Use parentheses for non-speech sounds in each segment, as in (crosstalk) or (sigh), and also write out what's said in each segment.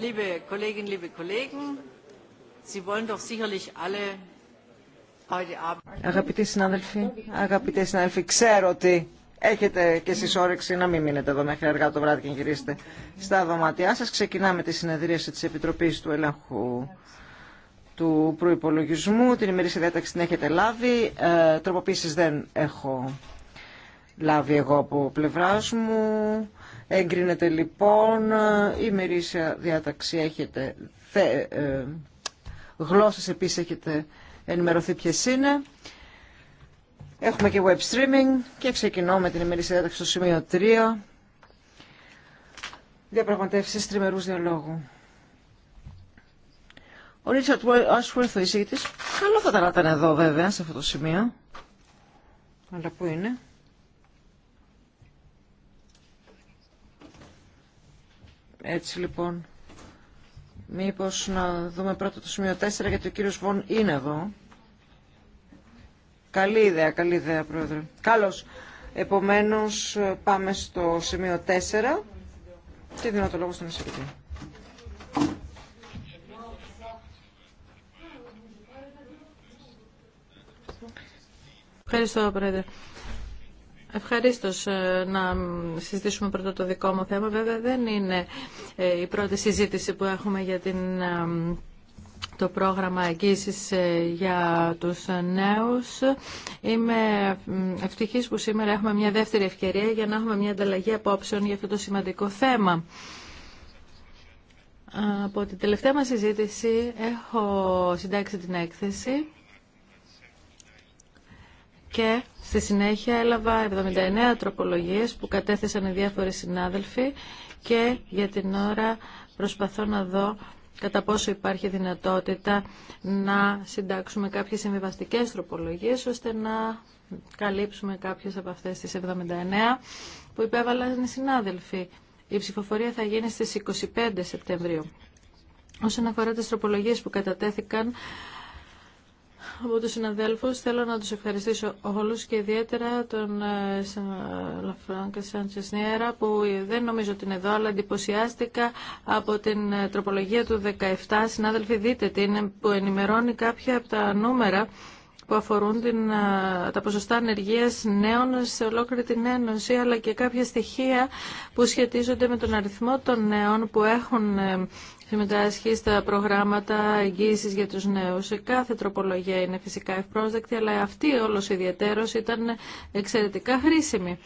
Liebe Kolleginnen, liebe Αγαπητοί συνάδελφοι, ξέρω ότι έχετε και εσείς όρεξη να μην μείνετε εδώ μέχρι αργά το βράδυ και γυρίσετε στα δωμάτια σας. Ξεκινάμε τη συνεδρίαση της Επιτροπής του Ελέγχου του Προϋπολογισμού. Την ημερήσια διάταξη την έχετε λάβει. Ε, δεν έχω λάβει εγώ από πλευράς μου. Εγκρίνεται λοιπόν η μερίσια διάταξη έχετε, θε, ε, γλώσσες επίσης έχετε ενημερωθεί ποιες είναι. Έχουμε και web streaming και ξεκινώ με την ημερήσια διάταξη στο σημείο 3. Διαπραγματεύσεις τριμερούς διαλόγου. Ο Ρίτσαρτ Ashworth, ο εισηγητής, καλό θα ήταν να ήταν εδώ βέβαια σε αυτό το σημείο. Αλλά πού είναι. Έτσι λοιπόν, μήπως να δούμε πρώτα το σημείο 4 γιατί ο κύριος Βον είναι εδώ. Καλή ιδέα, καλή ιδέα πρόεδρε. Καλώς. Επομένως πάμε στο σημείο 4 Τι δίνω το λόγο στον εισηγητή. Ευχαριστώ, Πρόεδρε. Ευχαρίστω ε, να συζητήσουμε πρώτα το δικό μου θέμα. Βέβαια δεν είναι ε, η πρώτη συζήτηση που έχουμε για την ε, το πρόγραμμα εγγύησης για τους νέους. Είμαι ευτυχής που σήμερα έχουμε μια δεύτερη ευκαιρία για να έχουμε μια ανταλλαγή απόψεων για αυτό το σημαντικό θέμα. Από την τελευταία μας συζήτηση έχω συντάξει την έκθεση και στη συνέχεια έλαβα 79 τροπολογίες που κατέθεσαν οι διάφοροι συνάδελφοι και για την ώρα προσπαθώ να δω κατά πόσο υπάρχει δυνατότητα να συντάξουμε κάποιες συμβιβαστικέ τροπολογίες ώστε να καλύψουμε κάποιες από αυτές τις 79 που υπέβαλαν οι συνάδελφοι. Η ψηφοφορία θα γίνει στις 25 Σεπτεμβρίου. Όσον αφορά τις τροπολογίες που κατατέθηκαν από τους συναδέλφους. Θέλω να τους ευχαριστήσω όλους και ιδιαίτερα τον ε, Λαφράγκα Σάντσες Νιέρα που δεν νομίζω ότι είναι εδώ αλλά εντυπωσιάστηκα από την ε, τροπολογία του 17. Συνάδελφοι δείτε τι είναι που ενημερώνει κάποια από τα νούμερα που αφορούν την, ε, τα ποσοστά ανεργίας νέων σε ολόκληρη την Ένωση, αλλά και κάποια στοιχεία που σχετίζονται με τον αριθμό των νέων που έχουν συμμετάσχει στα προγράμματα εγγύησης για τους νέους. Κάθε τροπολογία είναι φυσικά ευπρόσδεκτη, αλλά αυτή όλος ιδιαιτέρως ήταν εξαιρετικά χρήσιμη.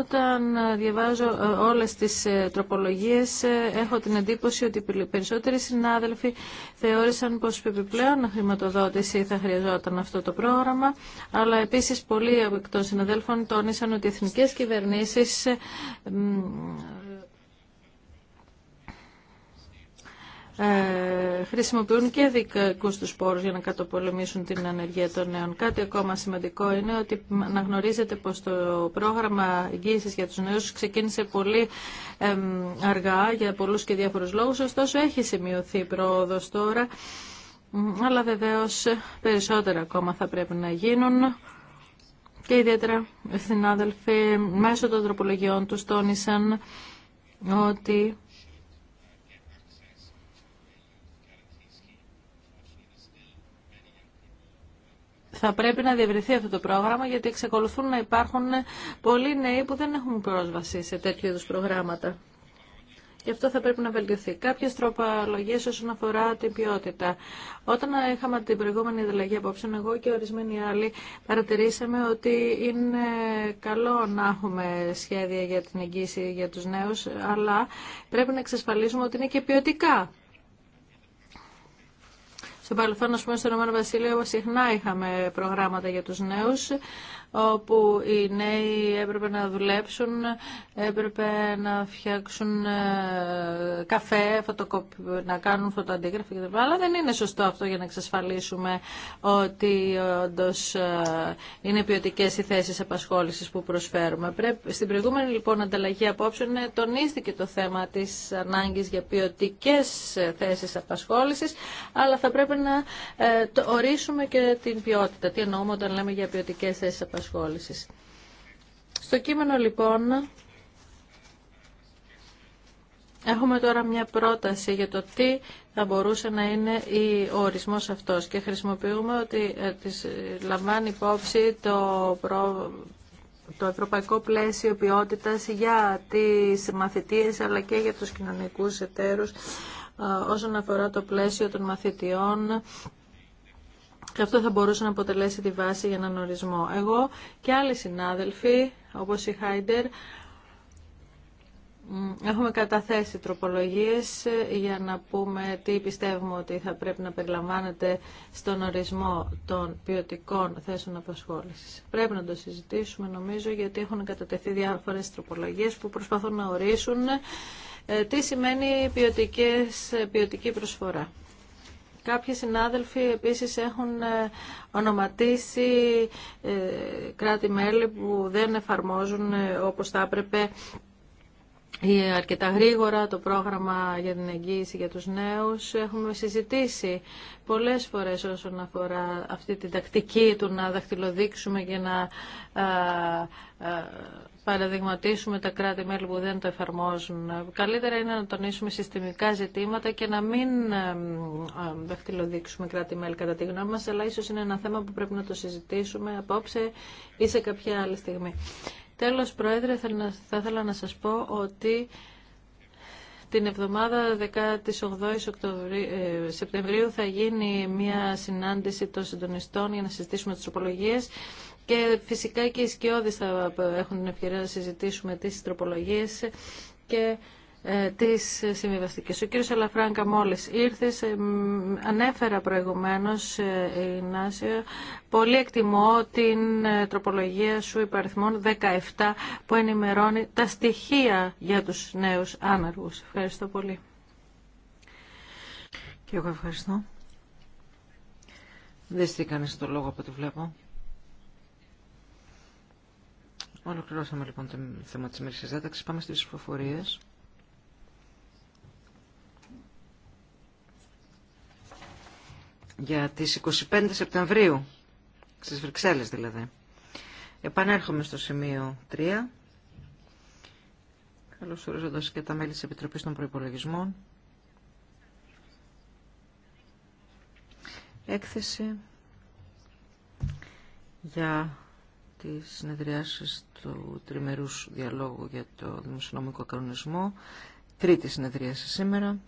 Όταν διαβάζω ε, όλες τις ε, τροπολογίες ε, έχω την εντύπωση ότι οι περισσότεροι συνάδελφοι θεώρησαν πως επιπλέον χρηματοδότηση θα χρειαζόταν αυτό το πρόγραμμα αλλά επίσης πολλοί εκ των συναδέλφων τόνισαν ότι οι εθνικές κυβερνήσεις Ε, χρησιμοποιούν και δικούς τους πόρους για να κατοπολεμήσουν την ανεργία των νέων. Κάτι ακόμα σημαντικό είναι ότι γνωρίζετε πως το πρόγραμμα εγγύησης για τους νέους ξεκίνησε πολύ αργά για πολλούς και διάφορους λόγους, ωστόσο έχει σημειωθεί πρόοδος τώρα, αλλά βεβαίως περισσότερα ακόμα θα πρέπει να γίνουν. Και ιδιαίτερα συνάδελφοι μέσω των τροπολογιών τους τόνισαν ότι θα πρέπει να διευρυνθεί αυτό το πρόγραμμα γιατί εξακολουθούν να υπάρχουν πολλοί νέοι που δεν έχουν πρόσβαση σε τέτοιου είδου προγράμματα. Γι' αυτό θα πρέπει να βελτιωθεί. Κάποιε τροπολογίε όσον αφορά την ποιότητα. Όταν είχαμε την προηγούμενη ανταλλαγή απόψε, εγώ και ορισμένοι άλλοι παρατηρήσαμε ότι είναι καλό να έχουμε σχέδια για την εγγύηση για του νέου, αλλά πρέπει να εξασφαλίσουμε ότι είναι και ποιοτικά. Στο παρελθόν, α πούμε, στο Ηνωμένο Βασίλειο συχνά είχαμε προγράμματα για τους νέους, όπου οι νέοι έπρεπε να δουλέψουν, έπρεπε να φτιάξουν ε, καφέ, να κάνουν φωτοαντίγραφα κτλ. Αλλά δεν είναι σωστό αυτό για να εξασφαλίσουμε ότι όντω ε, είναι ποιοτικέ οι θέσει απασχόληση που προσφέρουμε. Στην προηγούμενη λοιπόν ανταλλαγή απόψεων ε, τονίστηκε το θέμα τη ανάγκη για ποιοτικέ θέσει απασχόληση, αλλά θα πρέπει να ορίσουμε και την ποιότητα. Τι εννοούμε όταν λέμε για ποιοτικέ θέσει απασχόληση απασχόλησης. Στο κείμενο λοιπόν Έχουμε τώρα μια πρόταση για το τι θα μπορούσε να είναι ο ορισμός αυτός και χρησιμοποιούμε ότι ε, ε, λαμβάνει υπόψη το, το ευρωπαϊκό πλαίσιο ποιότητας για τις μαθητείες αλλά και για τους κοινωνικούς εταίρους ε, όσον αφορά το πλαίσιο των μαθητιών και αυτό θα μπορούσε να αποτελέσει τη βάση για έναν ορισμό. Εγώ και άλλοι συνάδελφοι, όπως η Χάιντερ, Έχουμε καταθέσει τροπολογίες ε, για να πούμε τι πιστεύουμε ότι θα πρέπει να περιλαμβάνεται στον ορισμό των ποιοτικών θέσεων απασχόλησης. Πρέπει να το συζητήσουμε νομίζω γιατί έχουν κατατεθεί διάφορες τροπολογίες που προσπαθούν να ορίσουν ε, τι σημαίνει ε, ποιοτική προσφορά. Κάποιοι συνάδελφοι επίσης έχουν ε, ονοματίσει ε, κράτη-μέλη που δεν εφαρμόζουν ε, όπως θα έπρεπε αρκετά γρήγορα το πρόγραμμα για την εγγύηση για τους νέους. Έχουμε συζητήσει πολλές φορές όσον αφορά αυτή την τακτική του να δαχτυλοδείξουμε και να παραδειγματίσουμε τα κράτη-μέλη που δεν το εφαρμόζουν. Καλύτερα είναι να τονίσουμε συστημικά ζητήματα και να μην δαχτυλοδείξουμε κράτη-μέλη κατά τη γνώμη μας, αλλά ίσως είναι ένα θέμα που πρέπει να το συζητήσουμε απόψε ή σε κάποια άλλη στιγμή. Τέλος, Πρόεδρε, θα ήθελα να σας πω ότι την εβδομάδα 18 ε, Σεπτεμβρίου θα γίνει μια συνάντηση των συντονιστών για να συζητήσουμε τις τροπολογίες και φυσικά και οι σκιώδεις θα έχουν την ευκαιρία να συζητήσουμε τις τροπολογίες και ε, τις συμβιβαστικές. Ο κύριος Αλαφράγκα μόλις ήρθε, ανέφερα προηγουμένως, ε, Νάσια πολύ εκτιμώ την ε, τροπολογία σου υπαριθμών 17 που ενημερώνει τα στοιχεία για τους νέους άνεργους. Ευχαριστώ πολύ. Και εγώ ευχαριστώ. Δεν στήκανε το λόγο από ό,τι βλέπω. Ολοκληρώσαμε λοιπόν το θέμα της μερικής διάταξης. Πάμε στις ψηφοφορίες. για τις 25 Σεπτεμβρίου, στις Βρυξέλλες δηλαδή. Επανέρχομαι στο σημείο 3, καλώς ορίζοντας και τα μέλη της Επιτροπής των Προϋπολογισμών. Έκθεση για τις συνεδριάσεις του τριμερούς διαλόγου για το δημοσιονομικό κανονισμό. Τρίτη συνεδρίαση σήμερα.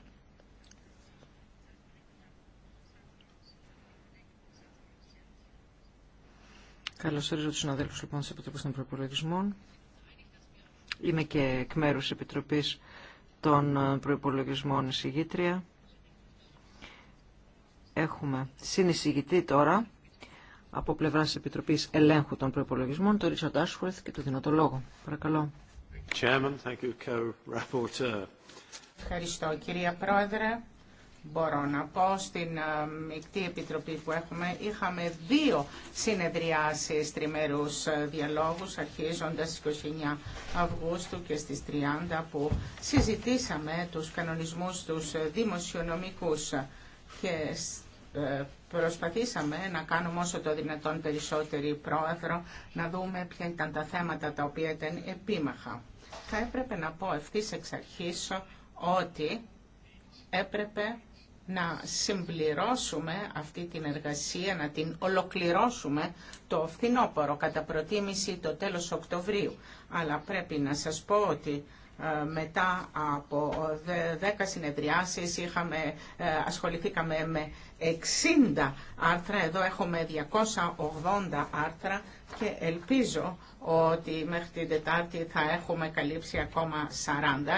Καλώς ορίζω τους συναδέλφους λοιπόν της Επιτροπής των Προπολογισμών. Είμαι και εκ μέρους της Επιτροπής των Προπολογισμών εισηγήτρια. Έχουμε συνεισηγητή τώρα από πλευρά της Επιτροπής Ελέγχου των Προπολογισμών, τον Ρίτσαρντ Άσχουρθ και του δίνω το λόγο. Παρακαλώ. Ευχαριστώ κυρία Πρόεδρε μπορώ να πω. Στην ε, μεικτή επιτροπή που έχουμε είχαμε δύο συνεδριάσεις τριμερούς ε, διαλόγους αρχίζοντας 29 Αυγούστου και στις 30 που συζητήσαμε τους κανονισμούς τους ε, δημοσιονομικούς και προσπαθήσαμε να κάνουμε όσο το δυνατόν περισσότερη πρόεδρο, να δούμε ποια ήταν τα θέματα τα οποία ήταν επίμαχα. Θα έπρεπε να πω ευθύ εξ αρχής ότι έπρεπε να συμπληρώσουμε αυτή την εργασία, να την ολοκληρώσουμε το φθινόπωρο, κατά προτίμηση το τέλος Οκτωβρίου. Αλλά πρέπει να σας πω ότι ε, μετά από 10 ε, συνεδριάσεις είχαμε, ε, ασχοληθήκαμε με 60 άρθρα, εδώ έχουμε 280 άρθρα και ελπίζω ότι μέχρι την Τετάρτη θα έχουμε καλύψει ακόμα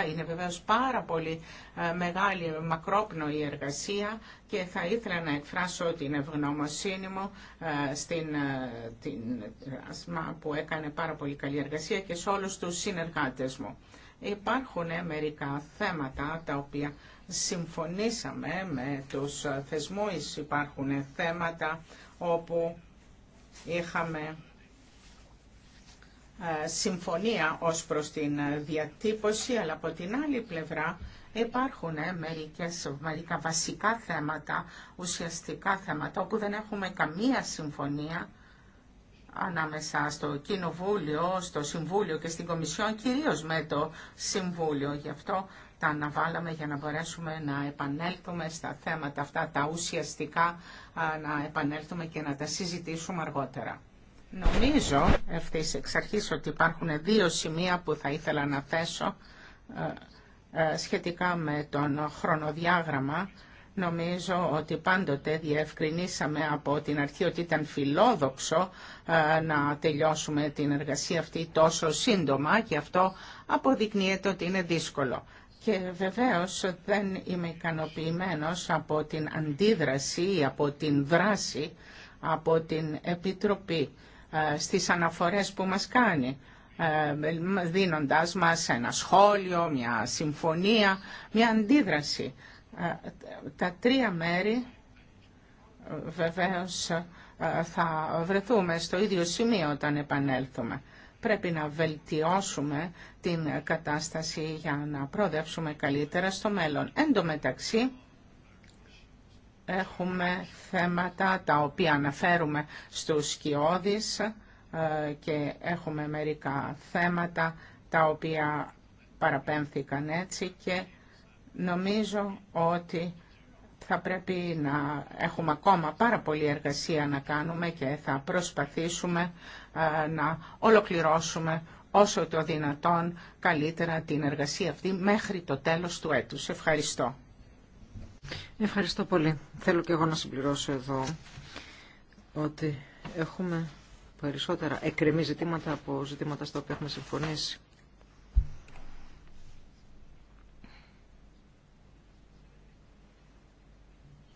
40. Είναι βεβαίως πάρα πολύ μεγάλη μακρόπνοη εργασία και θα ήθελα να εκφράσω την ευγνωμοσύνη μου στην την, ΑΣΜΑ που έκανε πάρα πολύ καλή εργασία και σε όλους τους συνεργάτες μου. Υπάρχουν μερικά θέματα τα οποία συμφωνήσαμε με τους θεσμούς. Υπάρχουν θέματα όπου είχαμε ε, συμφωνία ως προς την διατύπωση, αλλά από την άλλη πλευρά υπάρχουν ε, μερικές, μερικά βασικά θέματα, ουσιαστικά θέματα, όπου δεν έχουμε καμία συμφωνία ανάμεσα στο Κοινοβούλιο, στο Συμβούλιο και στην Κομισιόν, κυρίως με το Συμβούλιο. Γι' αυτό τα αναβάλαμε για να μπορέσουμε να επανέλθουμε στα θέματα αυτά, τα ουσιαστικά να επανέλθουμε και να τα συζητήσουμε αργότερα. Νομίζω ευθύς εξ αρχής ότι υπάρχουν δύο σημεία που θα ήθελα να θέσω ε, ε, σχετικά με τον χρονοδιάγραμμα Νομίζω ότι πάντοτε διευκρινίσαμε από την αρχή ότι ήταν φιλόδοξο ε, να τελειώσουμε την εργασία αυτή τόσο σύντομα και αυτό αποδεικνύεται ότι είναι δύσκολο. Και βεβαίως δεν είμαι ικανοποιημένο από την αντίδραση, από την δράση, από την Επιτροπή ε, στις αναφορές που μας κάνει ε, δίνοντάς μας ένα σχόλιο, μια συμφωνία, μια αντίδραση τα τρία μέρη βεβαίως θα βρεθούμε στο ίδιο σημείο όταν επανέλθουμε. Πρέπει να βελτιώσουμε την κατάσταση για να προδέψουμε καλύτερα στο μέλλον. Εν τω μεταξύ, έχουμε θέματα τα οποία αναφέρουμε στους σκιώδεις ε, και έχουμε μερικά θέματα τα οποία παραπέμφθηκαν έτσι και Νομίζω ότι θα πρέπει να έχουμε ακόμα πάρα πολλή εργασία να κάνουμε και θα προσπαθήσουμε να ολοκληρώσουμε όσο το δυνατόν καλύτερα την εργασία αυτή μέχρι το τέλος του έτους. Ευχαριστώ. Ευχαριστώ πολύ. Θέλω και εγώ να συμπληρώσω εδώ ότι έχουμε περισσότερα εκκρεμή ζητήματα από ζητήματα στα οποία έχουμε συμφωνήσει.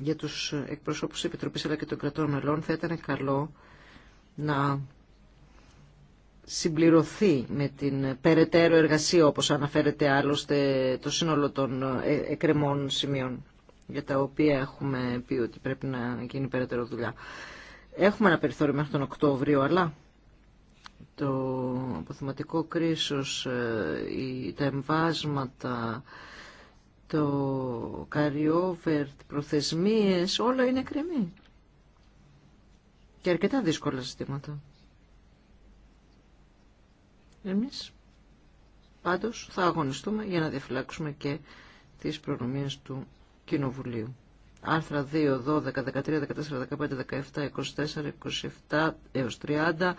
για τους εκπροσώπους της Επιτροπής αλλά και των κρατών μελών θα ήταν καλό να συμπληρωθεί με την περαιτέρω εργασία όπως αναφέρεται άλλωστε το σύνολο των ε, εκκρεμών σημείων για τα οποία έχουμε πει ότι πρέπει να γίνει περαιτέρω δουλειά. Έχουμε ένα περιθώριο μέχρι τον Οκτώβριο, αλλά το αποθυματικό κρίσος, ε, τα εμβάσματα, το carryover, προθεσμίες, όλα είναι κρεμή. Και αρκετά δύσκολα ζητήματα. Εμείς πάντως θα αγωνιστούμε για να διαφυλάξουμε και τις προνομίες του Κοινοβουλίου. Άρθρα 2, 12, 13, 14, 15, 17, 24, 27 έως 30,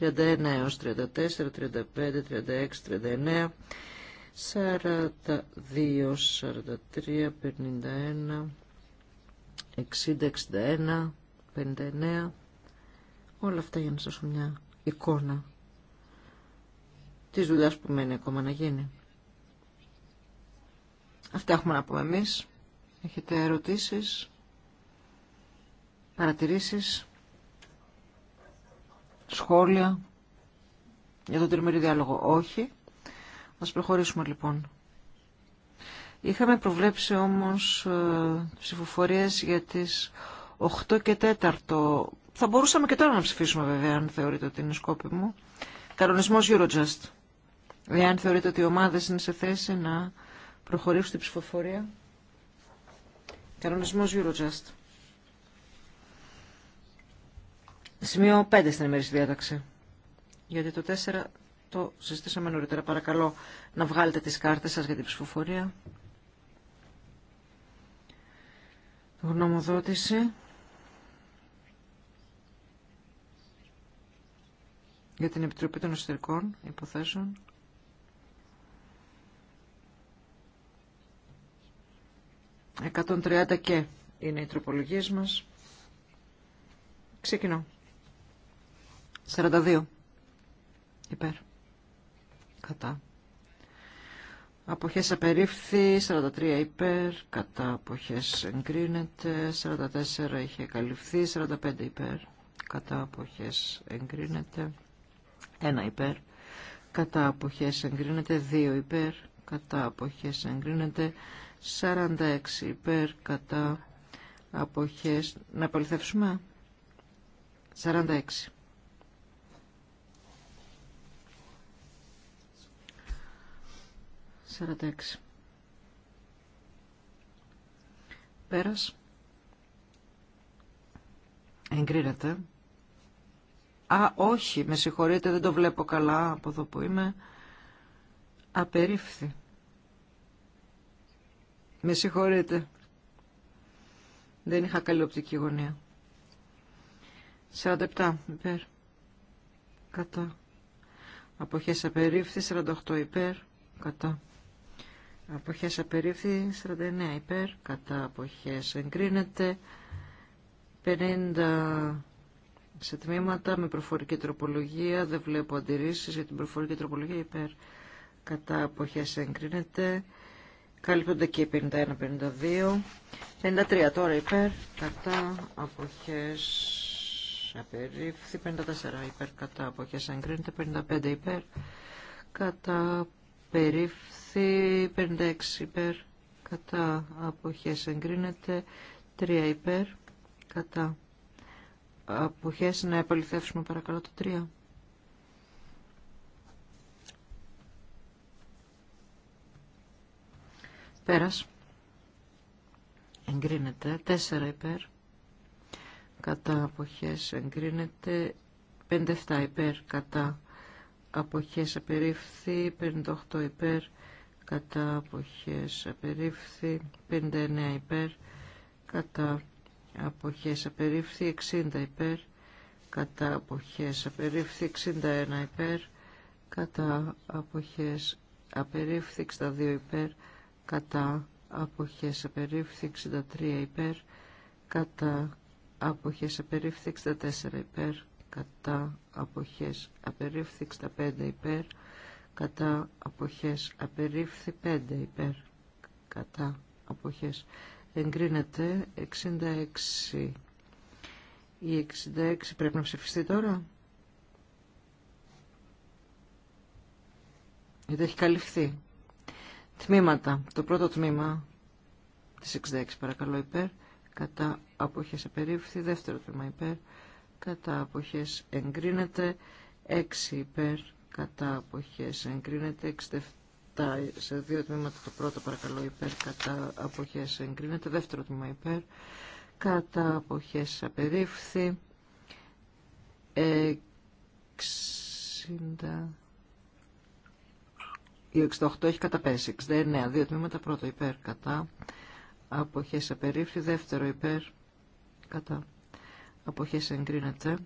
31 έως 34, 35, 36, 39, 42, 43, 51, 60, 61, 59. Όλα αυτά για να σας δώσω μια εικόνα της δουλειάς που μένει ακόμα να γίνει. Αυτά έχουμε να πούμε εμείς. Έχετε ερωτήσεις, παρατηρήσεις, σχόλια για τον τριμερή διάλογο. Όχι. Ας προχωρήσουμε λοιπόν. Είχαμε προβλέψει όμως ε, ψηφοφορίες για τις 8 και 4. Θα μπορούσαμε και τώρα να ψηφίσουμε βέβαια, αν θεωρείτε ότι είναι μου. Κανονισμός Eurojust. αν θεωρείτε ότι οι ομάδες είναι σε θέση να προχωρήσουν την ψηφοφορία. Κανονισμός Eurojust. Σημείο 5 στην ημερήσια διάταξη. Γιατί το 4 το συζητήσαμε νωρίτερα. Παρακαλώ να βγάλετε τις κάρτες σας για την ψηφοφορία. Γνωμοδότηση. Για την Επιτροπή των Εσωτερικών Υποθέσεων. 130 και είναι οι τροπολογίες μας. Ξεκινώ. 42. Υπέρ κατά. Αποχές απερίφθη, 43 υπέρ, κατά αποχές εγκρίνεται, 44 είχε καλυφθεί, 45 υπέρ, κατά αποχές εγκρίνεται, 1 υπέρ, κατά αποχές εγκρίνεται, 2 υπέρ, κατά αποχές εγκρίνεται, 46 υπέρ, κατά αποχές, να απολυθεύσουμε, 46. 46. Πέρας. Εγκρίνεται. Α, όχι, με συγχωρείτε, δεν το βλέπω καλά από εδώ που είμαι. Απερίφθη. Με συγχωρείτε. Δεν είχα καλή οπτική γωνία. 47 υπέρ. Κατά. Αποχές απερίφθη. 48 υπέρ. Κατά. Αποχές απερίφθη 49 υπέρ, κατά αποχές εγκρίνεται 50 σε τμήματα με προφορική τροπολογία, δεν βλέπω αντιρρήσεις για την προφορική τροπολογία υπέρ, κατά αποχές εγκρίνεται, καλύπτονται και 51-52, 53 τώρα υπέρ, κατά αποχές απερίφθη, 54 υπέρ, κατά αποχές εγκρίνεται, 55 υπέρ, κατά περίφθη, 56 υπέρ κατά αποχές εγκρίνεται 3 υπέρ κατά αποχές να επαληθεύσουμε παρακαλώ το 3 πέρας εγκρίνεται 4 υπέρ κατά αποχές εγκρίνεται 57 υπέρ κατά αποχές απερίφθη 58 υπέρ κατά αποχές απερίφθη 59 υπέρ κατά αποχές απερίφθη 60 υπέρ κατά αποχές απερίφθη 61 υπέρ κατά αποχές απερίφθη 62 υπέρ κατά αποχές απερίφθη 63 υπέρ κατά αποχές απερίφθη 64 υπέρ κατά αποχές απερίφθη 65 υπέρ κατά αποχές απερίφθη 5 υπέρ κατά αποχές εγκρίνεται 66 η 66 πρέπει να ψηφιστεί τώρα γιατί έχει καλυφθεί τμήματα το πρώτο τμήμα της 66 παρακαλώ υπέρ κατά αποχές απερίφθη δεύτερο τμήμα υπέρ κατά αποχές εγκρίνεται 6 υπέρ κατά αποχές εγκρίνεται 67 σε δύο τμήματα το πρώτο παρακαλώ υπέρ κατά αποχές εγκρίνεται δεύτερο τμήμα υπέρ κατά αποχές απερίφθη 60 η 68 έχει καταπέσει 69 δύο τμήματα πρώτο υπέρ κατά αποχές απερίφθη δεύτερο υπέρ κατά αποχές εγκρίνεται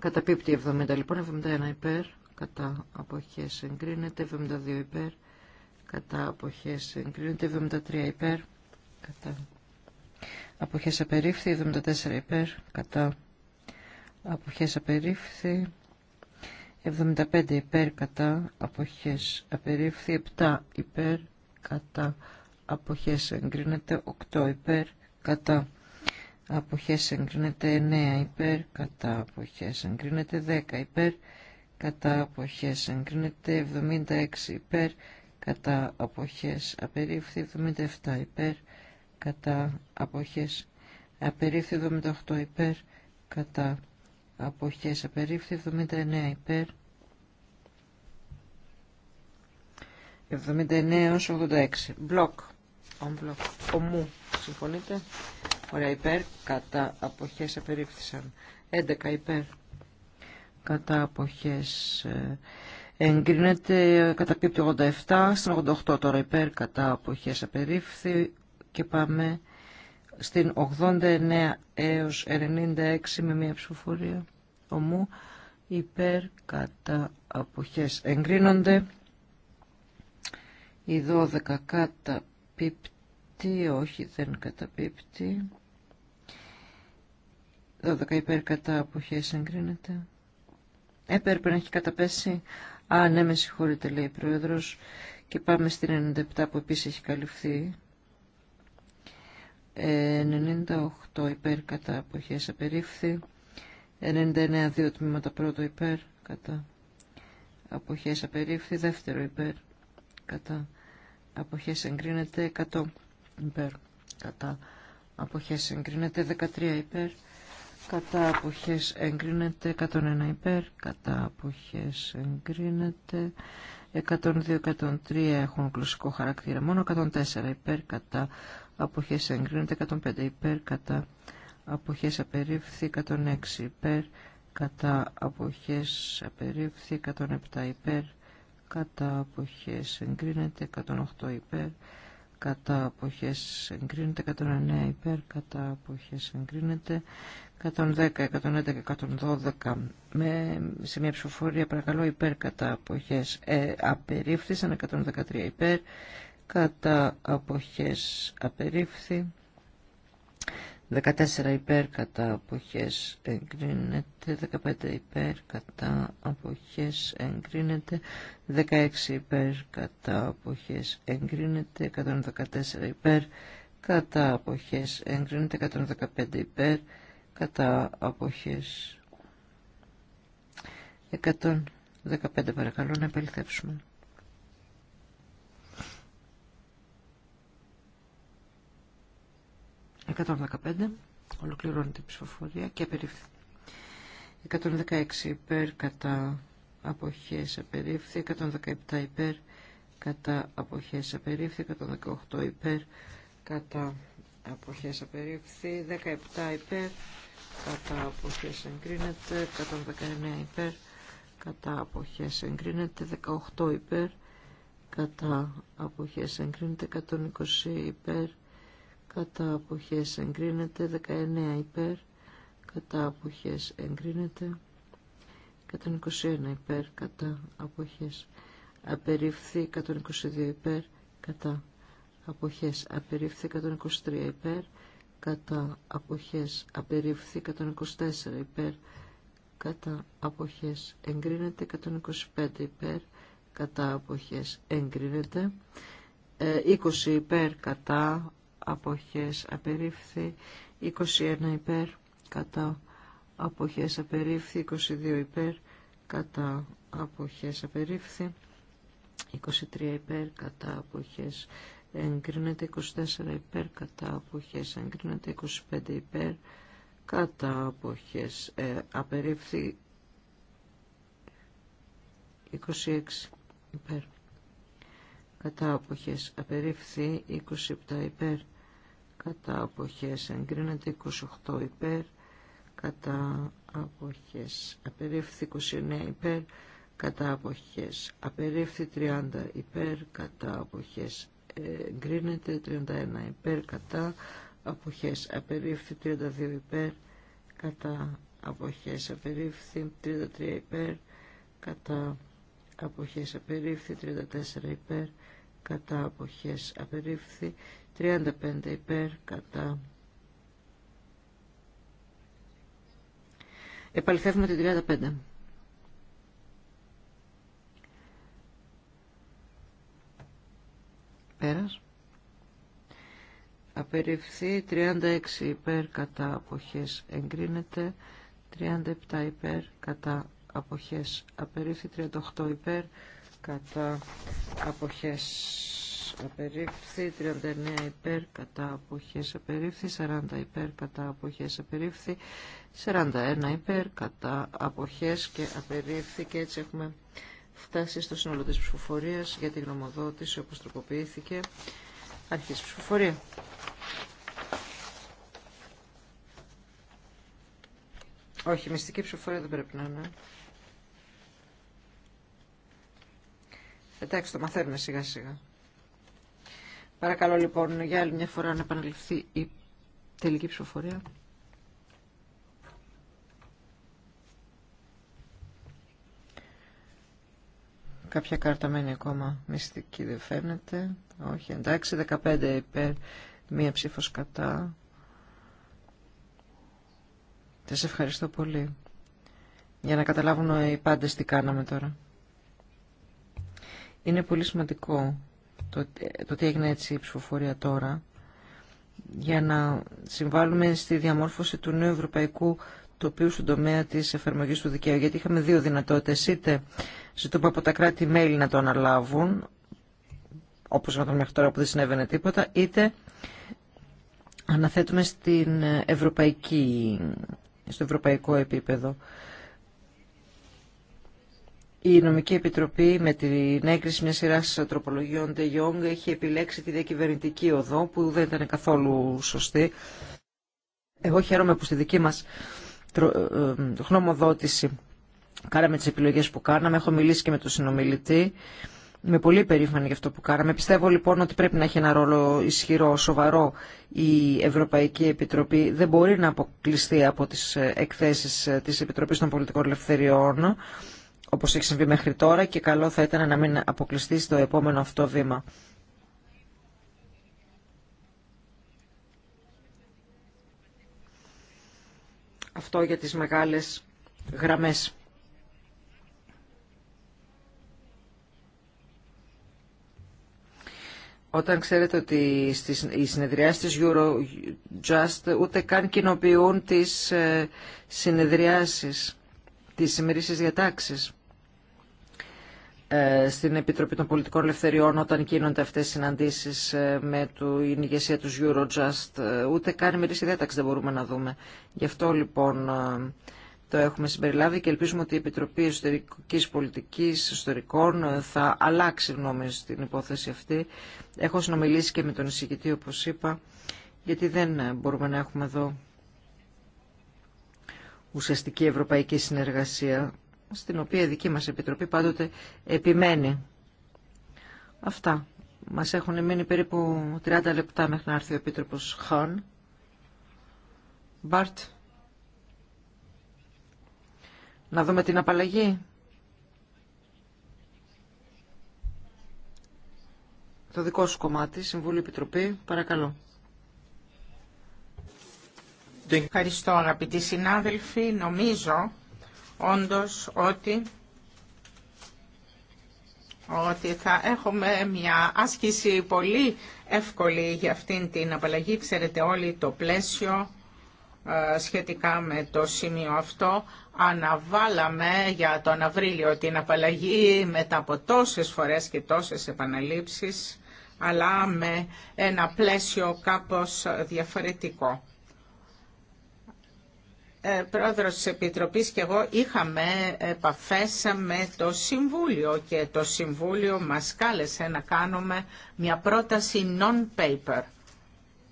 Καταπίπτει 70 λοιπόν, 71 υπέρ, κατά αποχές εγκρίνεται, 72 υπέρ, κατά αποχές εγκρίνεται, 73 υπέρ, κατά αποχές απερίφθη, 74 υπέρ, κατά αποχές απερίφθη, 75 υπέρ, κατά αποχές απερίφθη, 7 υπέρ, κατά αποχές εγκρίνεται, 8 υπέρ, κατά αποχές εγκρίνεται 9 υπέρ, κατά αποχές εγκρίνεται 10 υπέρ, κατά αποχές εγκρίνεται 76 υπέρ, κατά αποχές απερίφθη 77 υπέρ, κατά αποχές απερίφθη 78 υπέρ, κατά αποχές απερίφθη 79 υπέρ, 79 ως 86. Μπλοκ. Ομού. Συμφωνείτε. Ωραία, υπέρ, κατά αποχές απερίφθησαν. 11 υπέρ, κατά αποχές ε, εγκρίνεται, καταπίπτει 87, στην 88 τώρα υπέρ, κατά αποχές απερίφθη και πάμε στην 89 έως 96 με μια ψηφοφορία ομού υπέρ κατά αποχές εγκρίνονται η 12 κατά πίπτη όχι δεν καταπίπτει 12 υπέρ κατά αποχές εγκρίνεται. Ε, πρέπει να έχει καταπέσει. Α, ναι, με συγχωρείτε, λέει η Πρόεδρος. Και πάμε στην 97 που επίσης έχει καλυφθεί. 98 υπέρ κατά αποχές απερίφθη. 99 δύο τμήματα πρώτο υπέρ κατά αποχές απερίφθη. Δεύτερο υπέρ κατά αποχές εγκρίνεται. 100 υπέρ κατά αποχές εγκρίνεται. 13 υπέρ κατά αποχές εγκρίνεται 101 υπέρ κατά αποχές εγκρίνεται 102-103 έχουν γλωσσικό χαρακτήρα μόνο 104 υπέρ κατά αποχές εγκρίνεται 105 υπέρ κατά αποχές απερίφθη 106 υπέρ κατά αποχές απερίφθη 107 υπέρ κατά αποχές εγκρίνεται 108 υπέρ κατά αποχές εγκρίνεται, 109 υπέρ κατά αποχές εγκρίνεται, 110, 111, 112 με, σε μια ψηφοφορία παρακαλώ υπέρ κατά αποχές ε, απερίφθησαν, 113 υπέρ κατά αποχές απερίφθη. 14 υπέρ κατά αποχές εγκρίνεται, 15 υπέρ κατά αποχές εγκρίνεται, 16 υπέρ κατά αποχές εγκρίνεται, 114 υπέρ κατά αποχές εγκρίνεται, 115 υπέρ κατά αποχές 115 παρακαλώ να επελθέψουμε. 115 ολοκληρώνεται η ψηφοφορία και απερίφθη. 116 υπέρ κατά αποχές απερίφθη, 117 υπέρ κατά αποχές απερίφθη, 118 υπέρ κατά αποχές απερίφθη, 17 υπέρ κατά αποχές εγκρίνεται, 119 υπέρ κατά αποχές εγκρίνεται, 18 υπέρ κατά αποχές εγκρίνεται, 120 υπέρ κατά αποχές εγκρίνεται 19 υπέρ κατά αποχές εγκρίνεται 121 υπέρ κατά αποχές απερίφθη 122 υπέρ κατά αποχές απερίφθη 123 υπέρ κατά αποχές απερίφθη 124 υπέρ κατά αποχές εγκρίνεται 125 υπέρ κατά αποχές εγκρίνεται 20 ε, υπέρ κατά αποχές απερίφθη 21 υπέρ κατά αποχές απερίφθη 22 υπέρ κατά αποχές απερίφθη 23 υπέρ κατά αποχές εγκρίνεται 24 υπέρ κατά αποχές εγκρίνεται 25 υπέρ κατά αποχές ε, απερίφθη 26 υπέρ κατά αποχές απερίφθη 27 υπέρ κατά αποχές εγκρίνεται 28 υπέρ κατά αποχές απερίφθη 29 υπέρ κατά αποχές απερίφθη 30 υπέρ κατά αποχές εγκρίνεται 31 υπέρ κατά αποχές απερίφθη 32 υπέρ κατά αποχές απερίφθη 33 υπέρ κατά αποχές απερίφθη 34 υπέρ κατά αποχές απερίφθη 35 υπέρ κατά. Επαληθεύουμε την 35. Πέρας. Απεριφθεί 36 υπέρ κατά αποχές εγκρίνεται, 37 υπέρ κατά αποχές Απεριφθεί 38 υπέρ κατά αποχές απερίφθη, 39 υπέρ κατά αποχές απερίφθη, 40 υπέρ κατά αποχές απερίφθη, 41 υπέρ κατά αποχές και απερίφθη και έτσι έχουμε φτάσει στο σύνολο της ψηφοφορίας για τη γνωμοδότηση όπως τροποποιήθηκε αρχής ψηφοφορία. Όχι, μυστική ψηφοφορία δεν πρέπει να είναι. Εντάξει, το μαθαίνουμε σιγά σιγά. Παρακαλώ λοιπόν για άλλη μια φορά να επαναληφθεί η τελική ψηφοφορία. Κάποια κάρτα μένει ακόμα μυστική, δεν φαίνεται. Όχι, εντάξει, 15 υπέρ, μία ψήφος κατά. Σα ευχαριστώ πολύ. Για να καταλάβουν οι πάντες τι κάναμε τώρα. Είναι πολύ σημαντικό το, το τι έγινε έτσι η ψηφοφορία τώρα για να συμβάλλουμε στη διαμόρφωση του νέου ευρωπαϊκού τοπίου στον τομέα της εφαρμογής του δικαίου. Γιατί είχαμε δύο δυνατότητες, είτε ζητούμε από τα κράτη-μέλη να το αναλάβουν, όπως το μέχρι τώρα που δεν συνέβαινε τίποτα, είτε αναθέτουμε στην ευρωπαϊκή, στο ευρωπαϊκό επίπεδο. Η Νομική Επιτροπή με την έγκριση μια σειρά τροπολογιών De Jong έχει επιλέξει τη διακυβερνητική οδό που δεν ήταν καθόλου σωστή. Εγώ χαίρομαι που στη δική μας ε, ε, γνωμοδότηση κάναμε τις επιλογές που κάναμε. Έχω μιλήσει και με τον συνομιλητή. Είμαι πολύ περήφανη για αυτό που κάναμε. Πιστεύω λοιπόν ότι πρέπει να έχει ένα ρόλο ισχυρό, σοβαρό η Ευρωπαϊκή Επιτροπή. Δεν μπορεί να αποκλειστεί από τις ε, εκθέσεις της Επιτροπής των Πολιτικών Ελευθεριών όπως έχει συμβεί μέχρι τώρα και καλό θα ήταν να μην αποκλειστεί στο επόμενο αυτό βήμα. Αυτό για τις μεγάλες γραμμές. Όταν ξέρετε ότι στις, οι συνεδριάσεις της Eurojust ούτε καν κοινοποιούν τις ε, συνεδριάσεις, τις ημερήσεις διατάξεις. Ε, στην Επιτροπή των Πολιτικών Ελευθεριών όταν γίνονται αυτές οι συναντήσεις ε, με την ηγεσία του Eurojust. Ε, ούτε καν με διάταξη δεν μπορούμε να δούμε. Γι' αυτό λοιπόν το έχουμε συμπεριλάβει και ελπίζουμε ότι η Επιτροπή εσωτερική Πολιτικής Ιστορικών θα αλλάξει γνώμη στην υπόθεση αυτή. Έχω συνομιλήσει και με τον εισηγητή όπως είπα γιατί δεν μπορούμε να έχουμε εδώ ουσιαστική ευρωπαϊκή συνεργασία στην οποία η δική μας Επιτροπή πάντοτε επιμένει. Αυτά. Μας έχουν μείνει περίπου 30 λεπτά μέχρι να έρθει ο Επίτροπος Χάν. Μπαρτ. Να δούμε την απαλλαγή. Το δικό σου κομμάτι, Συμβούλιο Επιτροπή, παρακαλώ. Ευχαριστώ αγαπητοί συνάδελφοι. Νομίζω όντως ότι ότι θα έχουμε μια άσκηση πολύ εύκολη για αυτήν την απαλλαγή. Ξέρετε όλοι το πλαίσιο ε, σχετικά με το σημείο αυτό. Αναβάλαμε για τον Αυρίλιο την απαλλαγή μετά από τόσες φορές και τόσες επαναλήψεις, αλλά με ένα πλαίσιο κάπως διαφορετικό. Ε, πρόεδρος της Επιτροπής και εγώ είχαμε επαφές με το Συμβούλιο και το Συμβούλιο μας κάλεσε να κάνουμε μια πρόταση non-paper.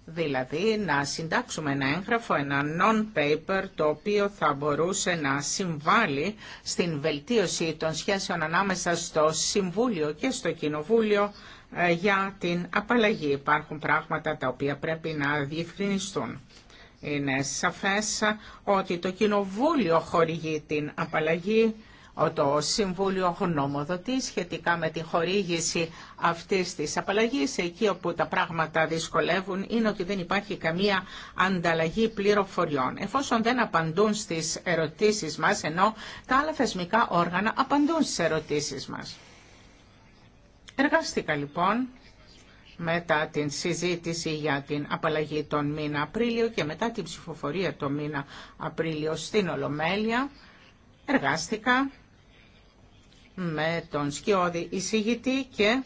Δηλαδή να συντάξουμε ένα έγγραφο, ένα non-paper το οποίο θα μπορούσε να συμβάλλει στην βελτίωση των σχέσεων ανάμεσα στο Συμβούλιο και στο Κοινοβούλιο ε, για την απαλλαγή. Υπάρχουν πράγματα τα οποία πρέπει να διευκρινιστούν. Είναι σαφές ότι το Κοινοβούλιο χορηγεί την απαλλαγή, το Συμβούλιο γνωμοδοτεί σχετικά με τη χορήγηση αυτής της απαλλαγής. Εκεί όπου τα πράγματα δυσκολεύουν είναι ότι δεν υπάρχει καμία ανταλλαγή πληροφοριών. Εφόσον δεν απαντούν στις ερωτήσεις μας, ενώ τα άλλα θεσμικά όργανα απαντούν στις ερωτήσεις μας. Εργάστηκα λοιπόν μετά την συζήτηση για την απαλλαγή τον μήνα Απρίλιο και μετά την ψηφοφορία τον μήνα Απρίλιο στην Ολομέλεια, εργάστηκα με τον Σκιώδη εισηγητή και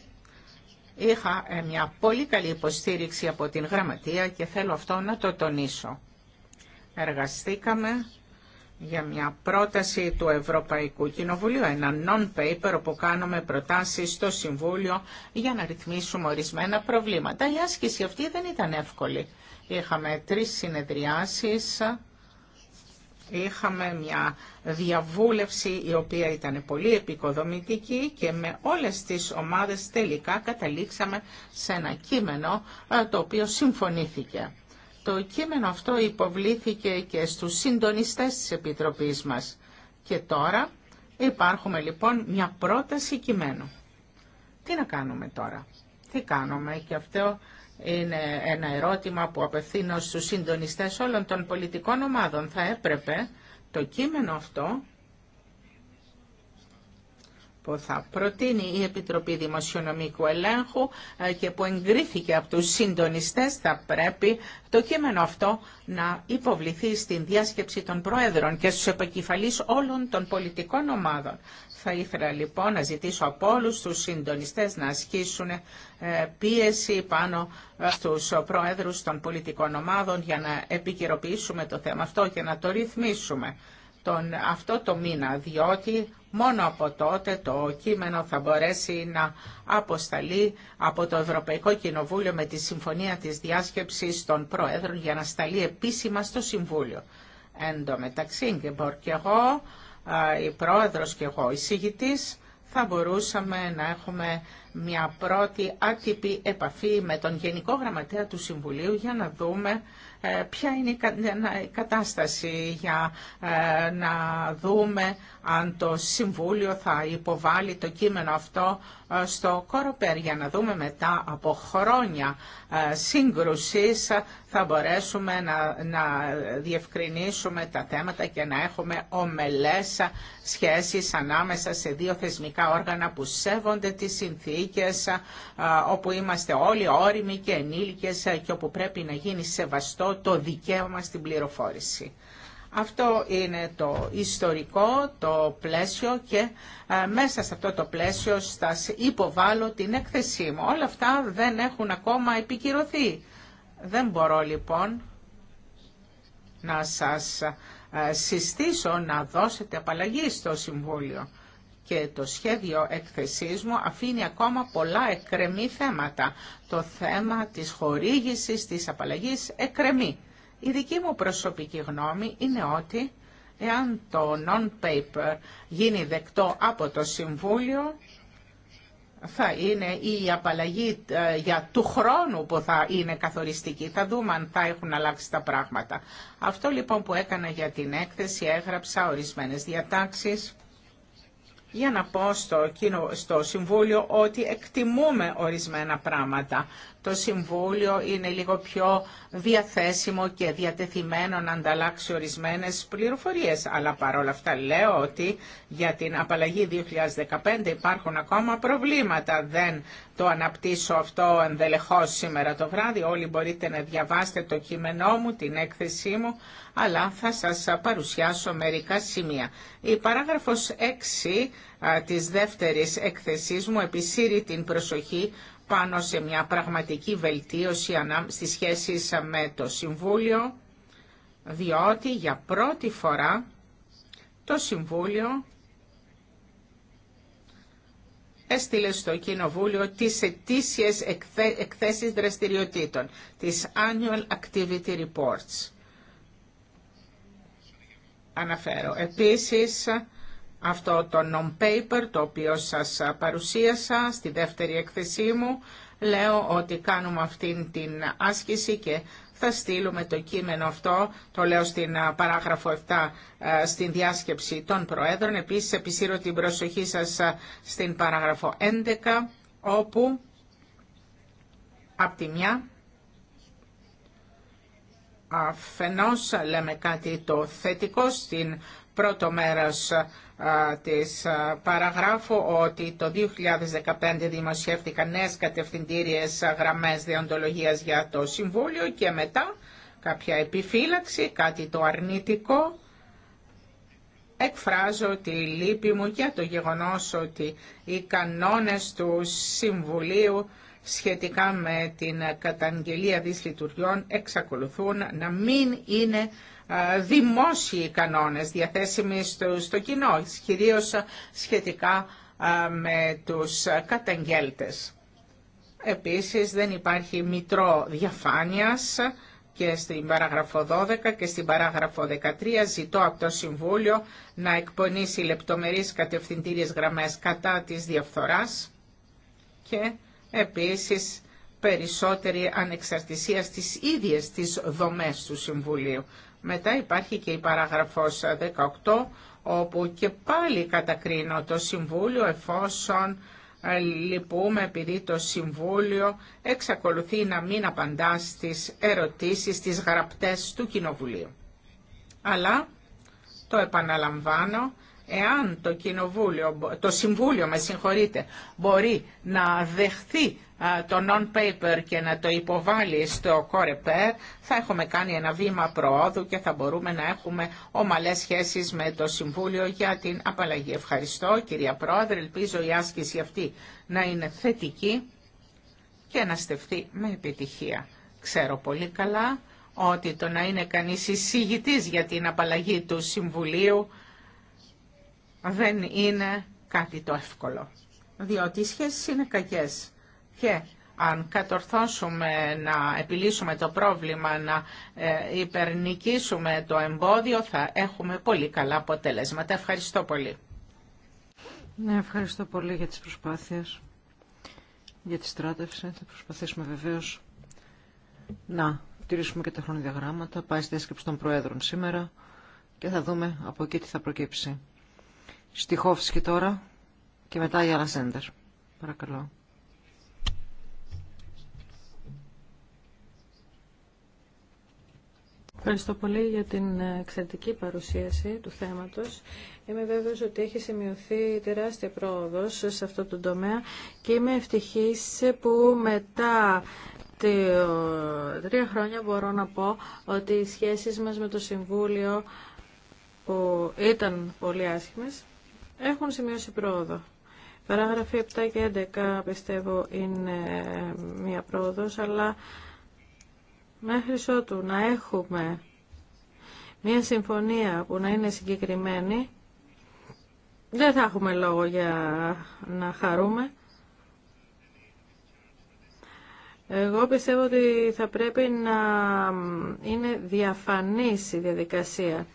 είχα ε, μια πολύ καλή υποστήριξη από την γραμματεία και θέλω αυτό να το τονίσω. Εργαστήκαμε για μια πρόταση του Ευρωπαϊκού Κοινοβουλίου, ένα non-paper όπου κάνουμε προτάσεις στο Συμβούλιο για να ρυθμίσουμε ορισμένα προβλήματα. Η άσκηση αυτή δεν ήταν εύκολη. Είχαμε τρεις συνεδριάσεις, είχαμε μια διαβούλευση η οποία ήταν πολύ επικοδομητική και με όλες τις ομάδες τελικά καταλήξαμε σε ένα κείμενο ε, το οποίο συμφωνήθηκε. Το κείμενο αυτό υποβλήθηκε και στους συντονιστές της Επιτροπής μας. Και τώρα υπάρχουμε λοιπόν μια πρόταση κειμένου. Τι να κάνουμε τώρα, τι κάνουμε και αυτό είναι ένα ερώτημα που απευθύνω στους συντονιστές όλων των πολιτικών ομάδων. Θα έπρεπε το κείμενο αυτό που θα προτείνει η Επιτροπή Δημοσιονομικού Ελέγχου ε, και που εγκρίθηκε από τους συντονιστές θα πρέπει το κείμενο αυτό να υποβληθεί στην διάσκεψη των Προέδρων και στους επικεφαλείς όλων των πολιτικών ομάδων. Θα ήθελα λοιπόν να ζητήσω από όλους τους συντονιστές να ασκήσουν ε, πίεση πάνω ε, στους Προέδρους των πολιτικών ομάδων για να επικυροποιήσουμε το θέμα αυτό και να το ρυθμίσουμε τον, αυτό το μήνα, διότι μόνο από τότε το κείμενο θα μπορέσει να αποσταλεί από το Ευρωπαϊκό Κοινοβούλιο με τη συμφωνία της διάσκεψης των Προέδρων για να σταλεί επίσημα στο Συμβούλιο. Εν τω μεταξύ, και εγώ, η Πρόεδρος και εγώ, η Συγητής, θα μπορούσαμε να έχουμε μια πρώτη άτυπη επαφή με τον Γενικό Γραμματέα του Συμβουλίου για να δούμε ε, ποια είναι η κατάσταση για ε, να δούμε αν το Συμβούλιο θα υποβάλει το κείμενο αυτό ε, στο Κοροπέρ για να δούμε μετά από χρόνια σύγκρουσης θα μπορέσουμε να, να διευκρινίσουμε τα θέματα και να έχουμε ομελές σχέσεις ανάμεσα σε δύο θεσμικά όργανα που σέβονται τις συνθήκες όπου είμαστε όλοι όριμοι και ενήλικες και όπου πρέπει να γίνει σεβαστό το δικαίωμα στην πληροφόρηση. Αυτό είναι το ιστορικό, το πλαίσιο και μέσα σε αυτό το πλαίσιο θα υποβάλλω την έκθεσή μου. Όλα αυτά δεν έχουν ακόμα επικυρωθεί. Δεν μπορώ λοιπόν να σας ε, συστήσω να δώσετε απαλλαγή στο Συμβούλιο και το σχέδιο εκθεσής μου αφήνει ακόμα πολλά εκκρεμή θέματα. Το θέμα της χορήγησης της απαλλαγής εκκρεμή. Η δική μου προσωπική γνώμη είναι ότι εάν το non-paper γίνει δεκτό από το Συμβούλιο, θα είναι η απαλλαγή ε, για του χρόνου που θα είναι καθοριστική. Θα δούμε αν θα έχουν αλλάξει τα πράγματα. Αυτό λοιπόν που έκανα για την έκθεση, έγραψα ορισμένες διατάξεις για να πω στο, στο Συμβούλιο ότι εκτιμούμε ορισμένα πράγματα το Συμβούλιο είναι λίγο πιο διαθέσιμο και διατεθειμένο να ανταλλάξει ορισμένες πληροφορίες. Αλλά παρόλα αυτά λέω ότι για την απαλλαγή 2015 υπάρχουν ακόμα προβλήματα. Δεν το αναπτύσσω αυτό ενδελεχώς σήμερα το βράδυ. Όλοι μπορείτε να διαβάσετε το κείμενό μου, την έκθεσή μου, αλλά θα σας παρουσιάσω μερικά σημεία. Η παράγραφος 6 της δεύτερης έκθεσής μου επισύρει την προσοχή πάνω σε μια πραγματική βελτίωση στις σχέσεις με το Συμβούλιο, διότι για πρώτη φορά το Συμβούλιο έστειλε στο Κοινοβούλιο τις ετήσιες εκθέσεις δραστηριοτήτων, τις Annual Activity Reports. Αναφέρω επίσης αυτό το non-paper το οποίο σας παρουσίασα στη δεύτερη εκθεσή μου. Λέω ότι κάνουμε αυτήν την άσκηση και θα στείλουμε το κείμενο αυτό, το λέω στην παράγραφο 7, στην διάσκεψη των Προέδρων. Επίσης επισύρω την προσοχή σας στην παράγραφο 11, όπου από τη μια αφενός λέμε κάτι το θετικό στην πρώτο μέρος της παραγράφου ότι το 2015 δημοσιεύτηκαν νέες κατευθυντήριες γραμμές διοντολογίας για το Συμβούλιο και μετά κάποια επιφύλαξη, κάτι το αρνητικό. Εκφράζω τη λύπη μου για το γεγονός ότι οι κανόνες του Συμβουλίου σχετικά με την καταγγελία δυσλειτουργιών εξακολουθούν να μην είναι ε, δημόσιοι κανόνες διαθέσιμοι στο, στο κοινό, κυρίως σχετικά ε, με τους καταγγέλτες. Επίσης δεν υπάρχει μητρό διαφάνειας και στην παράγραφο 12 και στην παράγραφο 13 ζητώ από το Συμβούλιο να εκπονήσει λεπτομερείς κατευθυντήριες γραμμές κατά της διαφθοράς και επίσης περισσότερη ανεξαρτησία στις ίδιες τις δομές του Συμβουλίου. Μετά υπάρχει και η παραγραφός 18, όπου και πάλι κατακρίνω το Συμβούλιο εφόσον ε, λυπούμε επειδή το Συμβούλιο εξακολουθεί να μην απαντά στις ερωτήσεις, στις γραπτές του Κοινοβουλίου. Αλλά, το επαναλαμβάνω, εάν το, κοινοβούλιο, το Συμβούλιο με συγχωρείτε, μπορεί να δεχθεί το non-paper και να το υποβάλει στο Κορεπέρ, θα έχουμε κάνει ένα βήμα προόδου και θα μπορούμε να έχουμε ομαλές σχέσεις με το Συμβούλιο για την απαλλαγή. Ευχαριστώ κυρία Πρόεδρε, ελπίζω η άσκηση αυτή να είναι θετική και να στεφτεί με επιτυχία. Ξέρω πολύ καλά ότι το να είναι κανείς εισηγητής για την απαλλαγή του Συμβουλίου δεν είναι κάτι το εύκολο, διότι οι σχέσεις είναι κακές και αν κατορθώσουμε να επιλύσουμε το πρόβλημα, να ε, υπερνικήσουμε το εμπόδιο, θα έχουμε πολύ καλά αποτελέσματα. Ευχαριστώ πολύ. Ναι, ευχαριστώ πολύ για τις προσπάθειες, για τη στράτευση. Θα προσπαθήσουμε βεβαίως να τηρήσουμε και τα χρονοδιαγράμματα. Πάει στη διάσκεψη των Προέδρων σήμερα και θα δούμε από εκεί τι θα προκύψει. Στιχόφσκι τώρα και μετά η Αλασέντερ. Παρακαλώ. Ευχαριστώ πολύ για την εξαιρετική παρουσίαση του θέματος. Είμαι βέβαιος ότι έχει σημειωθεί τεράστια πρόοδος σε αυτό το τομέα και είμαι ευτυχής που μετά ε, τρία χρόνια μπορώ να πω ότι οι σχέσεις μας με το Συμβούλιο που ήταν πολύ άσχημες έχουν σημειώσει πρόοδο. Παράγραφοι 7 και 11 πιστεύω είναι ε, μία πρόοδος, αλλά μέχρι ότου να έχουμε μια συμφωνία που να είναι συγκεκριμένη, δεν θα έχουμε λόγο για να χαρούμε. Εγώ πιστεύω ότι θα πρέπει να είναι διαφανής η διαδικασία.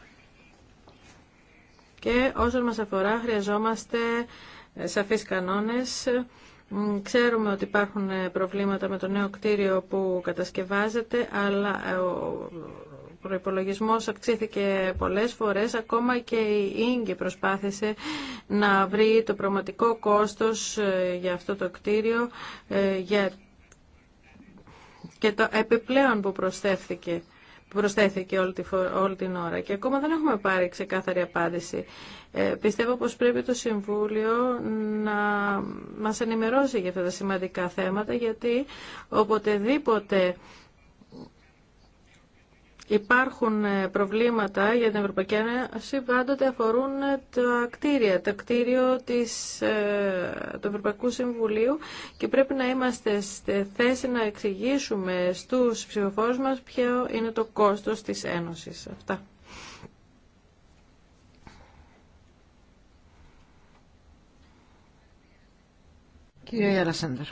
Και όσον μας αφορά χρειαζόμαστε σαφείς κανόνες Ξέρουμε ότι υπάρχουν ε, προβλήματα με το νέο κτίριο που κατασκευάζεται, αλλά ε, ο προϋπολογισμός αυξήθηκε πολλές φορές, ακόμα και η Ίγκη προσπάθησε να βρει το πραγματικό κόστος ε, για αυτό το κτίριο για και το επιπλέον που προσθέθηκε προσθέθηκε όλη, τη, όλη την ώρα και ακόμα δεν έχουμε πάρει ξεκάθαρη απάντηση. Ε, πιστεύω πως πρέπει το Συμβούλιο να μας ενημερώσει για αυτά τα σημαντικά θέματα γιατί οποτεδήποτε υπάρχουν ε, προβλήματα για την Ευρωπαϊκή Ένωση πάντοτε αφορούν ε, τα κτίρια, το κτίριο της, ε, του Ευρωπαϊκού Συμβουλίου και πρέπει να είμαστε στη θέση να εξηγήσουμε στους ψηφοφόρους μας ποιο είναι το κόστος της Ένωσης. Αυτά. Κύριε Ιαρασέντερ.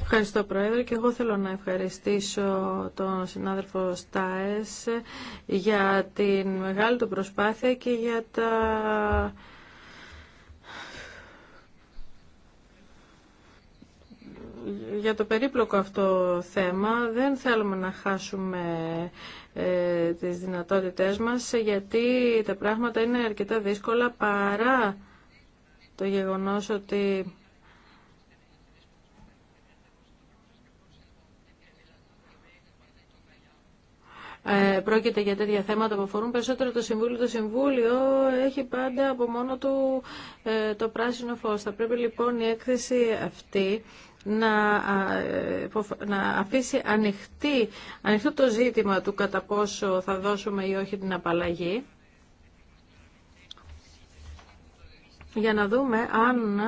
Ευχαριστώ Πρόεδρε και εγώ θέλω να ευχαριστήσω τον συνάδελφο Στάες για την μεγάλη του προσπάθεια και για τα... για το περίπλοκο αυτό θέμα δεν θέλουμε να χάσουμε ε, τις δυνατότητές μας γιατί τα πράγματα είναι αρκετά δύσκολα παρά το γεγονός ότι ε, πρόκειται για τέτοια θέματα που αφορούν περισσότερο το Συμβούλιο. Το Συμβούλιο έχει πάντα από μόνο του ε, το πράσινο φως. Θα πρέπει λοιπόν η έκθεση αυτή να, ε, να αφήσει ανοιχτή, ανοιχτό το ζήτημα του κατά πόσο θα δώσουμε ή όχι την απαλλαγή για να δούμε αν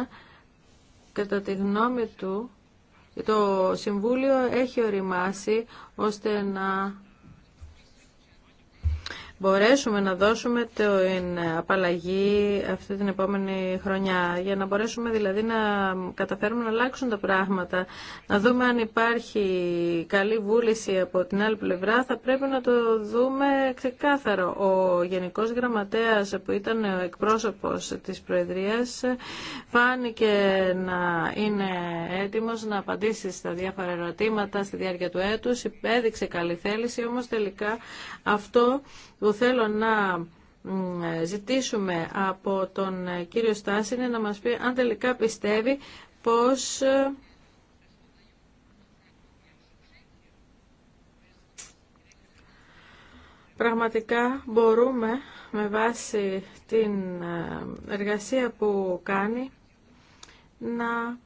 κατά τη γνώμη του το Συμβούλιο έχει οριμάσει ώστε να μπορέσουμε να δώσουμε την απαλλαγή αυτή την επόμενη χρονιά. Για να μπορέσουμε δηλαδή να καταφέρουμε να αλλάξουν τα πράγματα, να δούμε αν υπάρχει καλή βούληση από την άλλη πλευρά, θα πρέπει να το δούμε ξεκάθαρο. Ο Γενικός Γραμματέας που ήταν ο εκπρόσωπος της Προεδρίας φάνηκε να είναι έτοιμος να απαντήσει στα διάφορα ερωτήματα στη διάρκεια του έτους, έδειξε καλή θέληση, όμως τελικά αυτό που θέλω να ζητήσουμε από τον ε, κύριο Στάση να μας πει αν τελικά πιστεύει πως ε, πραγματικά μπορούμε με βάση την ε, εργασία που κάνει να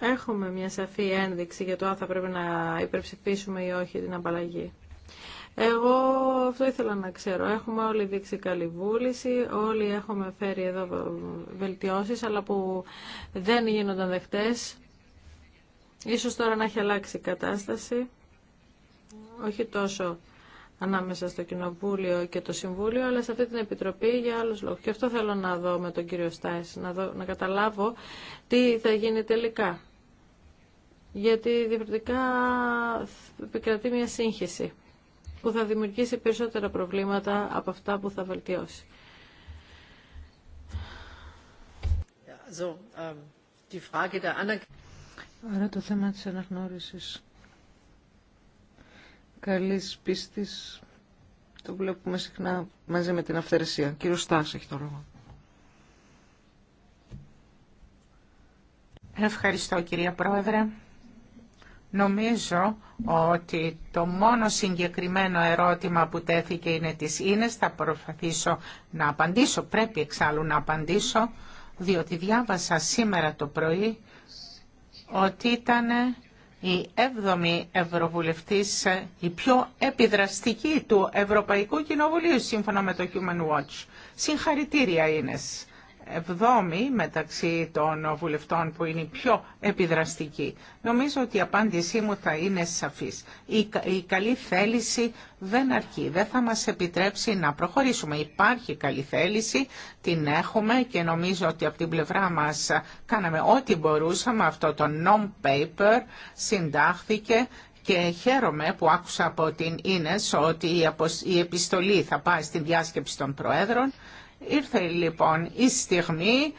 έχουμε μια σαφή ένδειξη για το αν θα πρέπει να υπερψηφίσουμε ή όχι την απαλλαγή. Εγώ αυτό ήθελα να ξέρω. Έχουμε όλοι δείξει καλή βούληση, όλοι έχουμε φέρει εδώ βελτιώσεις, αλλά που δεν γίνονταν δεχτές. Ίσως τώρα να έχει αλλάξει η κατάσταση, όχι τόσο ανάμεσα στο Κοινοβούλιο και το Συμβούλιο, αλλά σε αυτή την Επιτροπή για άλλους λόγους. Και αυτό θέλω να δω με τον κύριο Στάις, να, να καταλάβω τι θα γίνει τελικά. Γιατί διαφορετικά επικρατεί μια σύγχυση που θα δημιουργήσει περισσότερα προβλήματα από αυτά που θα βελτιώσει. Ähm, Άρα το θέμα της αναγνώρισης καλής πίστης το βλέπουμε συχνά μαζί με την αυθαιρεσία. Κύριο Στάς έχει το λόγο. Ευχαριστώ κυρία Πρόεδρε. Νομίζω ότι το μόνο συγκεκριμένο ερώτημα που τέθηκε είναι της Ίνες. Θα προσπαθήσω να απαντήσω, πρέπει εξάλλου να απαντήσω, διότι διάβασα σήμερα το πρωί ότι ήταν η 7η Ευρωβουλευτής, η πιο επιδραστική του Ευρωπαϊκού Κοινοβουλίου, σύμφωνα με το Human Watch. Συγχαρητήρια, Ίνες εβδόμη μεταξύ των βουλευτών που είναι πιο επιδραστική. Νομίζω ότι η απάντησή μου θα είναι σαφής. Η, καλή θέληση δεν αρκεί, δεν θα μας επιτρέψει να προχωρήσουμε. Υπάρχει καλή θέληση, την έχουμε και νομίζω ότι από την πλευρά μας κάναμε ό,τι μπορούσαμε. Αυτό το non-paper συντάχθηκε και χαίρομαι που άκουσα από την Ίνες ότι η επιστολή θα πάει στην διάσκεψη των Προέδρων Ήρθε λοιπόν η στιγμή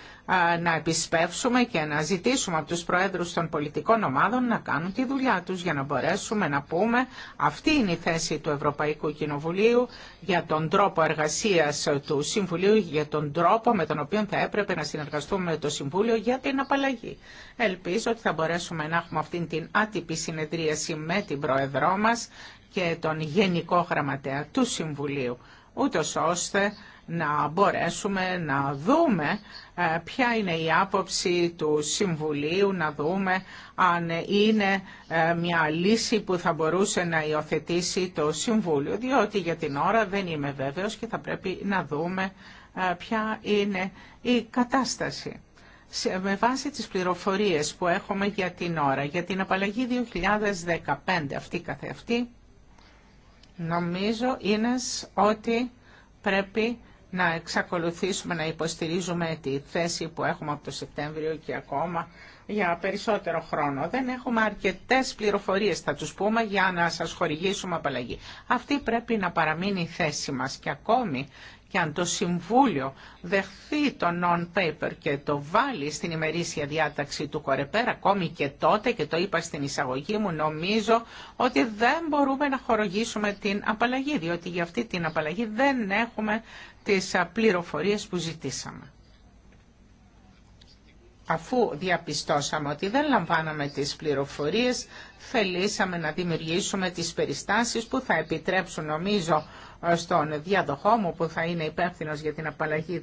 να επισπεύσουμε και να ζητήσουμε από τους Προέδρους των πολιτικών ομάδων να κάνουν τη δουλειά τους για να μπορέσουμε να πούμε αυτή είναι η θέση του Ευρωπαϊκού Κοινοβουλίου για τον τρόπο εργασίας του Συμβουλίου για τον τρόπο με τον οποίο θα έπρεπε να συνεργαστούμε με το Συμβούλιο για την απαλλαγή. Ελπίζω ότι θα μπορέσουμε να έχουμε αυτή την άτυπη συνεδρίαση με την Πρόεδρό μας και τον Γενικό Γραμματέα του Συμβουλίου, ούτως ώστε να μπορέσουμε να δούμε ε, ποια είναι η άποψη του Συμβουλίου, να δούμε αν είναι ε, μια λύση που θα μπορούσε να υιοθετήσει το Συμβούλιο, διότι για την ώρα δεν είμαι βέβαιος και θα πρέπει να δούμε ε, ποια είναι η κατάσταση. Με βάση τις πληροφορίες που έχουμε για την ώρα, για την απαλλαγή 2015 αυτή καθεαυτή, νομίζω είναι ότι πρέπει να εξακολουθήσουμε να υποστηρίζουμε τη θέση που έχουμε από το Σεπτέμβριο και ακόμα για περισσότερο χρόνο. Δεν έχουμε αρκετές πληροφορίες, θα τους πούμε, για να σας χορηγήσουμε απαλλαγή. Αυτή πρέπει να παραμείνει η θέση μας και ακόμη και αν το Συμβούλιο δεχθεί το non-paper και το βάλει στην ημερήσια διάταξη του Κορεπέρα, ακόμη και τότε, και το είπα στην εισαγωγή μου, νομίζω ότι δεν μπορούμε να χορογήσουμε την απαλλαγή, διότι για αυτή την απαλλαγή δεν έχουμε τις πληροφορίες που ζητήσαμε. Αφού διαπιστώσαμε ότι δεν λαμβάναμε τις πληροφορίες, θελήσαμε να δημιουργήσουμε τις περιστάσεις που θα επιτρέψουν, νομίζω, στον διαδοχό μου που θα είναι υπεύθυνο για την απαλλαγή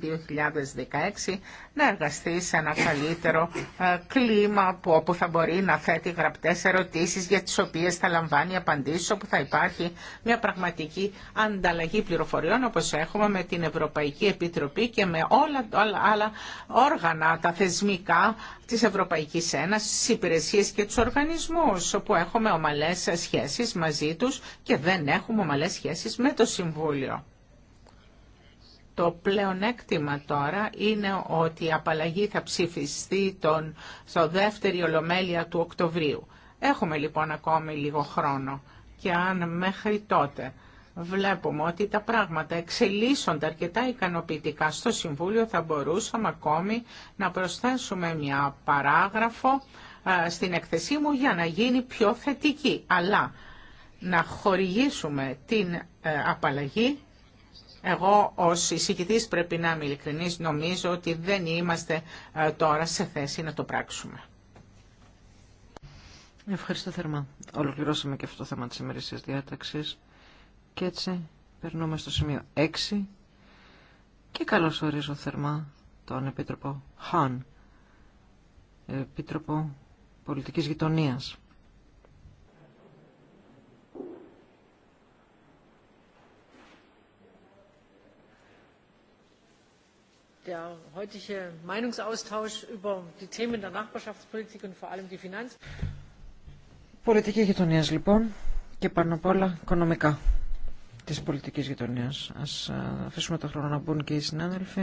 2016 να εργαστεί σε ένα καλύτερο ε, κλίμα που όπου θα μπορεί να θέτει γραπτές ερωτήσεις για τις οποίες θα λαμβάνει απαντήσεις όπου θα υπάρχει μια πραγματική ανταλλαγή πληροφοριών όπως έχουμε με την Ευρωπαϊκή Επιτροπή και με όλα τα άλλα όργανα τα θεσμικά της Ευρωπαϊκής Ένωσης, τις υπηρεσίες και τους οργανισμούς όπου έχουμε ομαλές σχέσεις μαζί τους και δεν έχουμε ομαλές σχέσεις με το Συμβούλιο. Συμβούλιο. Το πλεονέκτημα τώρα είναι ότι η απαλλαγή θα ψηφιστεί τον, στο δεύτερη ολομέλεια του Οκτωβρίου. Έχουμε λοιπόν ακόμη λίγο χρόνο και αν μέχρι τότε βλέπουμε ότι τα πράγματα εξελίσσονται αρκετά ικανοποιητικά στο Συμβούλιο θα μπορούσαμε ακόμη να προσθέσουμε μια παράγραφο ε, στην εκθεσή μου για να γίνει πιο θετική. Αλλά να χορηγήσουμε την ε, απαλλαγή. Εγώ ως εισηγητής πρέπει να είμαι ειλικρινής, νομίζω ότι δεν είμαστε ε, τώρα σε θέση να το πράξουμε. Ευχαριστώ θερμά. Ολοκληρώσαμε και αυτό το θέμα της ημερήσιας διάταξης και έτσι περνούμε στο σημείο 6 και καλώς ορίζω θερμά τον Επίτροπο Χάν, Επίτροπο Πολιτικής Γειτονίας. Πολιτική γειτονία, λοιπόν και πάνω απ' όλα οικονομικά της πολιτικής γειτονίας. Ας ε, αφήσουμε το χρόνο να μπουν και οι συνάδελφοι.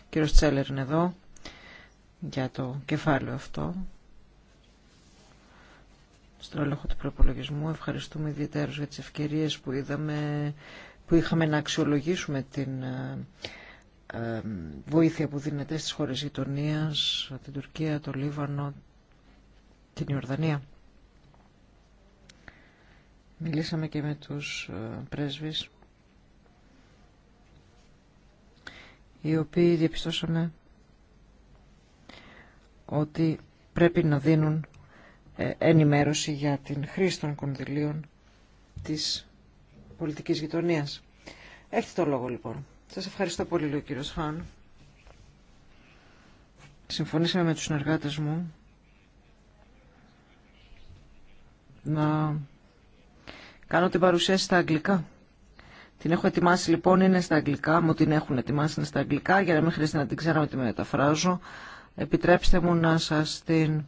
Ο κύριος Τσέλερ είναι εδώ για το κεφάλαιο αυτό στον έλεγχο του προπολογισμού. Ευχαριστούμε ιδιαίτερα για τις ευκαιρίες που είδαμε που είχαμε να αξιολογήσουμε την ε, βοήθεια που δίνεται στις χώρες γειτονίας, την Τουρκία, το Λίβανο, την Ιορδανία. Μιλήσαμε και με τους ε, πρέσβεις, οι οποίοι διαπιστώσαμε ότι πρέπει να δίνουν ε, ενημέρωση για την χρήση των κονδυλίων της πολιτικής γειτονίας. Έχετε το λόγο λοιπόν. Σας ευχαριστώ πολύ, λέει ο κύριος Χάν. Συμφωνήσαμε με τους συνεργάτες μου να κάνω την παρουσίαση στα αγγλικά. Την έχω ετοιμάσει λοιπόν, είναι στα αγγλικά, μου την έχουν ετοιμάσει, είναι στα αγγλικά, για να μην χρειάζεται να την ξέρω ότι με μεταφράζω. Επιτρέψτε μου να σας την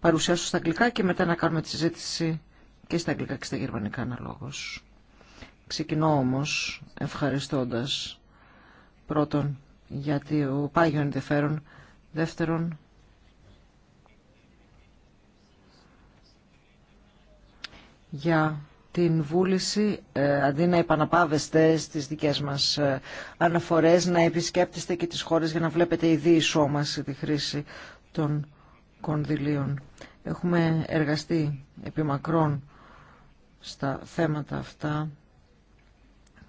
παρουσιάσω στα αγγλικά και μετά να κάνουμε τη συζήτηση και στα αγγλικά και στα γερμανικά αναλόγως. Ξεκινώ όμως ευχαριστώντας Πρώτον, γιατί ο πάγιο ενδιαφέρον. Δεύτερον, για την βούληση, ε, αντί να επαναπάβεστε στις δικές μας ε, αναφορές, να επισκέπτεστε και τις χώρες για να βλέπετε σώμα σε τη χρήση των κονδυλίων. Έχουμε εργαστεί μακρόν στα θέματα αυτά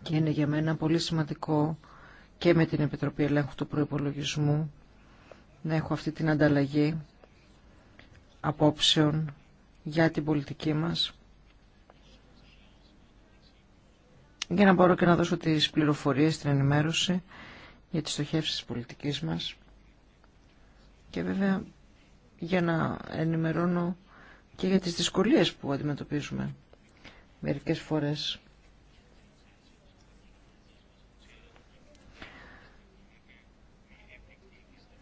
και είναι για μένα πολύ σημαντικό και με την Επιτροπή Ελέγχου του Προϋπολογισμού να έχω αυτή την ανταλλαγή απόψεων για την πολιτική μας για να μπορώ και να δώσω τις πληροφορίες, την ενημέρωση για τις στοχεύσεις της πολιτικής μας και βέβαια για να ενημερώνω και για τις δυσκολίες που αντιμετωπίζουμε μερικές φορές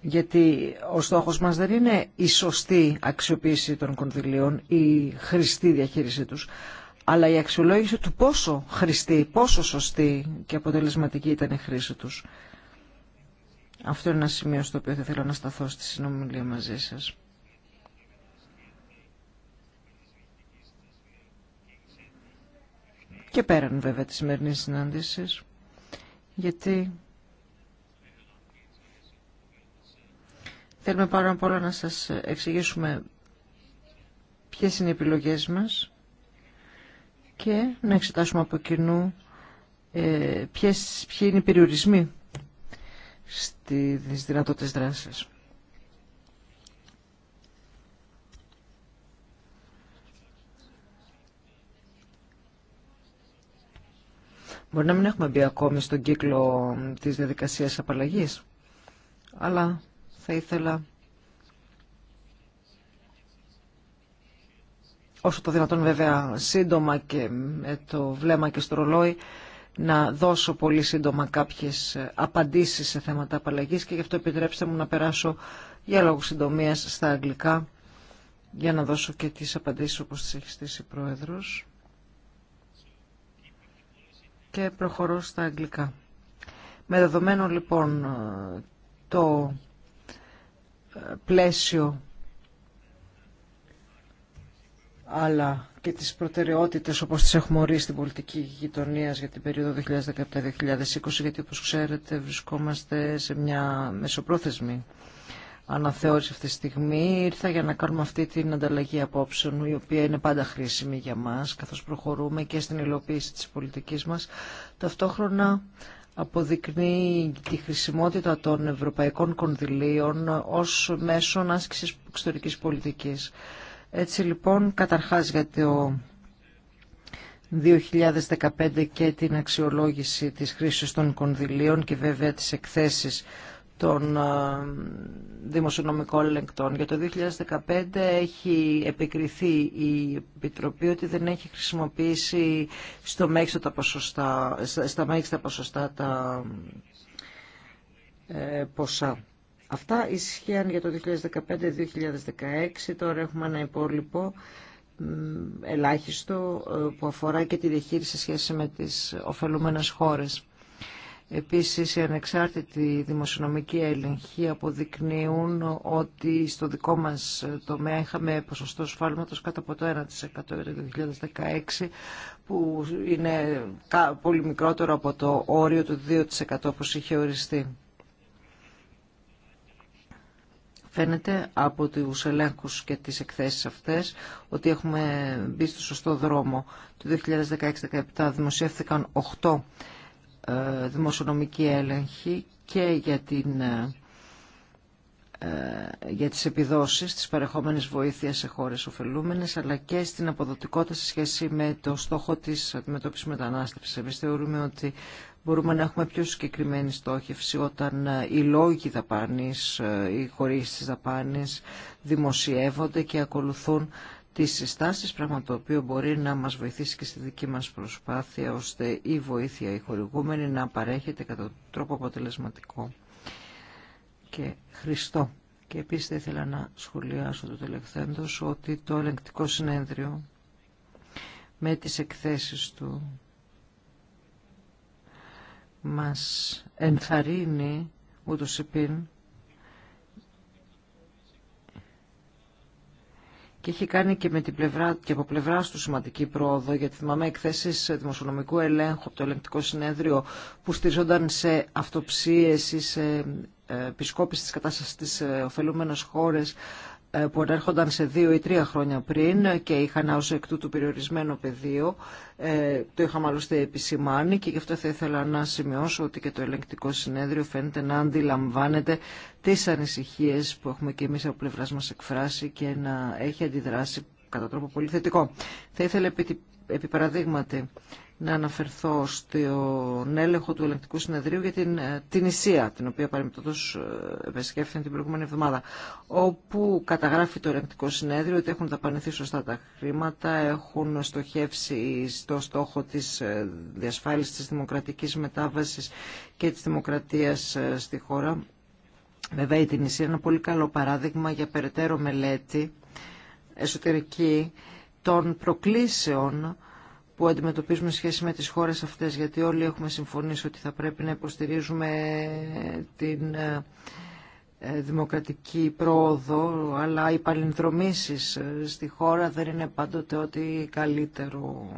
γιατί ο στόχος μας δεν είναι η σωστή αξιοποίηση των κονδυλίων, η χρηστή διαχείρισή τους, αλλά η αξιολόγηση του πόσο χρηστή, πόσο σωστή και αποτελεσματική ήταν η χρήση τους. Αυτό είναι ένα σημείο στο οποίο θα ήθελα να σταθώ στη συνομιλία μαζί σας. Και πέραν βέβαια της σημερινή συνάντηση. γιατί Θέλουμε πάρα πολλά να σας εξηγήσουμε ποιες είναι οι επιλογές μας και να εξετάσουμε από κοινού ε, ποιες, ποιοι είναι οι περιορισμοί στις δυνατότητες δράσεις. Μπορεί να μην έχουμε μπει ακόμη στον κύκλο της διαδικασίας απαλλαγής, αλλά θα ήθελα όσο το δυνατόν βέβαια σύντομα και με το βλέμμα και στο ρολόι να δώσω πολύ σύντομα κάποιες απαντήσεις σε θέματα απαλλαγής και γι' αυτό επιτρέψτε μου να περάσω για λόγους συντομίας στα αγγλικά για να δώσω και τις απαντήσεις όπως τις έχει στήσει Πρόεδρος και προχωρώ στα αγγλικά. Με δεδομένο λοιπόν το πλαίσιο αλλά και τις προτεραιότητες όπως τις έχουμε ορίσει στην πολιτική γειτονία για την περίοδο 2017-2020 γιατί όπως ξέρετε βρισκόμαστε σε μια μεσοπρόθεσμη αναθεώρηση αυτή τη στιγμή. Ήρθα για να κάνουμε αυτή την ανταλλαγή απόψεων η οποία είναι πάντα χρήσιμη για μας καθώς προχωρούμε και στην υλοποίηση της πολιτικής μας. Ταυτόχρονα αποδεικνύει τη χρησιμότητα των ευρωπαϊκών κονδυλίων ως μέσον άσκησης εξωτερικής πολιτικής. Έτσι λοιπόν, καταρχάς για το 2015 και την αξιολόγηση της χρήσης των κονδυλίων και βέβαια τις εκθέσεις των ε, δημοσιονομικών ελεγκτών. Για το 2015 έχει επικριθεί η Επιτροπή ότι δεν έχει χρησιμοποιήσει στο μέγιστο τα ποσοστά, στα μέγιστα ποσοστά τα ε, ποσά. Αυτά ισχύαν για το 2015-2016. Τώρα έχουμε ένα υπόλοιπο ελάχιστο ε, που αφορά και τη διαχείριση σε σχέση με τις ωφελούμενες χώρες. Επίσης, οι ανεξάρτητοι δημοσιονομικοί έλεγχοι αποδεικνύουν ότι στο δικό μας τομέα είχαμε ποσοστό σφάλματος κάτω από το 1% το 2016, που είναι πολύ μικρότερο από το όριο του 2% όπως είχε οριστεί. Φαίνεται από τους ελέγχους και τις εκθέσεις αυτές ότι έχουμε μπει στο σωστό δρόμο. Το 2016-2017 δημοσιεύθηκαν 8 ε, δημοσιονομική έλεγχη και για, την, ε, ε, για τις επιδόσεις της παρεχόμενης βοήθειας σε χώρες ωφελούμενες, αλλά και στην αποδοτικότητα σε σχέση με το στόχο της αντιμετώπισης μετανάστευσης. Εμείς θεωρούμε ότι μπορούμε να έχουμε πιο συγκεκριμένη στόχευση όταν οι λόγοι δαπάνης, οι της δαπάνης δημοσιεύονται και ακολουθούν τις συστάσεις, πράγμα το οποίο μπορεί να μας βοηθήσει και στη δική μας προσπάθεια, ώστε η βοήθεια, η χορηγούμενη να παρέχεται κατά τρόπο αποτελεσματικό και χρηστό. Και επίσης θα ήθελα να σχολιάσω το τελευταίο ότι το ελεγκτικό συνέδριο με τις εκθέσεις του μας ενθαρρύνει ούτως επίν και έχει κάνει και, με την πλευρά, και από πλευρά του σημαντική πρόοδο, γιατί θυμάμαι εκθέσει δημοσιονομικού ελέγχου από το ελεγκτικό συνέδριο που στηριζόταν σε αυτοψίε ή σε ε, επισκόπηση τη κατάστασης στις ε, ωφελούμενε χώρες ε, που ανέρχονταν σε δύο ή τρία χρόνια πριν και είχαν ως εκ τούτου περιορισμένο πεδίο. Ε, το είχαμε άλλωστε επισημάνει και γι' αυτό θα ήθελα να σημειώσω ότι και το ελεγκτικό συνέδριο φαίνεται να αντιλαμβάνεται τις ανησυχίες που έχουμε και εμείς από πλευράς μας εκφράσει και να έχει αντιδράσει κατά τρόπο πολύ θετικό. Θα ήθελα επί, επί παραδείγματι να αναφερθώ στον έλεγχο του ελεγκτικού συνεδρίου για την, ε, την Ισία, την οποία παρεμπιπτόντως ε, επισκέφθηκαν την προηγούμενη εβδομάδα, όπου καταγράφει το ελεγκτικό συνέδριο ότι έχουν δαπανηθεί σωστά τα χρήματα, έχουν στοχεύσει στο στόχο της ε, διασφάλισης της δημοκρατικής μετάβασης και της δημοκρατίας στη χώρα. Βέβαια η Τινησία είναι ένα πολύ καλό παράδειγμα για περαιτέρω μελέτη εσωτερική των προκλήσεων που αντιμετωπίζουμε σχέση με τις χώρες αυτές, γιατί όλοι έχουμε συμφωνήσει ότι θα πρέπει να υποστηρίζουμε την ε, ε, δημοκρατική πρόοδο, αλλά οι παλινδρομήσεις ε, στη χώρα δεν είναι πάντοτε ότι καλύτερο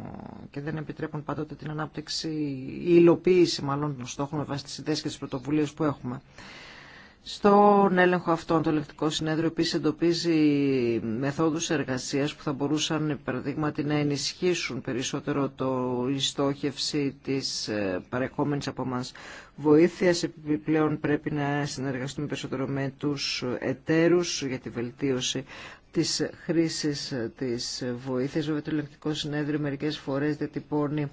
και δεν επιτρέπουν πάντοτε την ανάπτυξη, η υλοποίηση μάλλον των στόχων με βάση τις ιδέες και τις πρωτοβουλίες που έχουμε. Στον έλεγχο αυτόν το Ελεκτικό Συνέδριο επίσης εντοπίζει μεθόδους εργασίας που θα μπορούσαν παραδείγματι να ενισχύσουν περισσότερο το, στόχευση της ε, παρεχόμενης από μας βοήθειας. Επιπλέον πρέπει να συνεργαστούμε περισσότερο με τους εταίρους για τη βελτίωση της χρήσης της βοήθειας. Βέβαια το Ελεκτικό Συνέδριο μερικές φορές διατυπώνει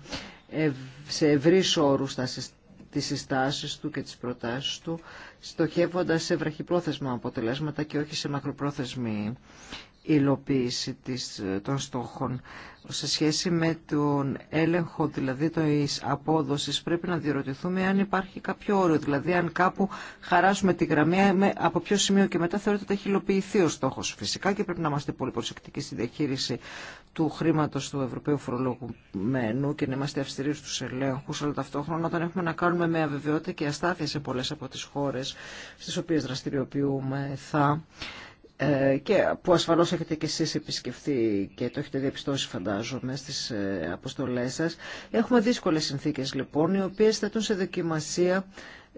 σε ευρύ όρου τα συστήματα τις συστάσεις του και τις προτάσεις του, στοχεύοντας σε βραχυπρόθεσμα αποτελέσματα και όχι σε μακροπρόθεσμη υλοποίηση της, των στόχων. Σε σχέση με τον έλεγχο δηλαδή της απόδοσης πρέπει να διερωτηθούμε αν υπάρχει κάποιο όριο. Δηλαδή αν κάπου χαράσουμε τη γραμμή από ποιο σημείο και μετά θεωρείται ότι έχει υλοποιηθεί ο στόχος. Φυσικά και πρέπει να είμαστε πολύ προσεκτικοί στη διαχείριση του χρήματος του Ευρωπαίου Φορολογουμένου και να είμαστε αυστηροί στους ελέγχους, αλλά ταυτόχρονα όταν έχουμε να κάνουμε με αβεβαιότητα και αστάθεια σε πολλές από τις χώρες στις οποίες δραστηριοποιούμε θα... Ε, και που ασφαλώ έχετε και εσείς επισκεφθεί και το έχετε διαπιστώσει φαντάζομαι στις ε, αποστολέ σα. Έχουμε δύσκολες συνθήκες λοιπόν, οι οποίες θέτουν σε δοκιμασία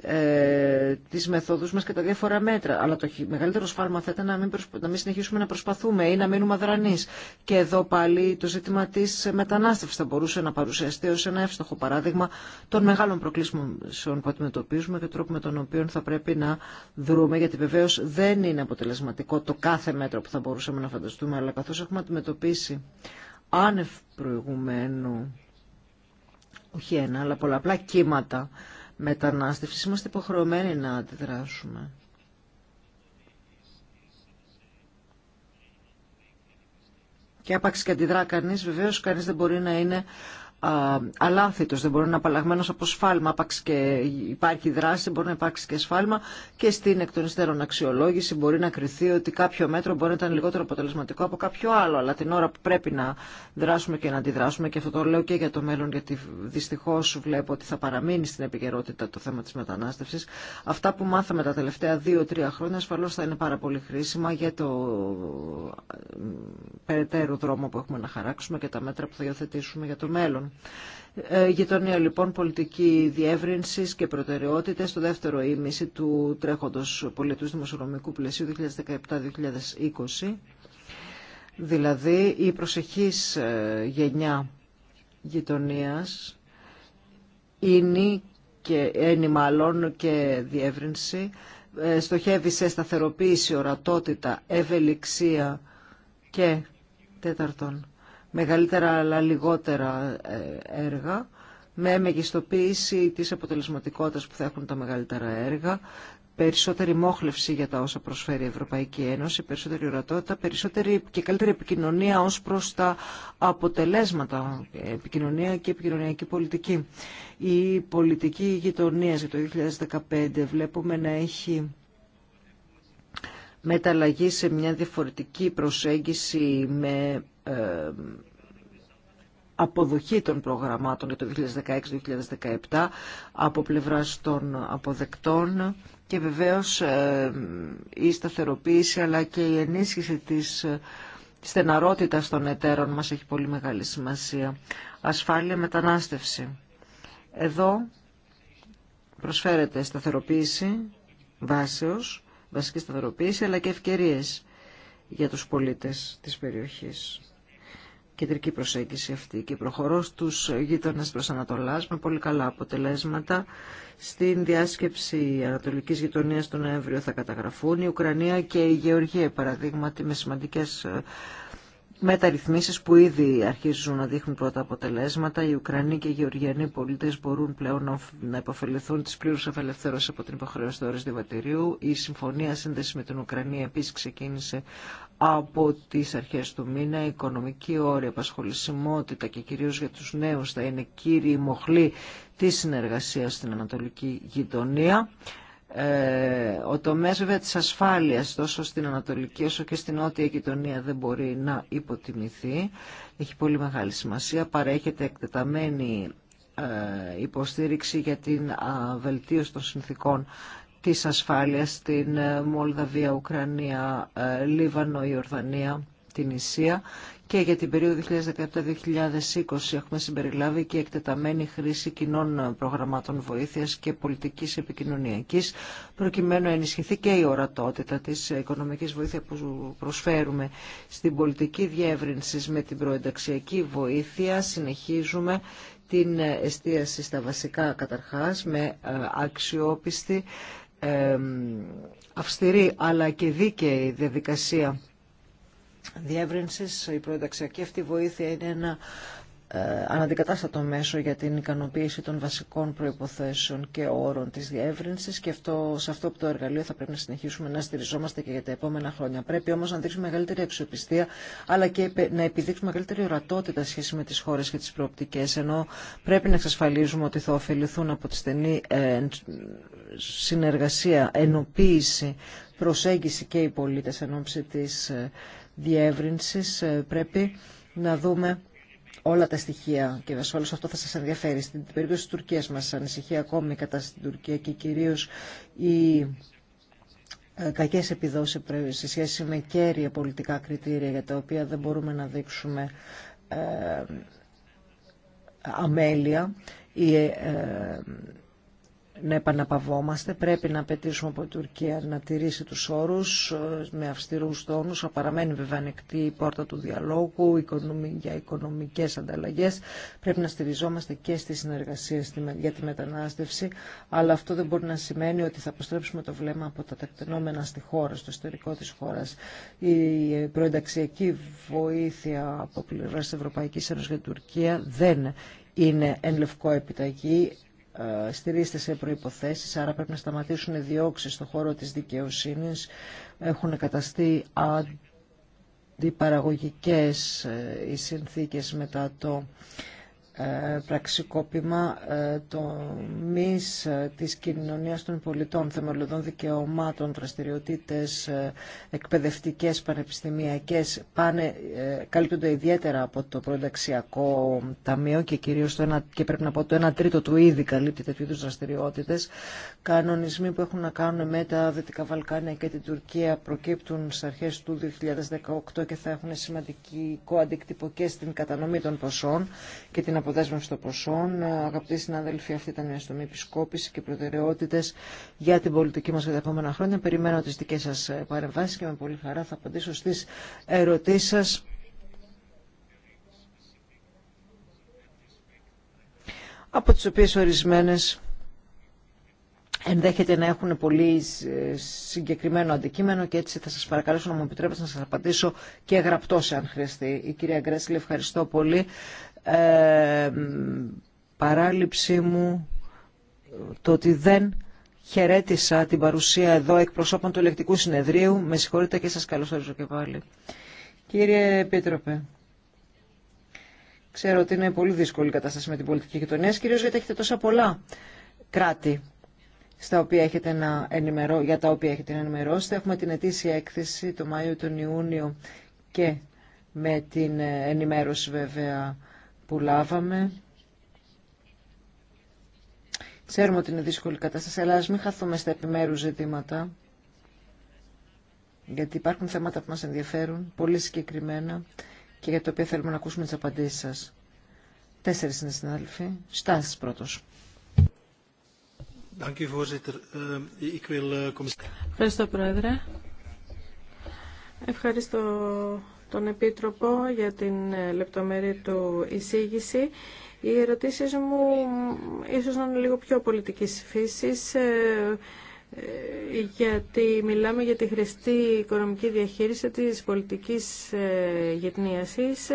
ε, τις μεθόδους μας και τα διάφορα μέτρα. Αλλά το μεγαλύτερο σφάλμα θα ήταν να μην, συνεχίσουμε να προσπαθούμε ή να μείνουμε αδρανείς. Και εδώ πάλι το ζήτημα της μετανάστευσης θα μπορούσε να παρουσιαστεί ως ένα εύστοχο παράδειγμα των μεγάλων προκλήσεων που αντιμετωπίζουμε και τρόπο με τον οποίο θα πρέπει να δρούμε, γιατί βεβαίω δεν είναι αποτελεσματικό το κάθε μέτρο που θα μπορούσαμε να φανταστούμε, αλλά καθώς έχουμε αντιμετωπίσει άνευ προηγουμένου, όχι ένα, αλλά πολλαπλά κύματα Μετανάστευση είμαστε υποχρεωμένοι να αντιδράσουμε. Και άπαξ και αντιδρά κανείς, βεβαίως κανείς δεν μπορεί να είναι αλάθητος, δεν μπορεί να είναι απαλλαγμένο από σφάλμα, άπαξ και υπάρχει δράση, μπορεί να υπάρξει και σφάλμα και στην εκ των υστέρων αξιολόγηση μπορεί να κριθεί ότι κάποιο μέτρο μπορεί να ήταν λιγότερο αποτελεσματικό από κάποιο άλλο, αλλά την ώρα που πρέπει να δράσουμε και να αντιδράσουμε και αυτό το λέω και για το μέλλον γιατί δυστυχώ βλέπω ότι θα παραμείνει στην επικαιρότητα το θέμα τη μετανάστευση. Αυτά που μάθαμε τα τελευταία δύο-τρία χρόνια ασφαλώ θα είναι πάρα πολύ χρήσιμα για το ε, περαιτέρω δρόμο που έχουμε να χαράξουμε και τα μέτρα που θα υιοθετήσουμε για το μέλλον. Ε, γειτονία λοιπόν πολιτική διεύρυνση και προτεραιότητε στο δεύτερο ήμιση του τρεχοντος πολιτου πολιτού δημοσιονομικού πλαισίου 2017-2020. Δηλαδή η προσεχής ε, γενιά γειτονία είναι και είναι μάλλον και διεύρυνση ε, στοχεύει σε σταθεροποίηση, ορατότητα, ευελιξία και τέταρτον μεγαλύτερα αλλά λιγότερα ε, έργα, με μεγιστοποίηση της αποτελεσματικότητας που θα έχουν τα μεγαλύτερα έργα, περισσότερη μόχλευση για τα όσα προσφέρει η Ευρωπαϊκή Ένωση, περισσότερη ορατότητα, περισσότερη και καλύτερη επικοινωνία ως προς τα αποτελέσματα, επικοινωνία και επικοινωνιακή πολιτική. Η πολιτική γειτονία για το 2015 βλέπουμε να έχει μεταλλαγή σε μια διαφορετική προσέγγιση με ε, αποδοχή των προγραμμάτων για το 2016-2017 από πλευράς των αποδεκτών και βεβαίως ε, η σταθεροποίηση αλλά και η ενίσχυση ε, της στεναρότητας των εταίρων μας έχει πολύ μεγάλη σημασία. Ασφάλεια μετανάστευση. Εδώ προσφέρεται σταθεροποίηση βάσεως, βασική σταθεροποίηση αλλά και ευκαιρίες για τους πολίτες της περιοχής. Κεντρική προσέγγιση αυτή και προχωρώ στους γείτονες προς Ανατολάς με πολύ καλά αποτελέσματα. Στην διάσκεψη Ανατολικής Γειτονίας τον Νοέμβριο θα καταγραφούν η Ουκρανία και η Γεωργία, παραδείγματι, με σημαντικές ε, μεταρρυθμίσεις που ήδη αρχίζουν να δείχνουν πρώτα αποτελέσματα. Οι Ουκρανοί και οι Γεωργιανοί πολίτες μπορούν πλέον να υποφεληθούν της πλήρους αφελευθέρωση από την υποχρέωση του διαβατηρίου. Η συμφωνία σύνδεση με την Ουκρανία επίσης ξεκίνησε από τις αρχές του μήνα. Η οικονομική όρια, απασχολησιμότητα και κυρίως για τους νέους θα είναι κύριοι μοχλοί της συνεργασίας στην Ανατολική Γειτονία. Ε, ο τομέας βέβαια της ασφάλειας τόσο στην Ανατολική όσο και στην Νότια γειτονία δεν μπορεί να υποτιμηθεί. Έχει πολύ μεγάλη σημασία. Παρέχεται εκτεταμένη ε, υποστήριξη για την βελτίωση των συνθήκων της ασφάλειας στην ε, Μολδαβία, Ουκρανία, Λίβανο, Ιορδανία, την Ισία και για την περίοδο 2017-2020 έχουμε συμπεριλάβει και εκτεταμένη χρήση κοινών προγραμμάτων βοήθειας και πολιτικής επικοινωνιακής προκειμένου να ενισχυθεί και η ορατότητα της οικονομικής βοήθειας που προσφέρουμε στην πολιτική διεύρυνση με την προενταξιακή βοήθεια συνεχίζουμε την εστίαση στα βασικά καταρχάς με ε, αξιόπιστη, ε, αυστηρή αλλά και δίκαιη διαδικασία διεύρυνσης. Η προενταξιακή αυτή βοήθεια είναι ένα ε, αναντικατάστατο μέσο για την ικανοποίηση των βασικών προϋποθέσεων και όρων της διεύρυνσης και αυτό, σε αυτό το εργαλείο θα πρέπει να συνεχίσουμε να στηριζόμαστε και για τα επόμενα χρόνια. Πρέπει όμως να δείξουμε μεγαλύτερη αξιοπιστία αλλά και να επιδείξουμε μεγαλύτερη ορατότητα σχέση με τις χώρες και τις προοπτικές ενώ πρέπει να εξασφαλίζουμε ότι θα ωφεληθούν από τη στενή ε, συνεργασία, ενοποίηση, προσέγγιση και οι πολίτε εν ώψη ε, διεύρυνσης ε, πρέπει να δούμε όλα τα στοιχεία και ασφαλώ αυτό θα σας ενδιαφέρει. Στην περίπτωση της Τουρκίας μας ανησυχεί ακόμη η κατάσταση στην Τουρκία και κυρίως η ε, κακές επιδόσεις σε σχέση με κέρια πολιτικά κριτήρια για τα οποία δεν μπορούμε να δείξουμε ε, αμέλεια. Η να επαναπαυόμαστε. Πρέπει να απαιτήσουμε από την Τουρκία να τηρήσει τους όρους ε, με αυστηρούς τόνους. Παραμένει βέβαια ανοιχτή η πόρτα του διαλόγου για οικονομικές ανταλλαγές. Πρέπει να στηριζόμαστε και στη συνεργασία για τη μετανάστευση. Αλλά αυτό δεν μπορεί να σημαίνει ότι θα αποστρέψουμε το βλέμμα από τα τεκτενόμενα στη χώρα, στο εσωτερικό της χώρας. Η προενταξιακή βοήθεια από πλευρά της Ευρωπαϊκής Ένωσης για την Τουρκία δεν είναι εν λευκό επιταγή ε, στηρίζεται σε προϋποθέσεις, άρα πρέπει να σταματήσουν οι διώξεις στον χώρο της δικαιοσύνης. Έχουν καταστεί αντιπαραγωγικές ε, οι συνθήκες μετά το ε, πραξικόπημα ε, τομείς ε, της κοινωνίας των πολιτών, θεμελιωδών δικαιωμάτων, δραστηριοτήτες, εκπαιδευτικές, πανεπιστημιακές, πάνε, καλύπτονται ιδιαίτερα από το προενταξιακό ταμείο και κυρίως το ένα, και πρέπει να πω το 1 τρίτο του ήδη καλύπτει τέτοιου είδους δραστηριότητες. Κανονισμοί που έχουν να κάνουν με τα Δυτικά Βαλκάνια και την Τουρκία προκύπτουν στις αρχές του 2018 και θα έχουν σημαντικό αντίκτυπο στην κατανομή των ποσών και την αποδέσμευση των ποσών. Αγαπητοί συνάδελφοι, αυτή ήταν μια στομή επισκόπηση και προτεραιότητε για την πολιτική μα για τα επόμενα χρόνια. Περιμένω τι δικέ σα παρεμβάσει και με πολύ χαρά θα απαντήσω στι ερωτήσει σα. από τι οποίε ορισμένε ενδέχεται να έχουν πολύ συγκεκριμένο αντικείμενο και έτσι θα σας παρακαλέσω να μου επιτρέψετε να σας απαντήσω και γραπτό σε αν χρειαστεί. Η κυρία Γκρέσλη, ευχαριστώ πολύ ε, παράληψή μου το ότι δεν χαιρέτησα την παρουσία εδώ εκπροσώπων του ελεκτικού συνεδρίου. Με συγχωρείτε και σας καλωσορίζω και πάλι. Κύριε Επίτροπε, ξέρω ότι είναι πολύ δύσκολη η κατάσταση με την πολιτική γειτονία, κυρίως γιατί έχετε τόσα πολλά κράτη στα οποία έχετε να ενημερώ, για τα οποία έχετε να ενημερώσετε. Έχουμε την ετήσια έκθεση το Μάιο, τον Ιούνιο και με την ενημέρωση βέβαια που λάβαμε. Ξέρουμε ότι είναι δύσκολη κατάσταση, αλλά ας μην χαθούμε στα επιμέρους ζητήματα, γιατί υπάρχουν θέματα που μας ενδιαφέρουν, πολύ συγκεκριμένα, και για τα οποία θέλουμε να ακούσουμε τις απαντήσεις σας. Τέσσερις είναι συνάδελφοι. Στάσεις πρώτος. Ehm, eh, Ευχαριστώ, Πρόεδρε. Ευχαριστώ τον Επίτροπο για την ε, λεπτομερή του εισήγηση. Οι ερωτήσεις μου ίσως να είναι λίγο πιο πολιτικής φύσης ε, ε, γιατί μιλάμε για τη χρηστή οικονομική διαχείριση της πολιτικής γετνίασης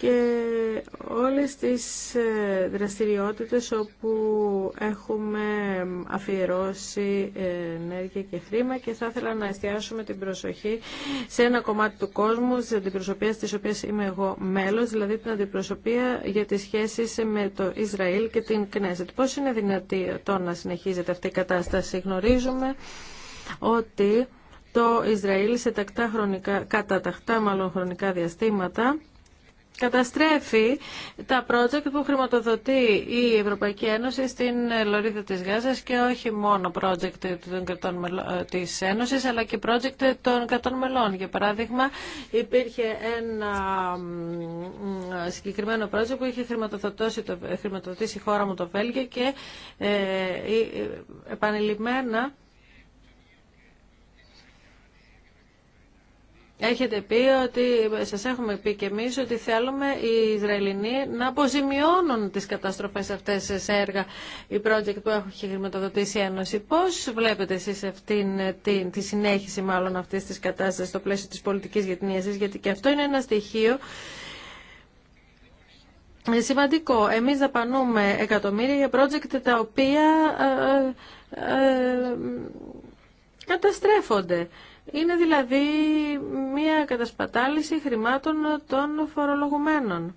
και όλες τις ε, δραστηριότητες όπου έχουμε αφιερώσει ε, ενέργεια και χρήμα και θα ήθελα να εστιάσουμε την προσοχή σε ένα κομμάτι του κόσμου, της αντιπροσωπείας της οποίας είμαι εγώ μέλος, δηλαδή την αντιπροσωπεία για τις σχέσεις με το Ισραήλ και την Κνέζετ. Πώς είναι δυνατή το να συνεχίζεται αυτή η κατάσταση. Γνωρίζουμε ότι το Ισραήλ σε τακτά χρονικά, κατά τακτά χρονικά διαστήματα καταστρέφει τα project που χρηματοδοτεί η Ευρωπαϊκή Ένωση στην Λωρίδα της Γάζας και όχι μόνο project των κρατών ε, της Ένωσης αλλά και project των κρατών μελών. Για παράδειγμα υπήρχε ένα συγκεκριμένο project που είχε χρηματοδοτήσει, το, ε, χρηματοδοτήσει η χώρα μου το Βέλγιο και ε, ε επανειλημμένα Έχετε πει ότι, σας έχουμε πει και εμείς, ότι θέλουμε οι Ισραηλινοί να αποζημιώνουν τις καταστροφές αυτές σε έργα, οι project που έχει χρηματοδοτήσει η Ένωση. Πώς βλέπετε εσείς αυτήν, την, τη συνέχιση μάλλον αυτής της κατάστασης στο πλαίσιο της πολιτικής γετνίασης, γιατί και αυτό είναι ένα στοιχείο σημαντικό. Εμείς δαπανούμε εκατομμύρια για project τα οποία ε, ε, ε, καταστρέφονται. Είναι δηλαδή μια κατασπατάληση χρημάτων των φορολογουμένων.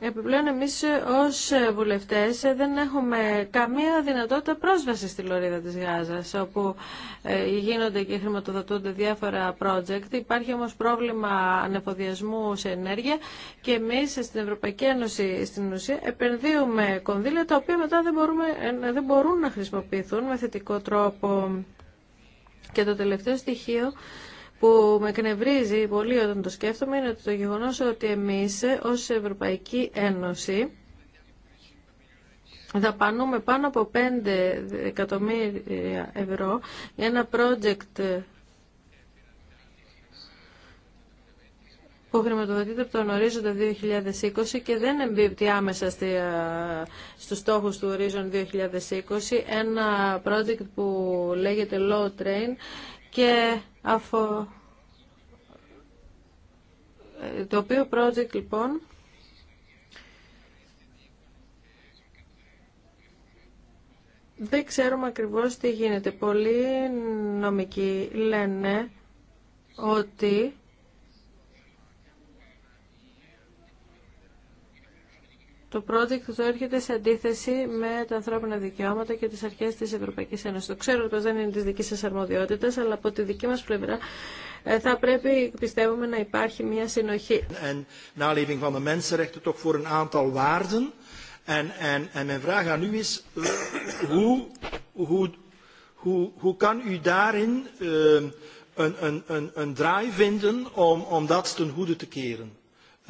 Επιπλέον εμείς ως βουλευτές δεν έχουμε καμία δυνατότητα πρόσβαση στη Λωρίδα της Γάζας όπου ε, γίνονται και χρηματοδοτούνται διάφορα project. Υπάρχει όμως πρόβλημα ανεφοδιασμού σε ενέργεια και εμείς στην Ευρωπαϊκή Ένωση στην ουσία επενδύουμε κονδύλια τα οποία μετά δεν ε, μπορούν να χρησιμοποιηθούν με θετικό τρόπο. Και το τελευταίο στοιχείο που με εκνευρίζει πολύ όταν το σκέφτομαι είναι το γεγονός ότι εμείς ως Ευρωπαϊκή Ένωση δαπανούμε πάνω από 5 εκατομμύρια ευρώ για ένα project που χρηματοδοτείται από τον ορίζοντα 2020 και δεν εμπίπτει άμεσα στη, ε, στους στόχους του ορίζοντα 2020 ένα project που λέγεται Low Train και αφο... Ε, το οποίο project λοιπόν δεν ξέρουμε ακριβώς τι γίνεται. Πολλοί νομικοί λένε ότι το project του έρχεται σε αντίθεση με τα ανθρώπινα δικαιώματα και τις αρχές της Ευρωπαϊκής Ένωσης. Το ξέρω πως δεν είναι της δικής σας αρμοδιότητας, αλλά από τη δική μας πλευρά ε, θα πρέπει, πιστεύουμε, να υπάρχει μια συνοχή. En naleving van de mensenrechten toch voor een aantal waarden. En, en, en mijn vraag aan u is, eh, hoe, hoe, hoe, hoe kan u daarin uh, een, een, een, een draai vinden om, om dat ten goede te keren?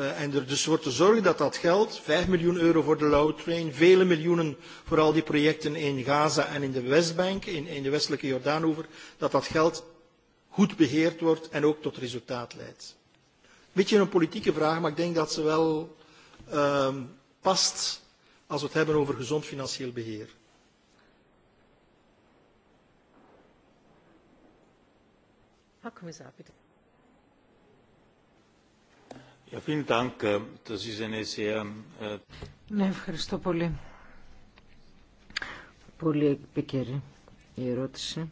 en er dus voor te zorgen dat dat geld, 5 miljoen euro voor de Low Train, vele miljoenen voor al die projecten in Gaza en in de Westbank, in de westelijke Jordaanover, dat dat geld goed beheerd wordt en ook tot resultaat leidt. Een beetje een politieke vraag, maar ik denk dat ze wel past als we het hebben over gezond financieel beheer. Äh, äh, ναι, ευχαριστώ πολύ. Πολύ επίκαιρη η ερώτηση.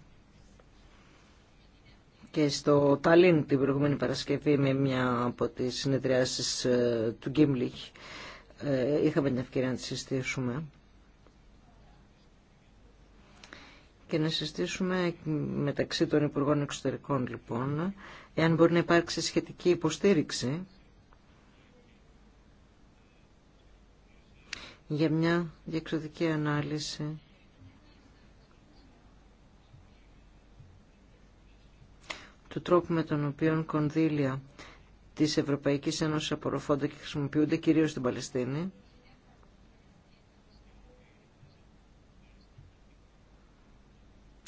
Και στο Ταλίν την προηγούμενη Παρασκευή με μια από τις συνεδριάσεις ε, του Γκίμλιχ ε, είχαμε την ευκαιρία να τη συστήσουμε. και να συστήσουμε μεταξύ των Υπουργών Εξωτερικών λοιπόν, εάν μπορεί να υπάρξει σχετική υποστήριξη για μια διεξοδική ανάλυση του τρόπου με τον οποίο κονδύλια της Ευρωπαϊκής Ένωσης απορροφώνται και χρησιμοποιούνται κυρίως στην Παλαιστίνη.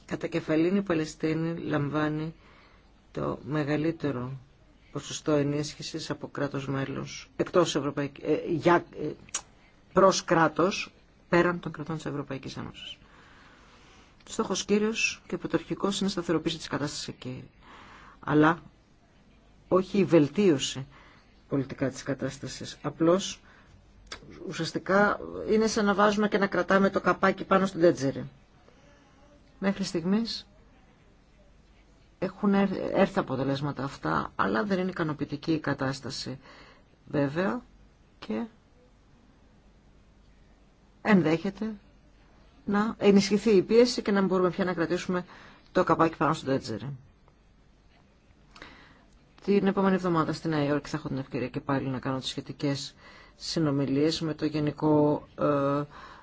Κατά κεφαλήν η Παλαιστίνη λαμβάνει το μεγαλύτερο ποσοστό ενίσχυσης από κράτος μέλους εκτός Ευρωπαϊκής, ε, ε, προς κράτος πέραν των κρατών της Ευρωπαϊκής Ένωσης. Στόχος κύριος και πρωτορχικός είναι η σταθεροποίηση της κατάστασης εκεί. Αλλά όχι η βελτίωση πολιτικά της κατάστασης. Απλώς ουσιαστικά είναι σαν να βάζουμε και να κρατάμε το καπάκι πάνω στον τέτζερι. Μέχρι στιγμής έχουν έρθει αποτελέσματα αυτά, αλλά δεν είναι ικανοποιητική η κατάσταση. Βέβαια και ενδέχεται να ενισχυθεί η πίεση και να μπορούμε πια να κρατήσουμε το καπάκι πάνω στο τέτζερι. Την επόμενη εβδομάδα στην Νέα Υόρκη θα έχω την ευκαιρία και πάλι να κάνω τις σχετικές συνομιλίες με το Γενικό ε,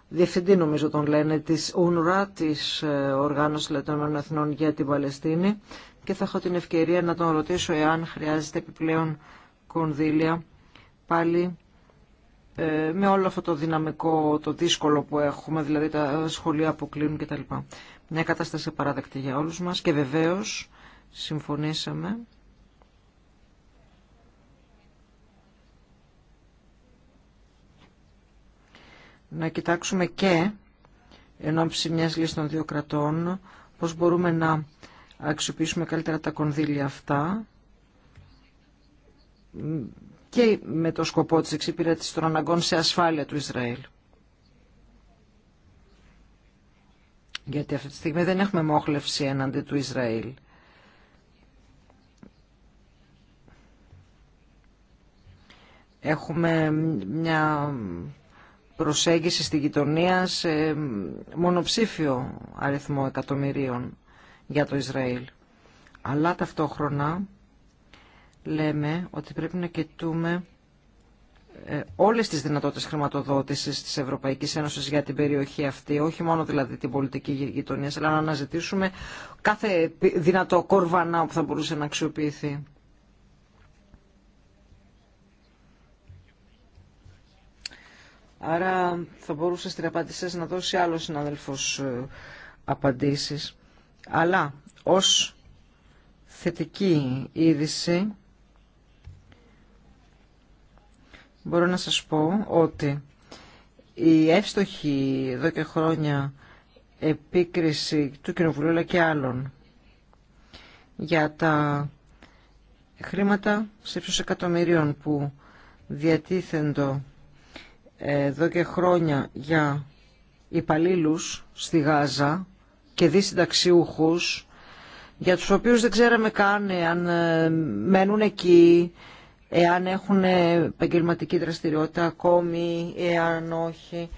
Διευθυντή, νομίζω τον λένε, της UNRWA, της ε, Οργάνωσης Λετωμένων Εθνών για την Παλαιστίνη και θα έχω την ευκαιρία να τον ρωτήσω εάν χρειάζεται επιπλέον κονδύλια πάλι ε, με όλο αυτό το δυναμικό, το δύσκολο που έχουμε, δηλαδή τα σχολεία που κλείνουν κτλ. Μια κατάσταση παράδεκτη για όλους μας και βεβαίως συμφωνήσαμε να κοιτάξουμε και ενώ ψη μιας λύσης των δύο κρατών πώς μπορούμε να αξιοποιήσουμε καλύτερα τα κονδύλια αυτά και με το σκοπό της εξυπηρέτησης των αναγκών σε ασφάλεια του Ισραήλ. Γιατί αυτή τη στιγμή δεν έχουμε μόχλευση έναντι του Ισραήλ. Έχουμε μια προσέγγιση στη γειτονία σε μονοψήφιο αριθμό εκατομμυρίων για το Ισραήλ. Αλλά ταυτόχρονα λέμε ότι πρέπει να κοιτούμε ε, όλες τις δυνατότητες χρηματοδότησης της Ευρωπαϊκής Ένωσης για την περιοχή αυτή, όχι μόνο δηλαδή την πολιτική γειτονία, αλλά να αναζητήσουμε κάθε δυνατό κορβανά που θα μπορούσε να αξιοποιηθεί. Άρα θα μπορούσε στην απάντησή να δώσει άλλο συναδελφός ε, απαντήσεις. Αλλά ως θετική είδηση μπορώ να σας πω ότι η εύστοχη εδώ και χρόνια επίκριση του Κοινοβουλίου αλλά και άλλων για τα χρήματα σε ύψος εκατομμυρίων που διατίθεντο εδώ και χρόνια για υπαλλήλου στη Γάζα και δυσυνταξιούχους για τους οποίους δεν ξέραμε καν αν ε, μένουν εκεί εάν έχουν επαγγελματική δραστηριότητα ακόμη, εάν όχι.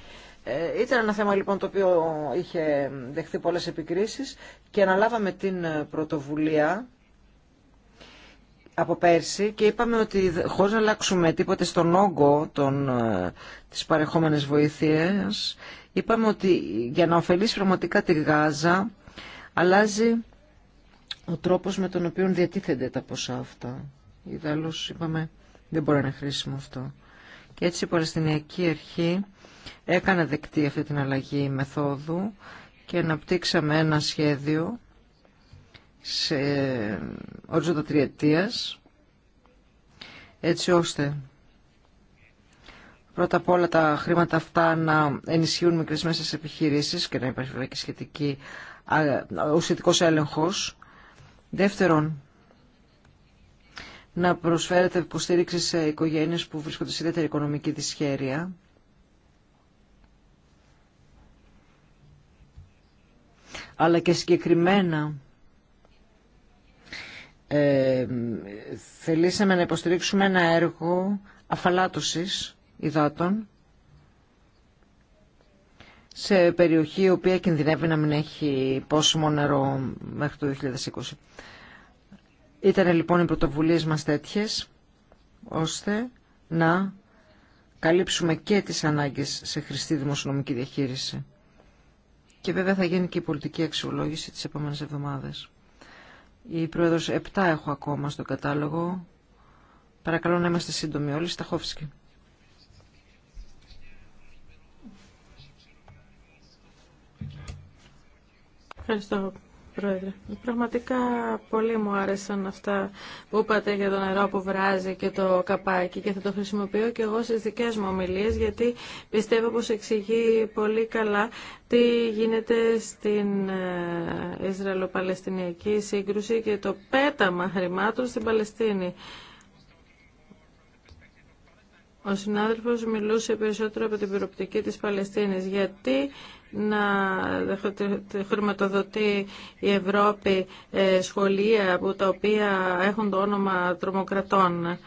Ε, ήταν ένα θέμα λοιπόν το οποίο είχε δεχθεί πολλές επικρίσεις και αναλάβαμε την πρωτοβουλία από πέρσι και είπαμε ότι χωρίς να αλλάξουμε τίποτε στον όγκο των, ε, της παρεχόμενης βοήθειας είπαμε ότι για να ωφελήσει πραγματικά τη Γάζα αλλάζει ο τρόπος με τον οποίο διατίθενται τα ποσά αυτά. Ιδάλλως είπαμε δεν μπορεί να είναι χρήσιμο αυτό. Και έτσι η Παλαιστινιακή Αρχή έκανε δεκτή αυτή την αλλαγή μεθόδου και αναπτύξαμε ένα σχέδιο σε ορίζοντα τριετίας έτσι ώστε πρώτα απ' όλα τα χρήματα αυτά να ενισχύουν μικρές μέσες επιχειρήσεις και να υπάρχει βέβαια και σχετική, ο έλεγχος. Δεύτερον, να προσφέρετε υποστήριξη σε οικογένειες που βρίσκονται σε ιδιαίτερη οικονομική δυσχέρεια. αλλά και συγκεκριμένα ε, θελήσαμε να υποστηρίξουμε ένα έργο αφαλάτωσης υδάτων σε περιοχή η οποία κινδυνεύει να μην έχει πόσιμο νερό μέχρι το 2020. Ήταν λοιπόν οι πρωτοβουλίες μας τέτοιες, ώστε να καλύψουμε και τις ανάγκες σε χρηστή δημοσιονομική διαχείριση. Και βέβαια θα γίνει και η πολιτική αξιολόγηση τις επόμενες εβδομάδες. Η Πρόεδρος 7 έχω ακόμα στο κατάλογο. Παρακαλώ να είμαστε σύντομοι όλοι. Σταχόφσκι. Ευχαριστώ Πραγματικά πολύ μου άρεσαν αυτά που είπατε για το νερό που βράζει και το καπάκι και θα το χρησιμοποιώ και εγώ στις δικές μου ομιλίες γιατί πιστεύω πως εξηγεί πολύ καλά τι γίνεται στην ε, Ισραηλο-Παλαιστινιακή σύγκρουση και το πέταμα χρημάτων στην Παλαιστίνη. Ο συνάδελφος μιλούσε περισσότερο από την πυροπτική της Παλαιστίνης γιατί να χρηματοδοτεί η Ευρώπη ε, σχολεία από τα οποία έχουν το όνομα τρομοκρατών.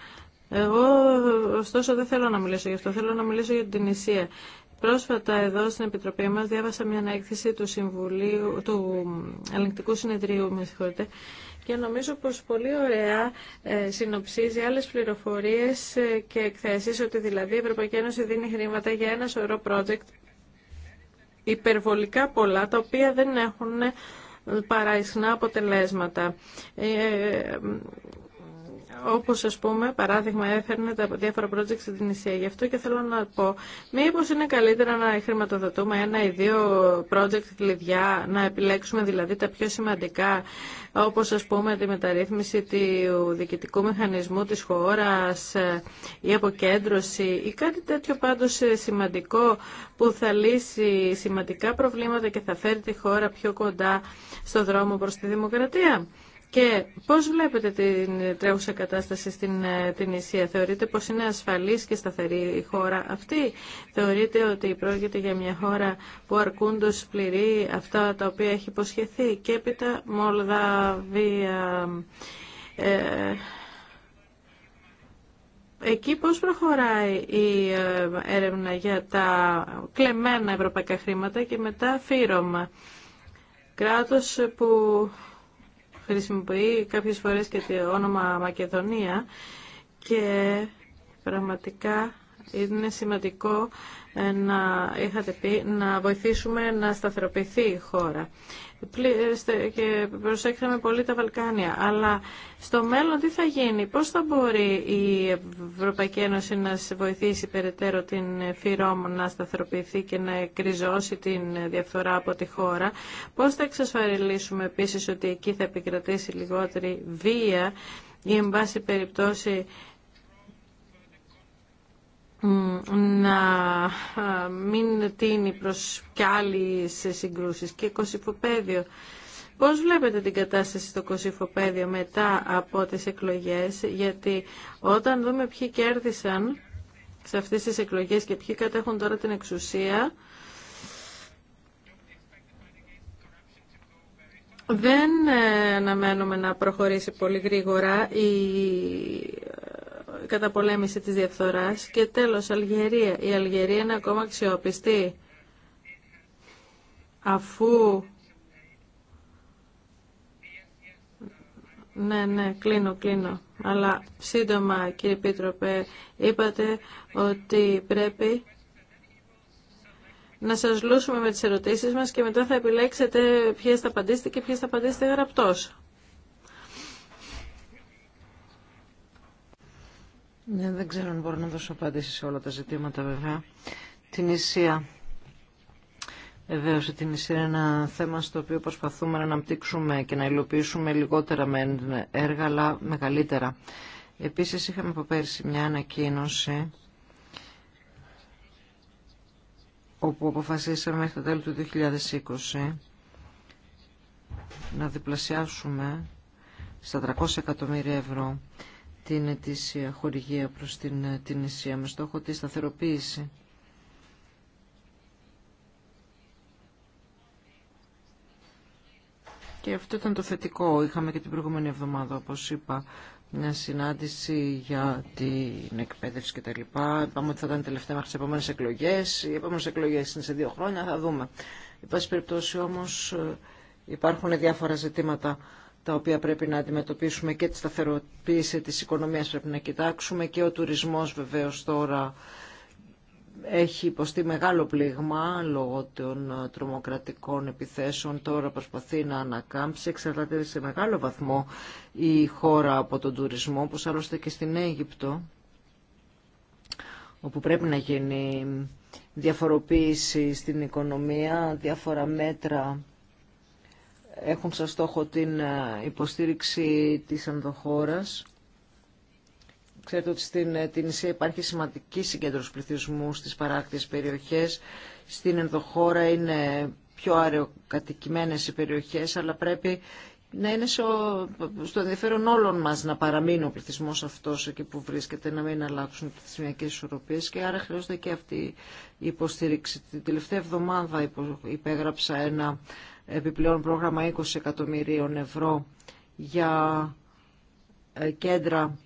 Εγώ ωστόσο δεν θέλω να μιλήσω γι' αυτό, θέλω να μιλήσω για την Ισία. Πρόσφατα εδώ στην Επιτροπή μας διάβασα μια ανέκθεση του, Συμβουλίου, του Ελεγκτικού Συνεδρίου, με και νομίζω πως πολύ ωραία ε, συνοψίζει άλλες πληροφορίες ε, και εκθέσεις ότι δηλαδή η Ευρωπαϊκή Ένωση δίνει χρήματα για ένα σωρό project υπερβολικά πολλά τα οποία δεν έχουν παρά αποτελέσματα. Ε, όπως ας πούμε παράδειγμα έφερνε τα διάφορα project στην Ισία. Γι' αυτό και θέλω να πω, μήπως είναι καλύτερα να χρηματοδοτούμε ένα ή δύο project κλειδιά, να επιλέξουμε δηλαδή τα πιο σημαντικά όπως ας πούμε τη μεταρρύθμιση του διοικητικού μηχανισμού της χώρας, ε, η αποκέντρωση ή κάτι τέτοιο πάντως ε, σημαντικό που θα λύσει σημαντικά προβλήματα και θα φέρει τη χώρα πιο κοντά στο δρόμο προς τη δημοκρατία. Και πώς βλέπετε την τρέχουσα κατάσταση στην ε, την Ισία. Θεωρείτε πως είναι ασφαλής και σταθερή η χώρα αυτή. Θεωρείτε ότι πρόκειται για μια χώρα που αρκούντος πληρεί αυτά τα οποία έχει υποσχεθεί. Και έπειτα Μολδαβία. Ε, Εκεί πώς προχωράει η ε, έρευνα για τα κλεμμένα ευρωπαϊκά χρήματα και μετά φύρωμα. Κράτος που χρησιμοποιεί κάποιες φορές και το όνομα Μακεδονία και πραγματικά είναι σημαντικό να είχατε πει να βοηθήσουμε να σταθεροποιηθεί η χώρα. Ε, και προσέξαμε πολύ τα Βαλκάνια. Αλλά στο μέλλον τι θα γίνει, πώς θα μπορεί η Ευρωπαϊκή Ένωση να βοηθήσει περαιτέρω την ΦΥΡΟΜ να σταθεροποιηθεί και να εκκριζώσει την διαφθορά από τη χώρα. Πώς θα εξασφαλίσουμε επίσης ότι εκεί θα επικρατήσει λιγότερη βία ή εν πάση περιπτώσει να μην τίνει προς κι άλλη σε συγκρούσεις και κοσυφοπαίδιο. Πώς βλέπετε την κατάσταση στο κοσυφοπαίδιο μετά από τις εκλογές, γιατί όταν δούμε ποιοι κέρδισαν σε αυτές τις εκλογές και ποιοι κατέχουν τώρα την εξουσία, Δεν ε, αναμένουμε να προχωρήσει πολύ γρήγορα η καταπολέμηση της διαφθοράς και τέλος Αλγερία. Η Αλγερία είναι ακόμα αξιοπιστή αφού Ναι, ναι, κλείνω, κλείνω. Αλλά σύντομα, κύριε Πίτροπε, είπατε ότι πρέπει να σας λούσουμε με τις ερωτήσεις μας και μετά θα επιλέξετε ποιες θα απαντήσετε και ποιες θα απαντήσετε γραπτός. Ναι, δεν ξέρω αν μπορώ να δώσω απάντηση σε όλα τα ζητήματα βέβαια. Την Ισία. Βεβαίω, η Ισία είναι ένα θέμα στο οποίο προσπαθούμε να αναπτύξουμε και να υλοποιήσουμε λιγότερα με έργα, αλλά μεγαλύτερα. Επίσης, είχαμε από πέρσι μια ανακοίνωση όπου αποφασίσαμε μέχρι το τέλος του 2020 να διπλασιάσουμε στα 300 εκατομμύρια ευρώ την ετήσια χορηγία προς την, την νησία με στόχο τη σταθεροποίηση. Και αυτό ήταν το θετικό. Είχαμε και την προηγούμενη εβδομάδα, όπως είπα, μια συνάντηση για την εκπαίδευση κτλ. Είπαμε ότι θα ήταν τελευταία μέχρι τι επόμενε εκλογέ. Οι επόμενε εκλογέ είναι σε δύο χρόνια, θα δούμε. Υπάρχει περιπτώσει όμω, ε, υπάρχουν διάφορα ζητήματα τα οποία πρέπει να αντιμετωπίσουμε και τη σταθεροποίηση της οικονομίας πρέπει να κοιτάξουμε και ο τουρισμός βεβαίως τώρα έχει υποστεί μεγάλο πλήγμα λόγω των τρομοκρατικών επιθέσεων. Τώρα προσπαθεί να ανακάμψει. Εξαρτάται σε μεγάλο βαθμό η χώρα από τον τουρισμό, όπως άλλωστε και στην Αίγυπτο, όπου πρέπει να γίνει διαφοροποίηση στην οικονομία, διάφορα μέτρα έχουν σαν στόχο την ε, υποστήριξη της ενδοχώρας. Ξέρετε ότι στην ε, Τινησία υπάρχει σημαντική συγκέντρωση πληθυσμού στις παράκτιες περιοχές. Στην ενδοχώρα είναι πιο αραιοκατοικημένες οι περιοχές, αλλά πρέπει να είναι στο ενδιαφέρον όλων μας να παραμείνει ο πληθυσμό αυτός εκεί που βρίσκεται, να μην αλλάξουν οι πληθυσμιακές ισορροπίες και άρα χρειάζεται και αυτή η υποστήριξη. Την τελευταία εβδομάδα υπέγραψα ένα επιπλέον πρόγραμμα 20 εκατομμυρίων ευρώ για ε, κέντρα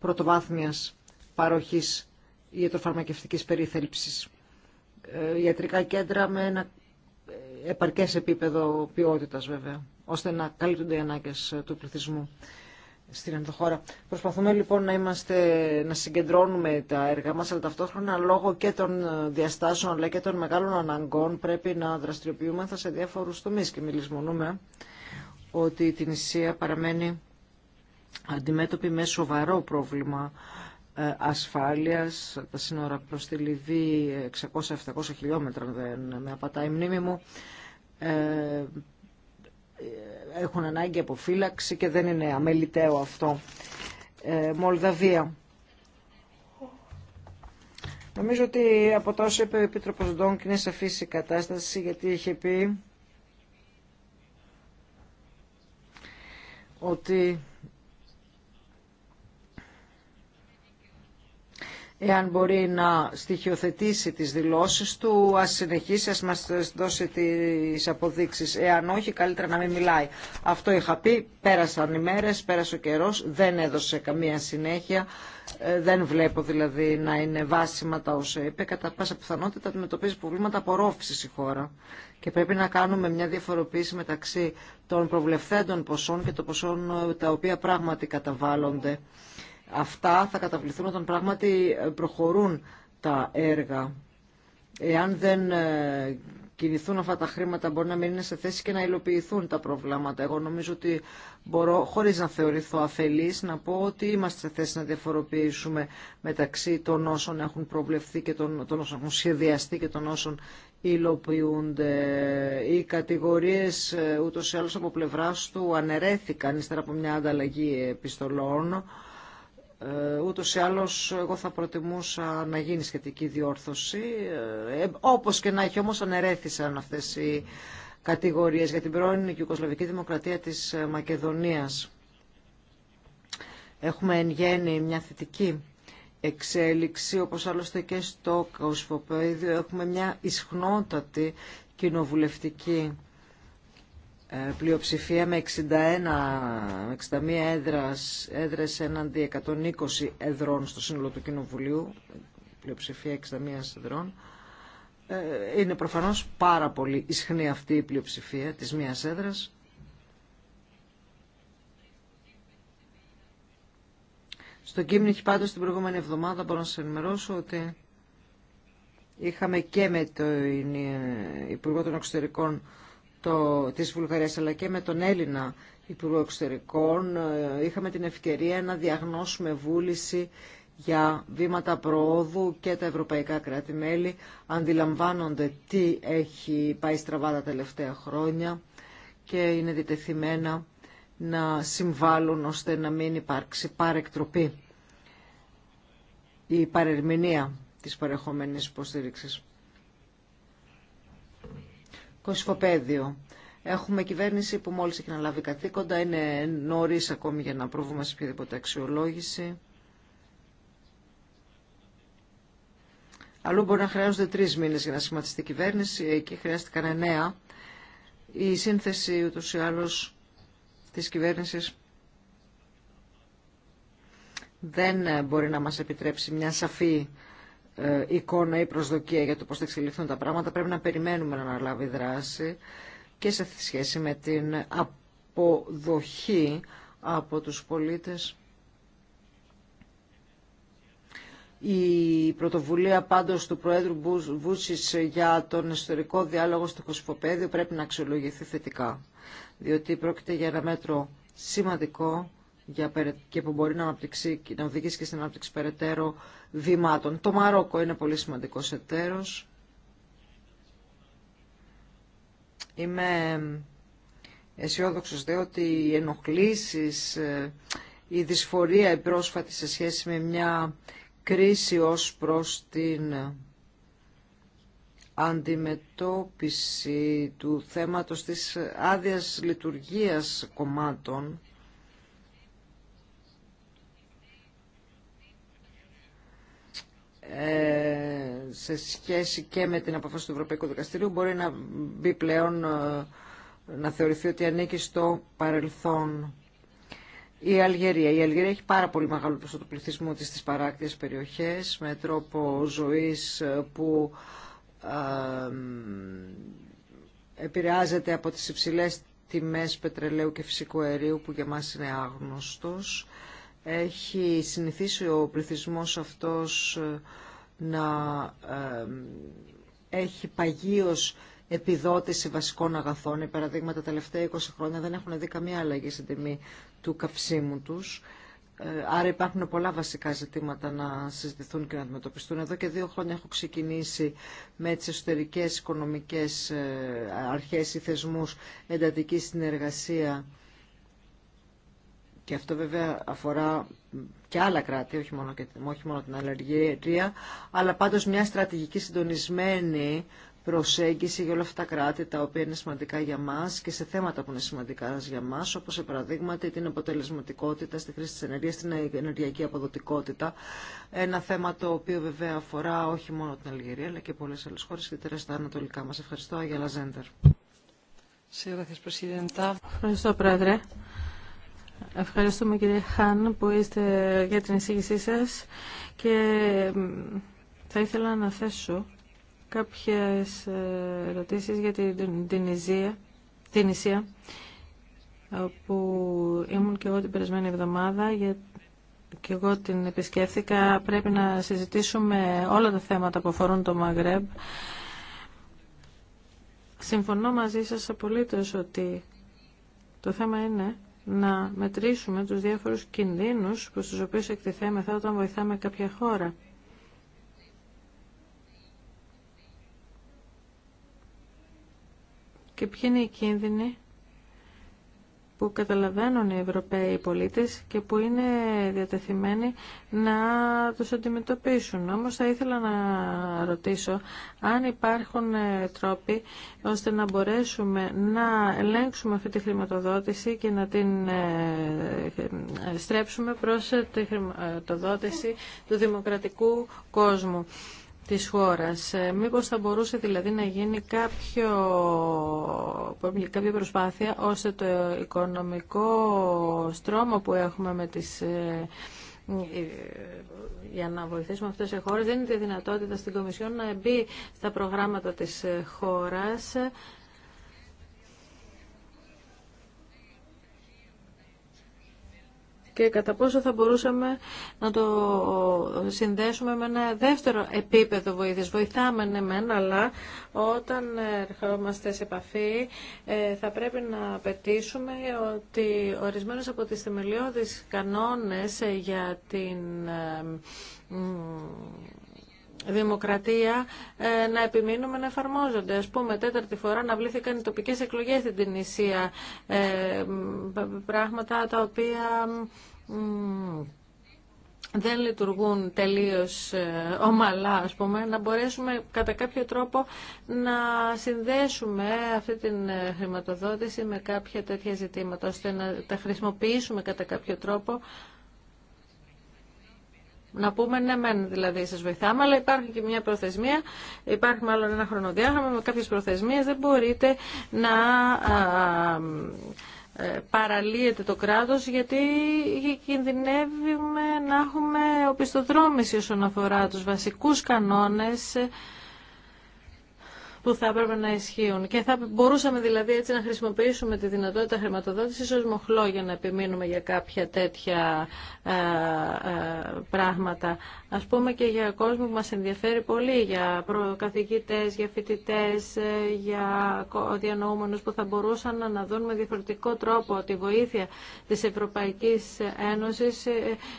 πρωτοβάθμιας παροχής ιατροφαρμακευτικής περίθαλψης. Ε, ιατρικά κέντρα με ένα ε, επαρκές επίπεδο ποιότητας βέβαια, ώστε να καλύπτονται οι ανάγκες του πληθυσμού στην ενδοχώρα. Προσπαθούμε λοιπόν να, είμαστε, να συγκεντρώνουμε τα έργα μας, αλλά ταυτόχρονα λόγω και των διαστάσεων αλλά και των μεγάλων αναγκών πρέπει να δραστηριοποιούμεθα σε διάφορους τομείς και μιλισμονούμε ότι την Ισία παραμένει αντιμέτωπη με σοβαρό πρόβλημα ε, ασφάλειας, τα σύνορα προς τη Λιβύη 600-700 χιλιόμετρα δεν με απατάει η μνήμη μου, ε, έχουν ανάγκη από φύλαξη και δεν είναι αμεληταίο αυτό. Ε, Μολδαβία. Νομίζω ότι από τόσο είπε ο Επίτροπος Ντόνκ είναι σαφής η κατάσταση γιατί είχε πει ότι εάν μπορεί να στοιχειοθετήσει τις δηλώσεις του, ας συνεχίσει, ας μας δώσει τις αποδείξεις. Εάν όχι, καλύτερα να μην μιλάει. Αυτό είχα πει, πέρασαν οι μέρες, πέρασε ο καιρός, δεν έδωσε καμία συνέχεια. Ε, δεν βλέπω δηλαδή να είναι βάσιμα τα όσα είπε. Κατά πάσα πιθανότητα αντιμετωπίζει προβλήματα απορρόφησης η χώρα. Και πρέπει να κάνουμε μια διαφοροποίηση μεταξύ των προβλεφθέντων ποσών και των ποσών ε, τα οποία πράγματι καταβάλλονται Αυτά θα καταβληθούν όταν πράγματι ε, προχωρούν τα έργα. Εάν δεν ε, κινηθούν αυτά τα χρήματα μπορεί να μην είναι σε θέση και να υλοποιηθούν τα προβλήματα. Εγώ νομίζω ότι μπορώ, χωρίς να θεωρηθώ αφελής, να πω ότι είμαστε σε θέση να διαφοροποιήσουμε μεταξύ των όσων έχουν προβλεφθεί και των, των όσων έχουν σχεδιαστεί και των όσων υλοποιούνται. Οι κατηγορίες ε, ούτως ή άλλως από πλευράς του αναιρέθηκαν ύστερα από μια ανταλλαγή επιστολών ε, ούτως ή άλλως εγώ θα προτιμούσα να γίνει σχετική διόρθωση. Ε, ε, όπως και να έχει όμως ανερέθησαν αυτές οι κατηγορίες για την πρώην Ιουκοσλαβική Δημοκρατία της Μακεδονίας. Έχουμε εν γέννη μια θετική εξέλιξη, όπως άλλωστε και στο Καουσφοπέδιο έχουμε μια ισχνότατη κοινοβουλευτική ε, πλειοψηφία με 61, 61 έδρας, έδρες έναντι 120 εδρών στο σύνολο του Κοινοβουλίου, πλειοψηφία 61 εδρών, ε, είναι προφανώς πάρα πολύ ισχνή αυτή η πλειοψηφία της μίας έδρας. Στο Κίμνιχ πάντως την προηγούμενη εβδομάδα μπορώ να σας ενημερώσω ότι είχαμε και με τον Υπουργό των Εξωτερικών το, της Βουλγαρίας αλλά και με τον Έλληνα Υπουργό Εξωτερικών ε, είχαμε την ευκαιρία να διαγνώσουμε βούληση για βήματα προόδου και τα ευρωπαϊκά κράτη-μέλη αντιλαμβάνονται τι έχει πάει στραβά τα τελευταία χρόνια και είναι διτεθειμένα να συμβάλλουν ώστε να μην υπάρξει παρεκτροπή η παρερμηνία της παρεχόμενης υποστήριξης. Κοσφοπέδιο. Έχουμε κυβέρνηση που μόλις έχει να καθήκοντα, είναι νωρίς ακόμη για να προβούμε σε οποιαδήποτε αξιολόγηση. Αλλού μπορεί να χρειάζονται τρει μήνε για να σχηματιστεί κυβέρνηση, εκεί χρειάστηκαν εννέα. Η σύνθεση ούτω ή άλλω τη κυβέρνηση δεν μπορεί να μας επιτρέψει μια σαφή ε, εικόνα ή προσδοκία για το πώς θα εξελιχθούν τα πράγματα. Πρέπει να περιμένουμε να αναλάβει δράση και σε σχέση με την αποδοχή από τους πολίτες. Η πρωτοβουλία πάντως του Προέδρου Βούσης για τον ιστορικό διάλογο στο Κοσμοπέδιο πρέπει να αξιολογηθεί θετικά, διότι πρόκειται για ένα μέτρο σημαντικό και που μπορεί να, να οδηγήσει και στην ανάπτυξη περαιτέρω βημάτων. Το Μαρόκο είναι πολύ σημαντικός εταίρος. Είμαι αισιόδοξο ότι οι ενοχλήσεις, ε, η δυσφορία η πρόσφατη σε σχέση με μια κρίση ως προς την αντιμετώπιση του θέματος της άδειας λειτουργίας κομμάτων Ε, σε σχέση και με την αποφάση του Ευρωπαϊκού Δικαστηρίου μπορεί να μπει πλέον ε, να θεωρηθεί ότι ανήκει στο παρελθόν. Η Αλγερία. Η Αλγερία έχει πάρα πολύ μεγάλο ποσό του πληθυσμού της στις παράκτιες περιοχές με τρόπο ζωής ε, που επηρεάζεται από τις υψηλές τιμές πετρελαίου και φυσικού αερίου που για μας είναι άγνωστος. Έχει συνηθίσει ο πληθυσμός αυτός να έχει παγίως επιδότηση βασικών αγαθών. Οι παραδείγματα τα τελευταία 20 χρόνια δεν έχουν δει καμία αλλαγή στην τιμή του καυσίμου τους. Ε, άρα υπάρχουν πολλά βασικά ζητήματα να συζητηθούν και να αντιμετωπιστούν. Εδώ και δύο χρόνια έχω ξεκινήσει με τις εσωτερικές οικονομικές ε, αρχές ή θεσμούς εντατική συνεργασία και αυτό βέβαια αφορά και άλλα κράτη, όχι μόνο, και, όχι μόνο την αλλεργία, αλλά πάντως μια στρατηγική συντονισμένη προσέγγιση για όλα αυτά τα κράτη τα οποία είναι σημαντικά για μας και σε θέματα που είναι σημαντικά για μας, όπως σε παραδείγματι την αποτελεσματικότητα στη χρήση τη ενέργειας, την ενεργειακή αποδοτικότητα. Ένα θέμα το οποίο βέβαια αφορά όχι μόνο την Αλγερία, αλλά και πολλές άλλες χώρες, ιδιαίτερα στα ανατολικά μας. Ευχαριστώ, Αγία Λαζέντερ. Ευχαριστώ, Πρόεδρε. Ευχαριστούμε κύριε Χάν που είστε για την εισήγησή σας και θα ήθελα να θέσω κάποιες ε, ερωτήσεις για την, Τινησία, την όπου ήμουν και εγώ την περασμένη εβδομάδα και εγώ την επισκέφθηκα. Πρέπει να συζητήσουμε όλα τα θέματα που αφορούν το Μαγρέμπ. Συμφωνώ μαζί σας απολύτως ότι το θέμα είναι να μετρήσουμε τους διάφορους κινδύνους προς τους οποίους εκτιθέμεθα όταν βοηθάμε κάποια χώρα. Και ποιοι είναι οι κίνδυνοι που καταλαβαίνουν οι Ευρωπαίοι πολίτες και που είναι διατεθειμένοι να τους αντιμετωπίσουν. Όμως θα ήθελα να ρωτήσω αν υπάρχουν ε, τρόποι ώστε να μπορέσουμε να ελέγξουμε αυτή τη χρηματοδότηση και να την ε, ε, στρέψουμε προς τη χρηματοδότηση του δημοκρατικού κόσμου της χώρας. Ε, μήπως θα μπορούσε δηλαδή να γίνει κάποιο, κάποια προσπάθεια ώστε το οικονομικό στρώμα που έχουμε με τις ε, ε, για να βοηθήσουμε αυτές τις χώρες δίνει τη δυνατότητα στην Κομισιόν να μπει στα προγράμματα της χώρας και κατά πόσο θα μπορούσαμε να το συνδέσουμε με ένα δεύτερο επίπεδο βοήθειας. Βοηθάμε ναι μεν, αλλά όταν ερχόμαστε σε επαφή ε, θα πρέπει να απαιτήσουμε ότι ορισμένες από τις θεμελιώδεις κανόνες ε, για την ε, δημοκρατία ε, να επιμείνουμε να εφαρμόζονται. Ας πούμε, τέταρτη φορά να βλήθηκαν οι τοπικές εκλογές στην Τινησία, ε, πράγματα τα οποία δεν λειτουργούν τελείως ε, ομαλά, ας πούμε, να μπορέσουμε κατά κάποιο τρόπο να συνδέσουμε αυτή την χρηματοδότηση με κάποια τέτοια ζητήματα, ώστε να τα χρησιμοποιήσουμε κατά κάποιο τρόπο να πούμε ναι μεν δηλαδή σας βοηθάμε, αλλά υπάρχει και μια προθεσμία, υπάρχει μάλλον ένα χρονοδιάγραμμα με κάποιες προθεσμίες, δεν μπορείτε να ε, παραλύετε το κράτος γιατί κινδυνεύουμε να έχουμε οπισθοδρόμηση όσον αφορά τους βασικούς κανόνες που θα έπρεπε να ισχύουν. Και θα μπορούσαμε δηλαδή έτσι να χρησιμοποιήσουμε τη δυνατότητα χρηματοδότησης ως μοχλό για να επιμείνουμε για κάποια τέτοια ε, ε, πράγματα. Ας πούμε και για κόσμο που μας ενδιαφέρει πολύ, για προκαθηγητές, για φοιτητές, ε, για διανοούμενους που θα μπορούσαν να δουν με διαφορετικό τρόπο τη βοήθεια της Ευρωπαϊκής Ένωσης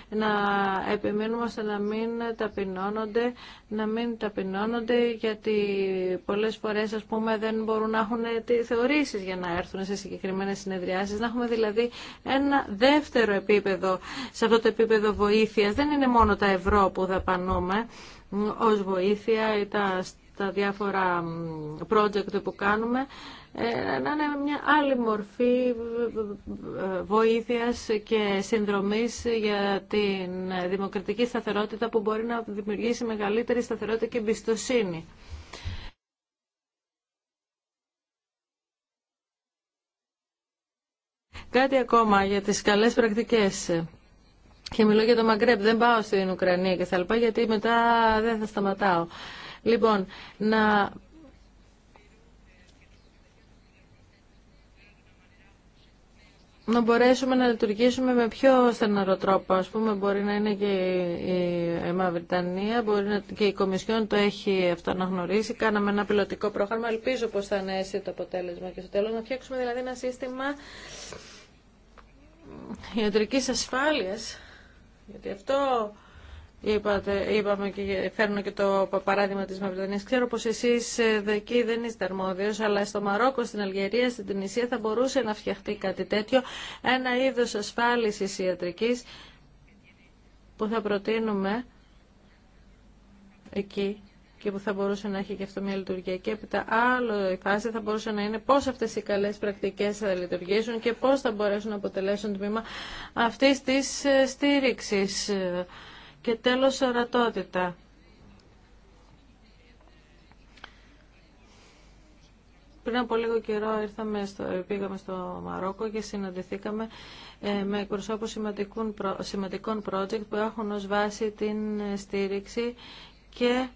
να επιμείνουμε ώστε να μην ταπεινώνονται, να μην ταπεινώνονται γιατί πολλές φορέ, φορές ας πούμε δεν μπορούν να έχουν ε, θεωρήσεις για να έρθουν σε συγκεκριμένες συνεδριάσεις. Να έχουμε δηλαδή ένα δεύτερο επίπεδο, σε αυτό το επίπεδο βοήθειας. Δεν είναι μόνο τα ευρώ που δαπανούμε ως βοήθεια ή τα, τα διάφορα project που κάνουμε ε, να είναι μια άλλη μορφή ε, βοήθειας και συνδρομής για την δημοκρατική σταθερότητα που μπορεί να δημιουργήσει μεγαλύτερη σταθερότητα και εμπιστοσύνη. Κάτι ακόμα για τις καλές πρακτικές. Και μιλώ για το Μαγκρέπ, δεν πάω στην Ουκρανία και θα λοιπά, γιατί μετά δεν θα σταματάω. Λοιπόν, να να μπορέσουμε να λειτουργήσουμε με πιο στεναρό τρόπο. Ας πούμε, μπορεί να είναι και η Μαυριτανία, μπορεί να... και η Κομισιόν το έχει αυτό να γνωρίσει. Κάναμε ένα πιλωτικό πρόγραμμα, ελπίζω πως θα είναι έτσι το αποτέλεσμα και στο τέλος να φτιάξουμε δηλαδή ένα σύστημα ιατρικής ασφάλειας, γιατί αυτό είπαμε και φέρνω και το παράδειγμα της Μαυριτανίας, ξέρω πως εσείς ε, εκεί δεν είστε αρμόδιος, αλλά στο Μαρόκο, στην Αλγερία, στην Τινησία θα μπορούσε να φτιαχτεί κάτι τέτοιο, ένα είδος ασφάλισης ιατρικής που θα προτείνουμε εκεί και που θα μπορούσε να έχει και αυτό μια λειτουργία. Και έπειτα άλλο η φάση θα μπορούσε να είναι πώς αυτές οι καλές πρακτικές θα λειτουργήσουν και πώς θα μπορέσουν να αποτελέσουν τμήμα αυτής της ε, στήριξης. Και τέλος ορατότητα. Πριν από λίγο καιρό ήρθαμε στο, πήγαμε στο Μαρόκο και συναντηθήκαμε ε, με εκπροσώπους σημαντικών, σημαντικών project που έχουν ως βάση την ε, στήριξη και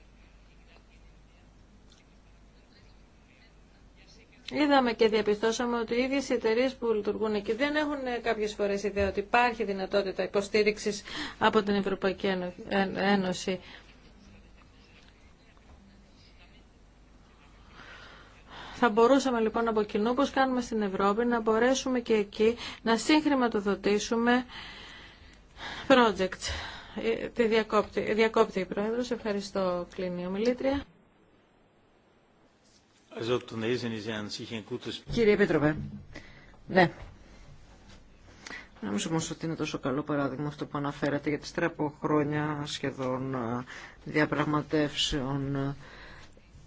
Είδαμε και διαπιστώσαμε ότι οι ίδιες οι εταιρείε που λειτουργούν εκεί δεν έχουν ε, κάποιες φορές ιδέα ότι υπάρχει δυνατότητα υποστήριξης από την Ευρωπαϊκή Ένωση. Θα μπορούσαμε λοιπόν από κοινού, όπως κάνουμε στην Ευρώπη, να μπορέσουμε και εκεί να συγχρηματοδοτήσουμε project. Ε, τη διακόπτη, διακόπτη η Πρόεδρος. Ευχαριστώ, κλείνει ομιλήτρια. Κύριε Επίτροπε, ναι. Νομίζω όμως ότι είναι τόσο καλό παράδειγμα αυτό που αναφέρατε γιατί τις από χρόνια σχεδόν ε, διαπραγματεύσεων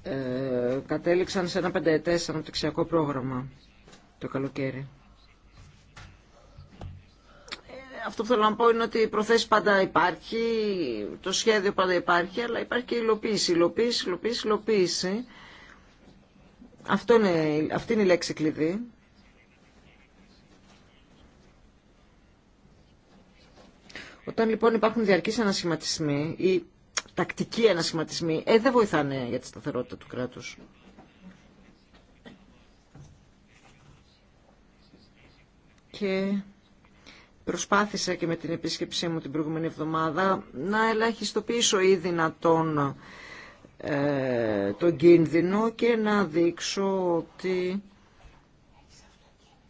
ε, κατέληξαν σε ένα πενταετές αναπτυξιακό πρόγραμμα το καλοκαίρι. Ε, αυτό που θέλω να πω είναι ότι η προθέση πάντα υπάρχει, το σχέδιο πάντα υπάρχει, αλλά υπάρχει και η υλοποίηση. Υλοποίηση, υλοποίηση, υλοποίηση αυτό είναι, αυτή είναι η λέξη κλειδί. Όταν λοιπόν υπάρχουν διαρκείς ανασχηματισμοί ή τακτικοί ανασχηματισμοί, ε, δεν βοηθάνε για τη σταθερότητα του κράτους. Και προσπάθησα και με την επίσκεψή μου την προηγούμενη εβδομάδα να ελαχιστοποιήσω ή δυνατόν ε, τον κίνδυνο και να δείξω ότι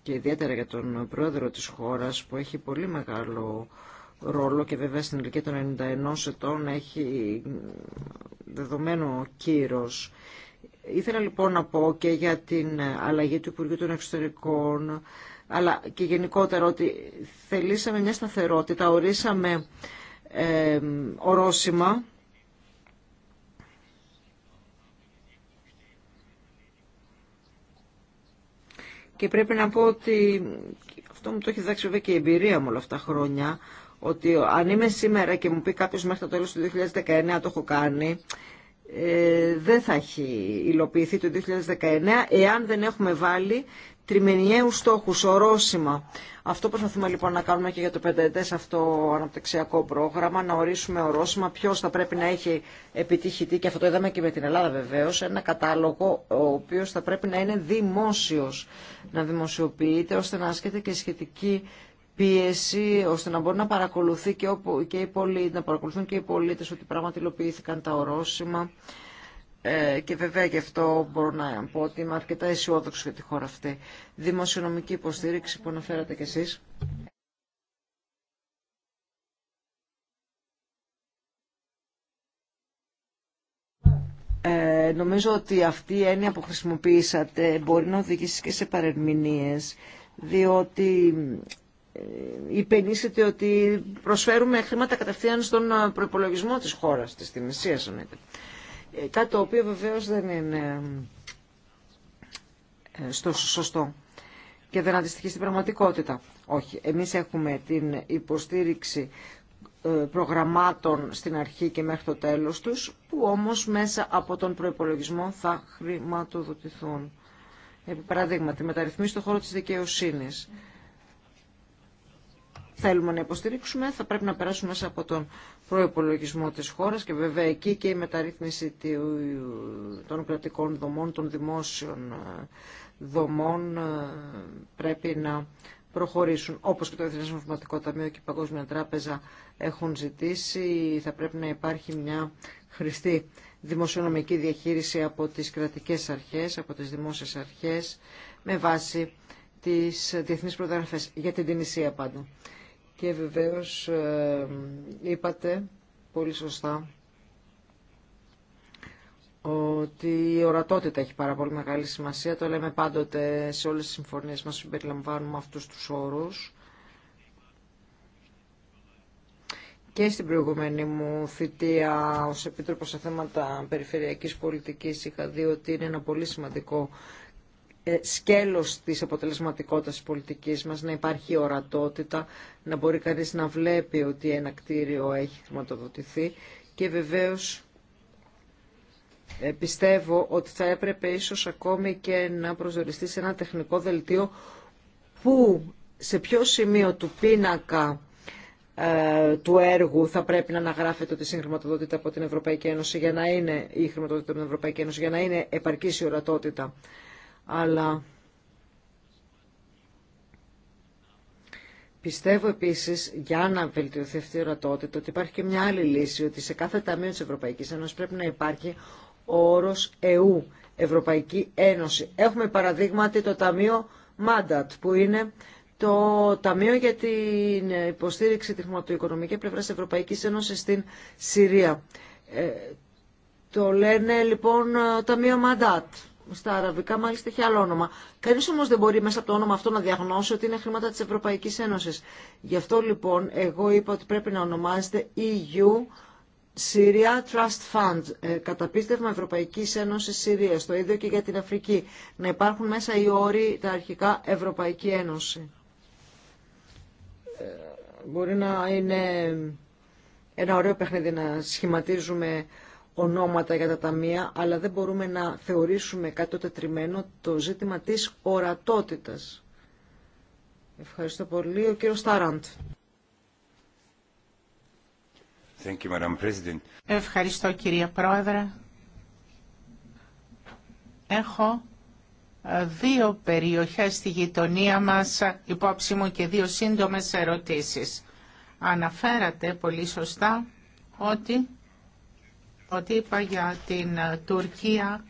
και ιδιαίτερα για τον πρόεδρο της χώρας που έχει πολύ μεγάλο ρόλο και βέβαια στην ηλικία των 91 ετών έχει δεδομένο κύρος. Ήθελα λοιπόν να πω και για την αλλαγή του Υπουργείου των Εξωτερικών αλλά και γενικότερα ότι θελήσαμε μια σταθερότητα, ορίσαμε ε, ορόσημα Και πρέπει να πω ότι αυτό μου το έχει δάξει βέβαια και η εμπειρία μου όλα αυτά χρόνια, ότι αν είμαι σήμερα και μου πει κάποιο μέχρι το τέλο του 2019 το έχω κάνει, ε, δεν θα έχει υλοποιηθεί το 2019 εάν δεν έχουμε βάλει τριμηνιαίους στόχου, ορόσημα. Αυτό προσπαθούμε λοιπόν να κάνουμε και για το σε αυτό αναπτυξιακό πρόγραμμα, να ορίσουμε ορόσημα Ποιο θα πρέπει να έχει επιτύχει τι, και αυτό το είδαμε και με την Ελλάδα βεβαίω, ένα κατάλογο ο οποίος θα πρέπει να είναι δημόσιος, να δημοσιοποιείται ώστε να ασκείται και σχετική πίεση ώστε να μπορεί να παρακολουθεί και, οι να παρακολουθούν και οι πολίτες ότι πράγματι υλοποιήθηκαν τα ορόσημα ε, και βέβαια γι' αυτό μπορώ να πω ότι είμαι αρκετά αισιόδοξο για τη χώρα αυτή. Δημοσιονομική υποστήριξη που αναφέρατε κι εσείς. Ε, νομίζω ότι αυτή η έννοια που χρησιμοποίησατε μπορεί να οδηγήσει και σε παρερμηνίες, διότι ε, υπενήσετε ότι προσφέρουμε χρήματα κατευθείαν στον ε, προϋπολογισμό της χώρας, της θυμησίας ε, κάτι το οποίο βεβαίως δεν είναι ε, στο σωστό και δεν αντιστοιχεί στην πραγματικότητα. Όχι, εμείς έχουμε την υποστήριξη ε, προγραμμάτων στην αρχή και μέχρι το τέλος τους, που όμως μέσα από τον προϋπολογισμό θα χρηματοδοτηθούν. Επί παραδείγμα, τη μεταρρυθμίση χώρο της δικαιοσύνης θέλουμε να υποστηρίξουμε θα πρέπει να περάσουμε μέσα από τον προϋπολογισμό της χώρας και βέβαια εκεί και η μεταρρύθμιση των κρατικών δομών, των δημόσιων ε, δομών ε, πρέπει να προχωρήσουν. Όπως και το Εθνές Μαθηματικό Ταμείο και η Παγκόσμια Τράπεζα έχουν ζητήσει, θα πρέπει να υπάρχει μια χρηστή δημοσιονομική διαχείριση από τις κρατικές αρχές, από τις δημόσιες αρχές, με βάση τις διεθνείς προδιαγραφές για την Τινησία πάντα. Και βεβαίως ε, είπατε πολύ σωστά ότι η ορατότητα έχει πάρα πολύ μεγάλη σημασία. Το λέμε πάντοτε σε όλες τις συμφωνίες μας περιλαμβάνουμε αυτούς τους όρους. Και στην προηγούμενη μου θητεία ως Επίτροπος σε θέματα περιφερειακής πολιτικής είχα δει ότι είναι ένα πολύ σημαντικό ε, σκέλος της αποτελεσματικότητας της πολιτικής μας, να υπάρχει ορατότητα, να μπορεί κανείς να βλέπει ότι ένα κτίριο έχει χρηματοδοτηθεί και βεβαίως ε, πιστεύω ότι θα έπρεπε ίσως ακόμη και να προσδιοριστεί σε ένα τεχνικό δελτίο που σε ποιο σημείο του πίνακα ε, του έργου θα πρέπει να αναγράφεται ότι συγχρηματοδοτείται από την Ευρωπαϊκή Ένωση για να είναι η χρηματοδότητα από την Ευρωπαϊκή Ένωση για να είναι επαρκής η ορατότητα αλλά Πιστεύω επίσης, για να βελτιωθεί αυτή η ορατότητα, ότι υπάρχει και μια άλλη λύση, ότι σε κάθε ταμείο τη Ευρωπαϊκή Ένωση πρέπει να υπάρχει ο όρο ΕΟΥ, Ευρωπαϊκή Ένωση. Έχουμε παραδείγματι το Ταμείο Μάντατ, που είναι το Ταμείο για την υποστήριξη τη χρηματοοικονομική πλευρά τη Ευρωπαϊκή Ένωση στην Συρία. Ε, το λένε λοιπόν Ταμείο Μάντατ στα αραβικά μάλιστα έχει άλλο όνομα. Κανείς όμως δεν μπορεί μέσα από το όνομα αυτό να διαγνώσει ότι είναι χρήματα της Ευρωπαϊκής Ένωσης. Γι' αυτό λοιπόν εγώ είπα ότι πρέπει να ονομάζεται EU Syria Trust Fund, ε, καταπίστευμα Ευρωπαϊκής Ένωσης Συρίας, το ίδιο και για την Αφρική. Να υπάρχουν μέσα οι όροι τα αρχικά Ευρωπαϊκή Ένωση. Ε, μπορεί να είναι ένα ωραίο παιχνίδι να σχηματίζουμε ονόματα για τα ταμεία, αλλά δεν μπορούμε να θεωρήσουμε κάτι το τετριμένο το ζήτημα της ορατότητας. Ευχαριστώ πολύ. Ο κύριος Τάραντ. Ευχαριστώ κυρία Πρόεδρε. Έχω ε, δύο περιοχές στη γειτονία μας υπόψη μου και δύο σύντομες ερωτήσεις. Αναφέρατε πολύ σωστά ότι ότι είπα για την ε, Τουρκία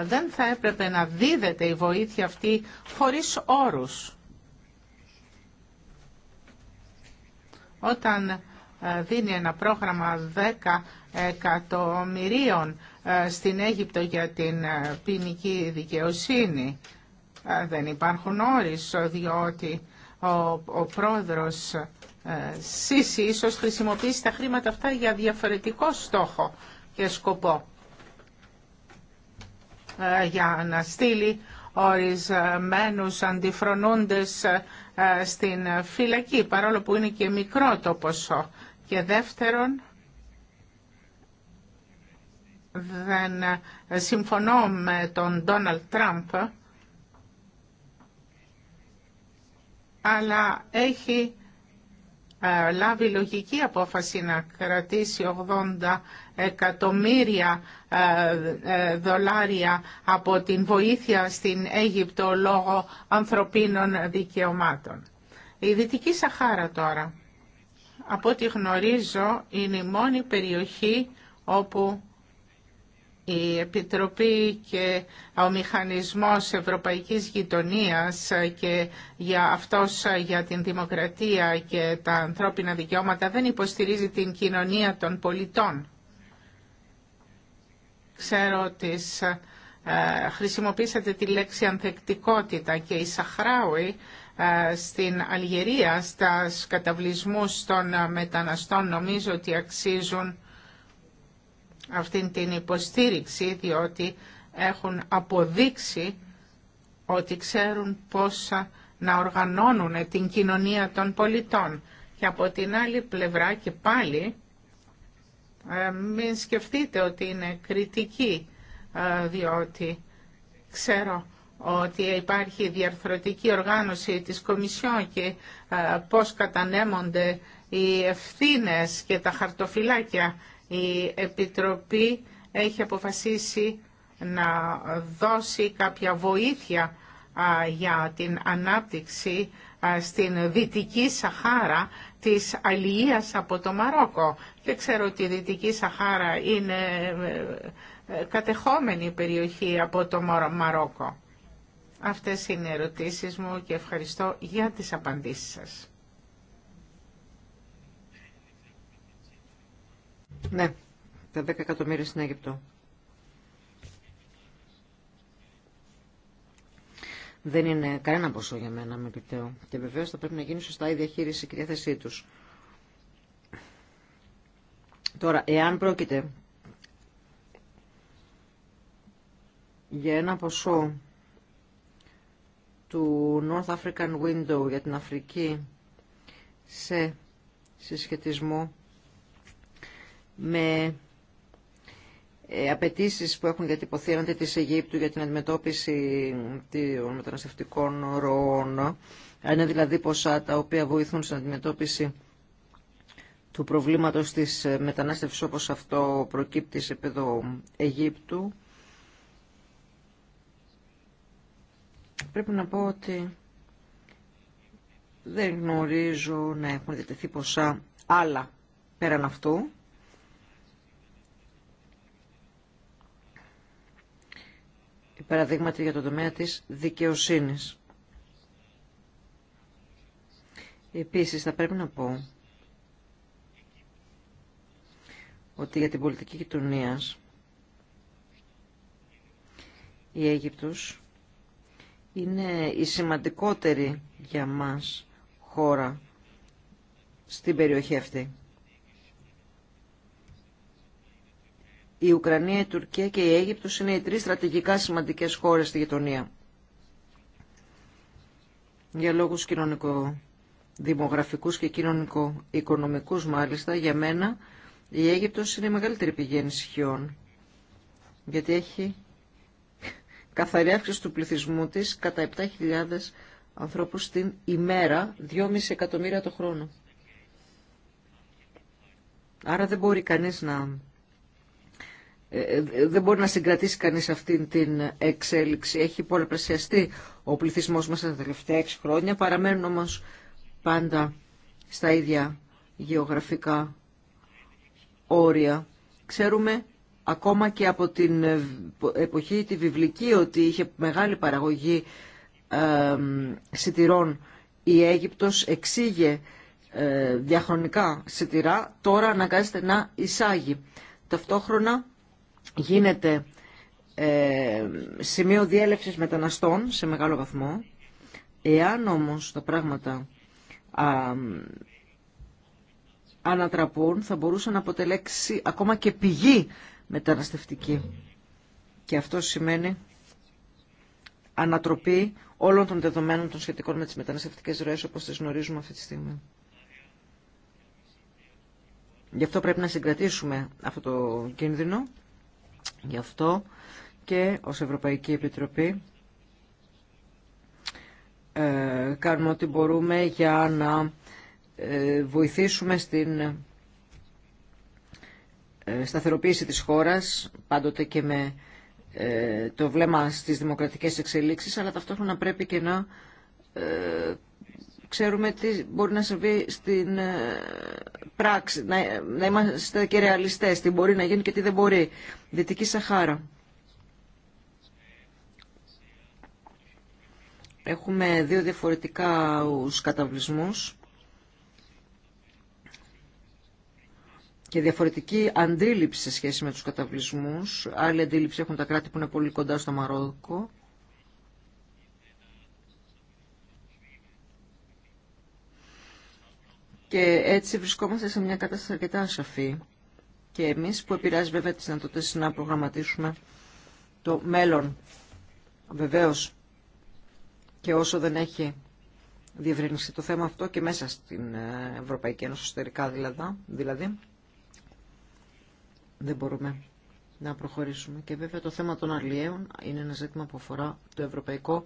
ε, δεν θα έπρεπε να δίδεται η βοήθεια αυτή χωρίς όρους. Όταν ε, δίνει ένα πρόγραμμα 10 εκατομμυρίων στην Αίγυπτο για την ποινική δικαιοσύνη. Δεν υπάρχουν όρις, διότι ο, ο πρόεδρος Σίση ίσως χρησιμοποιήσει τα χρήματα αυτά για διαφορετικό στόχο και σκοπό ε, για να στείλει ορισμένους αντιφρονούντες ε, στην φυλακή, παρόλο που είναι και μικρό το ποσό. Και δεύτερον, δεν συμφωνώ με τον Ντόναλτ Τραμπ, αλλά έχει ε, λάβει λογική απόφαση να κρατήσει 80 εκατομμύρια ε, ε, δολάρια από την βοήθεια στην Αίγυπτο λόγω ανθρωπίνων δικαιωμάτων. Η Δυτική Σαχάρα τώρα, από ό,τι γνωρίζω, είναι η μόνη περιοχή όπου η Επιτροπή και ο Μηχανισμός Ευρωπαϊκής Γειτονίας και για αυτός για την δημοκρατία και τα ανθρώπινα δικαιώματα δεν υποστηρίζει την κοινωνία των πολιτών. Ξέρω ότι ε, χρησιμοποίησατε τη λέξη ανθεκτικότητα και η Σαχράουη ε, στην Αλγερία, στα καταβλισμούς των ε, μεταναστών νομίζω ότι αξίζουν αυτή την υποστήριξη διότι έχουν αποδείξει ότι ξέρουν πώς να οργανώνουν την κοινωνία των πολιτών. Και από την άλλη πλευρά και πάλι ε, μην σκεφτείτε ότι είναι κριτική, ε, διότι ξέρω ότι υπάρχει διαρθρωτική οργάνωση της Κομισιόν και ε, πώς κατανέμονται οι ευθύνες και τα χαρτοφυλάκια. Η Επιτροπή έχει αποφασίσει να δώσει κάποια βοήθεια για την ανάπτυξη στην Δυτική Σαχάρα της αλληλείας από το Μαρόκο. Και ξέρω ότι η Δυτική Σαχάρα είναι ε, ε, κατεχόμενη περιοχή από το Μαρόκο. Αυτές είναι οι ερωτήσεις μου και ευχαριστώ για τις απαντήσεις σας. Ναι, τα 10 εκατομμύρια στην Αίγυπτο. δεν είναι κανένα ποσό για μένα με επιτέω. Και βεβαίως θα πρέπει να γίνει σωστά η διαχείριση και η διάθεσή τους. Τώρα, εάν πρόκειται για ένα ποσό του North African Window για την Αφρική σε συσχετισμό με ε, απαιτήσει που έχουν διατυπωθεί της Αιγύπτου για την αντιμετώπιση των μεταναστευτικών ροών, είναι δηλαδή ποσά τα οποία βοηθούν στην αντιμετώπιση του προβλήματος της μετανάστευσης όπως αυτό προκύπτει σε επίπεδο Αιγύπτου. Πρέπει να πω ότι δεν γνωρίζω να έχουν διατεθεί ποσά άλλα πέραν αυτού παραδείγματι για το τομέα της δικαιοσύνης. Επίσης θα πρέπει να πω ότι για την πολιτική κοινωνία η Αίγυπτος είναι η σημαντικότερη για μας χώρα στην περιοχή αυτή. η Ουκρανία, η Τουρκία και η Αίγυπτος είναι οι τρεις στρατηγικά σημαντικές χώρες στη γειτονία. Για λόγους κοινωνικο-δημογραφικούς και κοινωνικο-οικονομικούς μάλιστα, για μένα η Αίγυπτος είναι η μεγαλύτερη πηγή ενισχυών, γιατί έχει καθαρή αύξηση του πληθυσμού της κατά 7.000 ανθρώπους την ημέρα, 2,5 εκατομμύρια το χρόνο. Άρα δεν μπορεί κανείς να ε, ε, δεν μπορεί να συγκρατήσει κανείς αυτή την εξέλιξη. Έχει πολλαπλασιαστεί ο πληθυσμός μας τα τελευταία έξι χρόνια, παραμένουν όμως πάντα στα ίδια γεωγραφικά όρια. Ξέρουμε ακόμα και από την εποχή τη βιβλική ότι είχε μεγάλη παραγωγή ε, σιτηρών η Αίγυπτος εξήγε ε, διαχρονικά σιτηρά, τώρα αναγκάζεται να εισάγει. Ταυτόχρονα γίνεται ε, σημείο διέλευσης μεταναστών σε μεγάλο βαθμό. Εάν όμως τα πράγματα ανατραπούν, θα μπορούσε να αποτελέξει ακόμα και πηγή μεταναστευτική. Και αυτό σημαίνει ανατροπή όλων των δεδομένων των σχετικών με τις μεταναστευτικές ροές όπως τις γνωρίζουμε αυτή τη στιγμή. Γι' αυτό πρέπει να συγκρατήσουμε αυτό το κίνδυνο Γι' αυτό και ως Ευρωπαϊκή Επιτροπή ε, κάνουμε ό,τι μπορούμε για να ε, βοηθήσουμε στην ε, σταθεροποίηση της χώρας, πάντοτε και με το βλέμμα στις δημοκρατικές εξελίξεις, αλλά ταυτόχρονα πρέπει και να ξέρουμε τι μπορεί να συμβεί στην ε, πράξη, να, να είμαστε και ρεαλιστές, τι μπορεί να γίνει και τι δεν μπορεί. Δυτική Σαχάρα. Έχουμε δύο διαφορετικά καταβλισμούς και διαφορετική αντίληψη σε σχέση με τους καταβλισμούς. Άλλη αντίληψη έχουν τα κράτη που είναι πολύ κοντά στο Μαρόκο Και έτσι βρισκόμαστε σε μια κατάσταση αρκετά ασαφή. Και εμείς που επηρεάζει βέβαια τι δυνατότητε να προγραμματίσουμε το μέλλον. Βεβαίως και όσο δεν έχει διευρυνθεί το θέμα αυτό και μέσα στην ε, Ευρωπαϊκή Ένωση εσωτερικά δηλαδή, δηλαδή, δεν μπορούμε να προχωρήσουμε. Και βέβαια το θέμα των αλλιέων είναι ένα ζήτημα που αφορά το Ευρωπαϊκό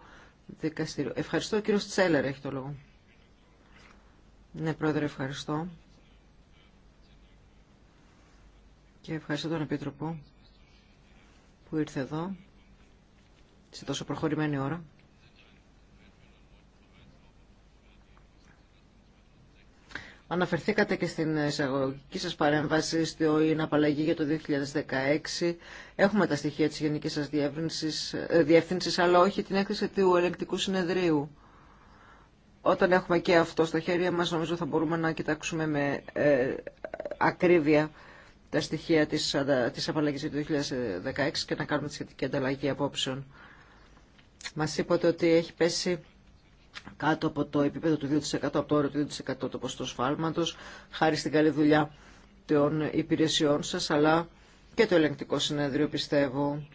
Δικαστήριο. Ευχαριστώ. κύριο Τσέλερ έχει το λόγο. Ναι, Πρόεδρε, ευχαριστώ. Και ευχαριστώ τον Επίτροπο που ήρθε εδώ σε τόσο προχωρημένη ώρα. Αναφερθήκατε και στην εισαγωγική σας παρέμβαση στην απαλλαγή για το 2016. Έχουμε τα στοιχεία της Γενικής σας διεύθυνσης, ε, διεύθυνσης αλλά όχι την έκθεση του ελεγκτικού συνεδρίου όταν έχουμε και αυτό στα χέρια μας νομίζω θα μπορούμε να κοιτάξουμε με ε, ακρίβεια τα στοιχεία της, της απαλλαγής του 2016 και να κάνουμε τη σχετική ανταλλαγή απόψεων. Μας είπατε ότι έχει πέσει κάτω από το επίπεδο του 2%, από το όριο του 2% το ποστό σφάλματος, χάρη στην καλή δουλειά των υπηρεσιών σας, αλλά και το ελεγκτικό συνέδριο πιστεύω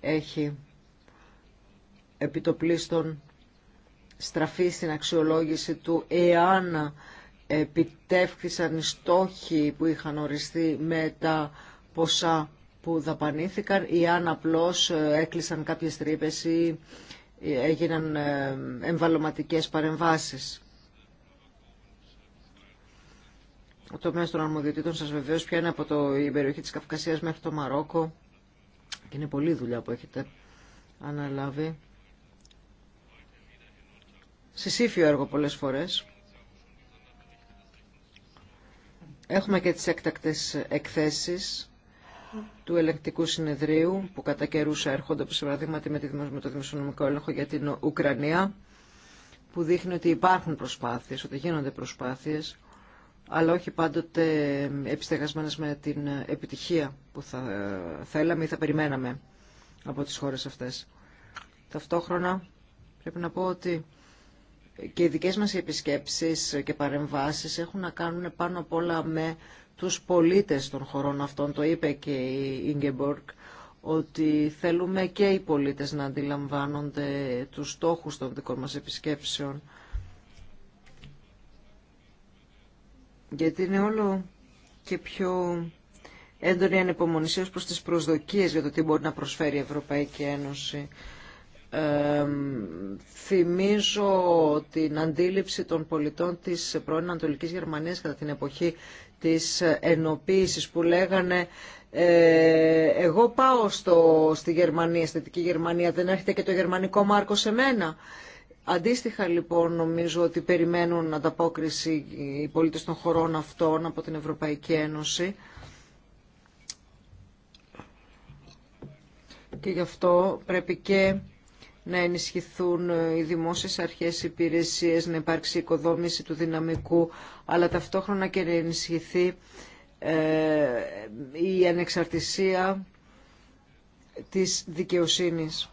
έχει επιτοπλίστων στραφεί στην αξιολόγηση του εάν επιτεύχθησαν οι στόχοι που είχαν οριστεί με τα ποσά που δαπανήθηκαν ή αν απλώς ε, έκλεισαν κάποιες τρύπες ή ε, έγιναν ε, εμβαλωματικές παρεμβάσεις. Ο τομέας των αρμοδιοτήτων σας βεβαίως πιάνει από το, η περιοχή της Καυκασίας μέχρι το Μαρόκο και είναι πολλή δουλειά που έχετε αναλάβει συσύφιο έργο πολλές φορές. Έχουμε και τις έκτακτες εκθέσεις του ελεγκτικού συνεδρίου που κατά καιρούς έρχονται όπως παραδείγματι με το δημοσιονομικό έλεγχο για την Ουκρανία που δείχνει ότι υπάρχουν προσπάθειες, ότι γίνονται προσπάθειες αλλά όχι πάντοτε επιστεγασμένες με την επιτυχία που θα θέλαμε ή θα περιμέναμε από τις χώρες αυτές. Ταυτόχρονα πρέπει να πω ότι και οι δικές μας επισκέψεις και παρεμβάσεις έχουν να κάνουν πάνω απ' όλα με τους πολίτες των χωρών αυτών. Το είπε και η Ίγκεμπορκ ότι θέλουμε και οι πολίτες να αντιλαμβάνονται τους στόχους των δικών μας επισκέψεων. Γιατί είναι όλο και πιο έντονη ανεπομονησία προς τις προσδοκίες για το τι μπορεί να προσφέρει η Ευρωπαϊκή Ένωση θυμίζω την αντίληψη των πολιτών της πρώην Ανατολικής Γερμανίας κατά την εποχή της ενοποίησης που λέγανε ε, εγώ πάω στο, στη Γερμανία, στη Δυτική Γερμανία, δεν έρχεται και το γερμανικό μάρκο σε μένα. Αντίστοιχα λοιπόν νομίζω ότι περιμένουν ανταπόκριση οι πολίτες των χωρών αυτών από την Ευρωπαϊκή Ένωση. Και γι' αυτό πρέπει και να ενισχυθούν ε, οι δημόσιες αρχές υπηρεσίες, να υπάρξει οικοδόμηση του δυναμικού, αλλά ταυτόχρονα και να ενισχυθεί ε, η ανεξαρτησία της δικαιοσύνης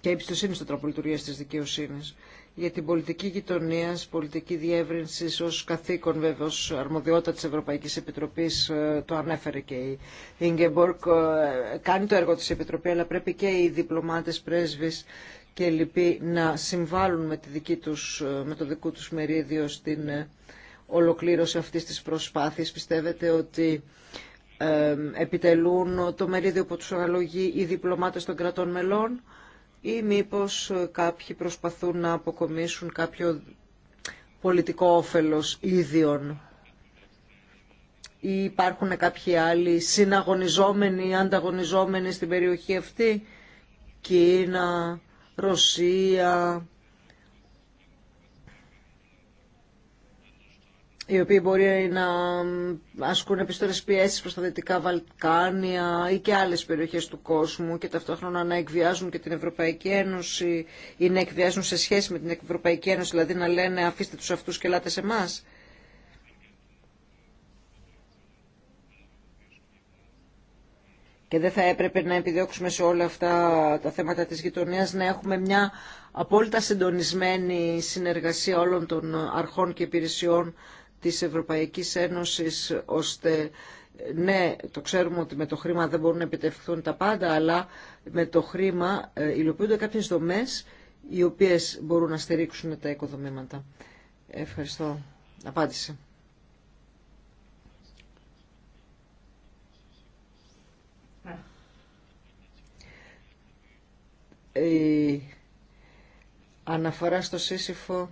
και η εμπιστοσύνη στο τρόπο λειτουργία της δικαιοσύνης. Για την πολιτική γειτονία, πολιτική διεύρυνση ω καθήκον βέβαια ως αρμοδιότητα της Ευρωπαϊκής Επιτροπής, ε, το ανέφερε και η Ίγκεμπορκ, κάνει το έργο της Επιτροπή, αλλά πρέπει και οι διπλωμάτε πρέσβεις και λοιποί να συμβάλλουν με, δική τους, ε, το δικό τους μερίδιο στην ε, ολοκλήρωση αυτής της προσπάθειας. Πιστεύετε ότι επιτελούν το μερίδιο που τους αναλογεί οι διπλωμάτες των κρατών μελών ή μήπως ε, κάποιοι προσπαθούν να αποκομίσουν κάποιο πολιτικό όφελος ίδιων ή υπάρχουν κάποιοι άλλοι συναγωνιζόμενοι ή ανταγωνιζόμενοι στην περιοχή αυτή Κίνα, Ρωσία, οι οποίοι μπορεί να ασκούν επιστολές πιέσεις προς τα Δυτικά Βαλκάνια ή και άλλες περιοχές του κόσμου και ταυτόχρονα να εκβιάζουν και την Ευρωπαϊκή Ένωση ή να εκβιάζουν σε σχέση με την Ευρωπαϊκή Ένωση, δηλαδή να λένε αφήστε τους αυτούς και ελάτε σε εμάς. και δεν θα έπρεπε να επιδιώξουμε σε όλα αυτά τα θέματα της γειτονίας να έχουμε μια απόλυτα συντονισμένη συνεργασία όλων των αρχών και υπηρεσιών της Ευρωπαϊκής Ένωσης ώστε ναι, το ξέρουμε ότι με το χρήμα δεν μπορούν να επιτευχθούν τα πάντα, αλλά με το χρήμα ε, υλοποιούνται κάποιες δομές οι οποίες μπορούν να στηρίξουν τα οικοδομήματα. Ευχαριστώ. Απάντηση. η αναφορά στο Σύσυφο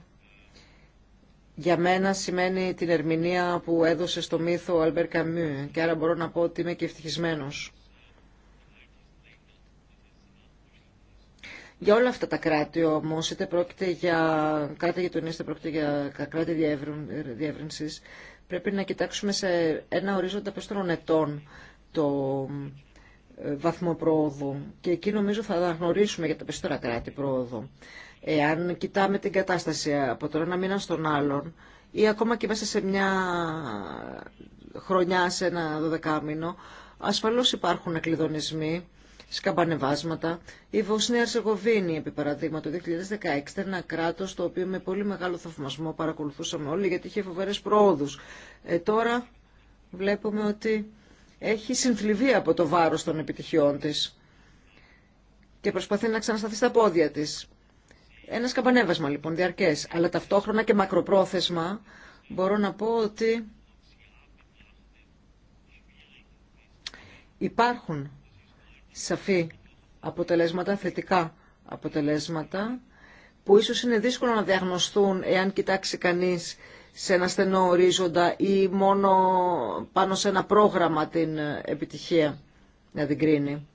για μένα σημαίνει την ερμηνεία που έδωσε στο μύθο ο Αλμπερ Καμιού και άρα μπορώ να πω ότι είμαι και ευτυχισμένος. Για όλα αυτά τα κράτη όμω, είτε πρόκειται για κράτη γειτονία, είτε πρόκειται για κράτη διεύρυνση, πρέπει να κοιτάξουμε σε ένα ορίζοντα πέστρων ετών το βαθμό πρόοδου και εκεί νομίζω θα αναγνωρίσουμε για τα περισσότερα κράτη πρόοδο. Εάν κοιτάμε την κατάσταση από τώρα ένα μήνα στον άλλον ή ακόμα και μέσα σε μια χρονιά, σε ένα δωδεκάμινο, ασφαλώς υπάρχουν εκλειδονισμοί, σκαμπανεβάσματα. Η Βοσνία Αρσεγοβίνη, επί παραδείγμα, το 2016 ήταν ένα κράτος το οποίο με πολύ μεγάλο θαυμασμό παρακολουθούσαμε όλοι γιατί είχε φοβερές πρόοδους. Ε, τώρα βλέπουμε ότι έχει συνθλιβεί από το βάρος των επιτυχιών της και προσπαθεί να ξανασταθεί στα πόδια της. Ένα καμπανέβασμα λοιπόν διαρκές, αλλά ταυτόχρονα και μακροπρόθεσμα μπορώ να πω ότι υπάρχουν σαφή αποτελέσματα, θετικά αποτελέσματα, που ίσως είναι δύσκολο να διαγνωστούν εάν κοιτάξει κανείς σε ένα στενό ορίζοντα ή μόνο πάνω σε ένα πρόγραμμα την επιτυχία να την κρίνει.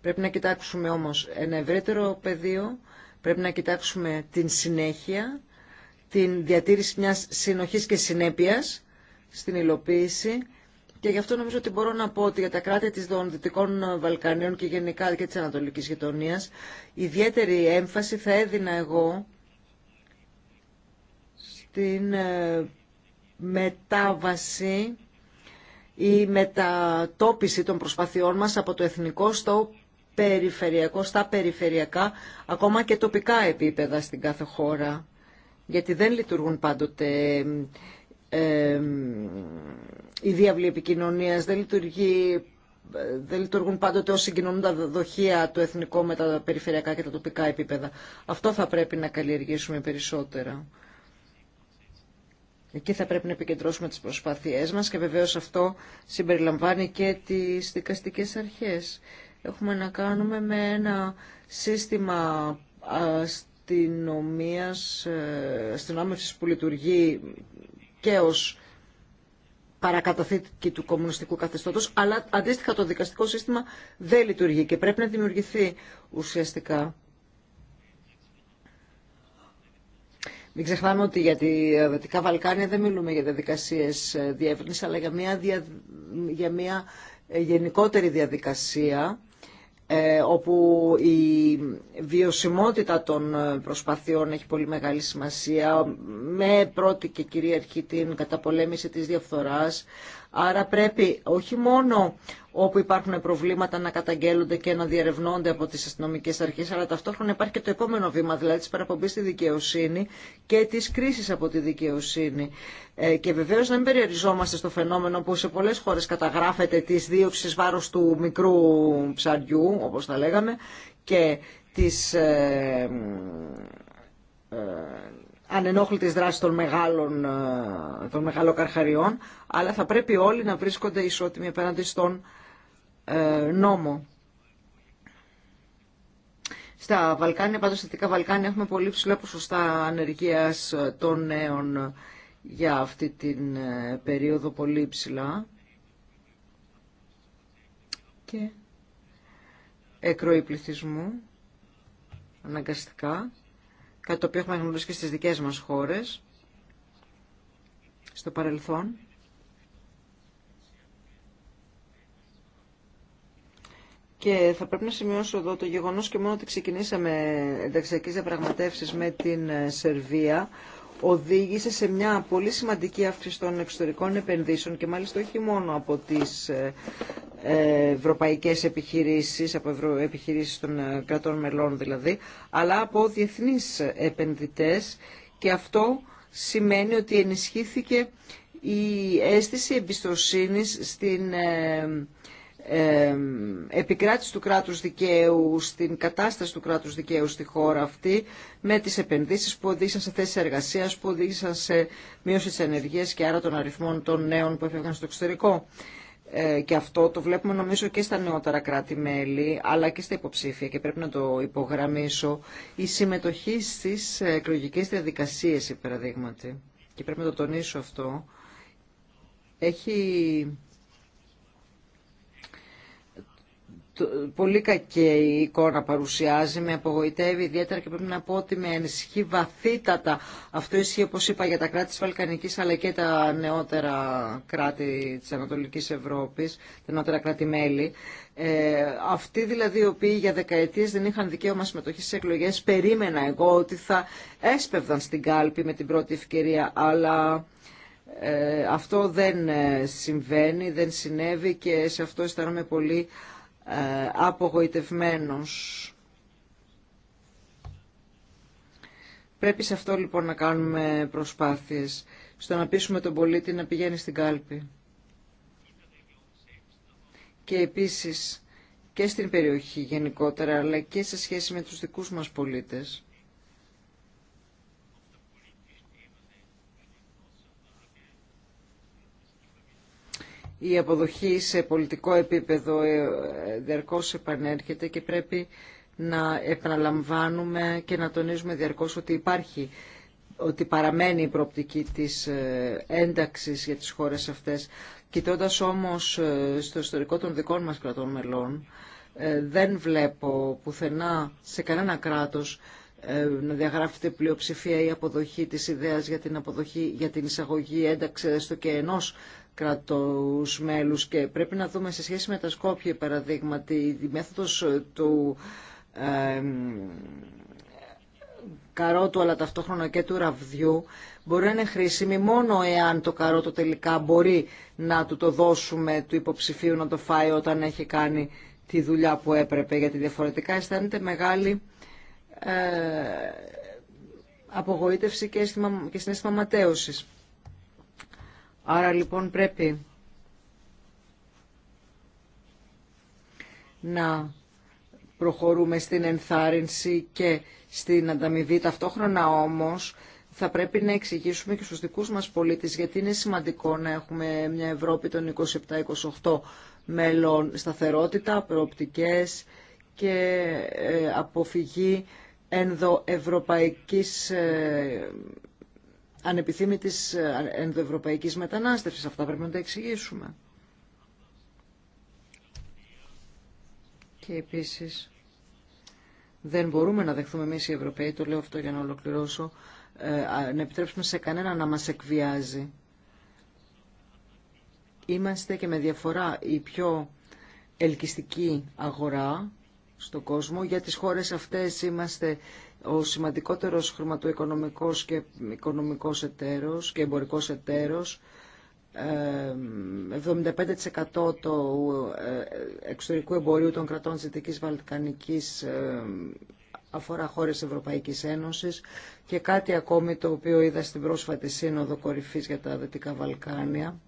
Πρέπει να κοιτάξουμε όμως ένα ευρύτερο πεδίο, πρέπει να κοιτάξουμε την συνέχεια, την διατήρηση μιας συνοχής και συνέπειας στην υλοποίηση και γι' αυτό νομίζω ότι μπορώ να πω ότι για τα κράτη της Δυτικών Βαλκανίων και γενικά και της Ανατολικής Γειτονίας ιδιαίτερη έμφαση θα έδινα εγώ την ε, μετάβαση η μετατόπιση των προσπαθειών μας από το εθνικό στο περιφερειακό, στα περιφερειακά, ακόμα και τοπικά επίπεδα στην κάθε χώρα. Γιατί δεν λειτουργούν πάντοτε ε, η διάβλη επικοινωνίας, δεν, λειτουργεί, δεν λειτουργούν πάντοτε όσοι συγκοινωνούν τα δοχεία το εθνικό με τα περιφερειακά και τα τοπικά επίπεδα. Αυτό θα πρέπει να καλλιεργήσουμε περισσότερα. Εκεί θα πρέπει να επικεντρώσουμε τις προσπάθειές μας και βεβαίως αυτό συμπεριλαμβάνει και τις δικαστικές αρχές. Έχουμε να κάνουμε με ένα σύστημα αστυνομίας, ε, αστυνόμευσης που λειτουργεί και ως παρακαταθήκη του κομμουνιστικού καθεστώτος, αλλά αντίστοιχα το δικαστικό σύστημα δεν λειτουργεί και πρέπει να δημιουργηθεί ουσιαστικά Μην ξεχνάμε ότι για τη Δυτικά ε, Βαλκάνια δεν μιλούμε για διαδικασίε διεύρυνση, αλλά για μια, για μια ε, γενικότερη διαδικασία ε, όπου η βιωσιμότητα των προσπαθειών έχει πολύ μεγάλη σημασία με πρώτη και κυρίαρχη την καταπολέμηση της διαφθοράς Άρα πρέπει όχι μόνο όπου υπάρχουν προβλήματα να καταγγέλλονται και να διερευνώνται από τις αστυνομικές αρχές, αλλά ταυτόχρονα υπάρχει και το επόμενο βήμα, δηλαδή της παραπομπής στη δικαιοσύνη και της κρίσης από τη δικαιοσύνη. Ε, και βεβαίως να μην περιοριζόμαστε στο φαινόμενο που σε πολλές χώρες καταγράφεται της δίωξη βάρος του μικρού ψαριού, όπως τα λέγαμε, και της... Ε, ε, ανενόχλητης δράσης των μεγάλων, ε, των μεγάλων καρχαριών, αλλά θα πρέπει όλοι να βρίσκονται ισότιμοι απέναντι στον ε, νόμο. Στα Βαλκάνια, πάντως στα Βαλκάνια, έχουμε πολύ ψηλά ποσοστά ανεργίας των νέων για αυτή την ε, περίοδο, πολύ ψηλά. Και εκροή πληθυσμού, αναγκαστικά κάτι το οποίο έχουμε γνωρίσει και στις δικές μας χώρες στο παρελθόν. Και θα πρέπει να σημειώσω εδώ το γεγονός και μόνο ότι ξεκινήσαμε ενταξιακές διαπραγματεύσεις με την ε, Σερβία οδήγησε σε μια πολύ σημαντική αύξηση των εξωτερικών επενδύσεων και μάλιστα όχι μόνο από τις ε, ευρωπαϊκές επιχειρήσεις, από ευρω... επιχειρήσεις των ε, κρατών μελών δηλαδή, αλλά από διεθνείς επενδυτές και αυτό σημαίνει ότι ενισχύθηκε η αίσθηση εμπιστοσύνης στην ε, επικράτηση του κράτους δικαίου, στην κατάσταση του κράτους δικαίου στη χώρα αυτή, με τις επενδύσεις που οδήγησαν σε θέσεις εργασίας, που οδήγησαν σε μείωση της ενεργείας και άρα των αριθμών των νέων που έφευγαν στο εξωτερικό. Ε, και αυτό το βλέπουμε νομίζω και στα νεότερα κράτη-μέλη, αλλά και στα υποψήφια και πρέπει να το υπογραμμίσω, η συμμετοχή στις εκλογικές διαδικασίες, υπεραδείγματι και πρέπει να το τονίσω αυτό, έχει πολύ κακή εικόνα παρουσιάζει, με απογοητεύει ιδιαίτερα και πρέπει να πω ότι με ενισχύει βαθύτατα. Αυτό ισχύει όπως είπα για τα κράτη της Βαλκανική, αλλά και τα νεότερα κράτη της Ανατολικής Ευρώπης, τα νεότερα κράτη-μέλη. Ε, αυτοί δηλαδή οι οποίοι για δεκαετίες δεν είχαν δικαίωμα συμμετοχή στις εκλογές περίμενα εγώ ότι θα έσπευδαν στην κάλπη με την πρώτη ευκαιρία αλλά... Ε, αυτό δεν ε, συμβαίνει, δεν συνέβη και σε αυτό αισθάνομαι πολύ ε, απογοητευμένος. Πρέπει σε αυτό λοιπόν να κάνουμε προσπάθειες, στο να πείσουμε τον πολίτη να πηγαίνει στην κάλπη. Και επίσης και στην περιοχή γενικότερα, αλλά και σε σχέση με τους δικούς μας πολίτες. η αποδοχή σε πολιτικό επίπεδο ε, διαρκώς επανέρχεται και πρέπει να επαναλαμβάνουμε και να τονίζουμε διαρκώς ότι υπάρχει ότι παραμένει η προοπτική της ε, ένταξης για τις χώρες αυτές. Κοιτώντας όμως ε, στο ιστορικό των δικών μας κρατών μελών, δεν βλέπω πουθενά σε κανένα κράτος να διαγράφεται πλειοψηφία ή αποδοχή της ιδέας για την, αποδοχή, για εισαγωγή ένταξη στο και ενός κράτους μέλους και πρέπει να δούμε σε σχέση με τα Σκόπια παραδείγματι η μέθοδος του καρότου αλλά ταυτόχρονα και του ραβδιού μπορεί να είναι χρήσιμη μόνο εάν το καρότο τελικά μπορεί να του το δώσουμε του υποψηφίου να το φάει όταν έχει κάνει τη δουλειά που έπρεπε γιατί διαφορετικά αισθάνεται μεγάλη ε, απογοήτευση και, αίσθημα, και συνέστημα ματέωσης. Άρα λοιπόν πρέπει να προχωρούμε στην ενθάρρυνση και στην ανταμοιβή. Ταυτόχρονα όμως θα πρέπει να εξηγήσουμε και στους δικούς μας πολίτες γιατί είναι σημαντικό να έχουμε μια Ευρώπη των 27-28 μέλων σταθερότητα, προοπτικές και ε, αποφυγή ενδοευρωπαϊκής ε, ανεπιθύμητης ε, ενδοευρωπαϊκής μετανάστευσης. Αυτά πρέπει να τα εξηγήσουμε. Και επίσης δεν μπορούμε να δεχθούμε εμείς οι Ευρωπαίοι, το λέω αυτό για να ολοκληρώσω, ε, να επιτρέψουμε σε κανένα να μας εκβιάζει. Είμαστε και με διαφορά η πιο ελκυστική αγορά στον κόσμο. Για τις χώρες αυτές είμαστε ο σημαντικότερος χρηματοοικονομικός και οικονομικός εταίρος και εμπορικός εταίρος 75% ε, του ε, εξωτερικού εμπορίου των κρατών της Δυτικής Βαλκανικής ε, αφορά χώρες Ευρωπαϊκής Ένωσης και κάτι ακόμη το οποίο είδα στην πρόσφατη σύνοδο κορυφής για τα Δυτικά Βαλκάνια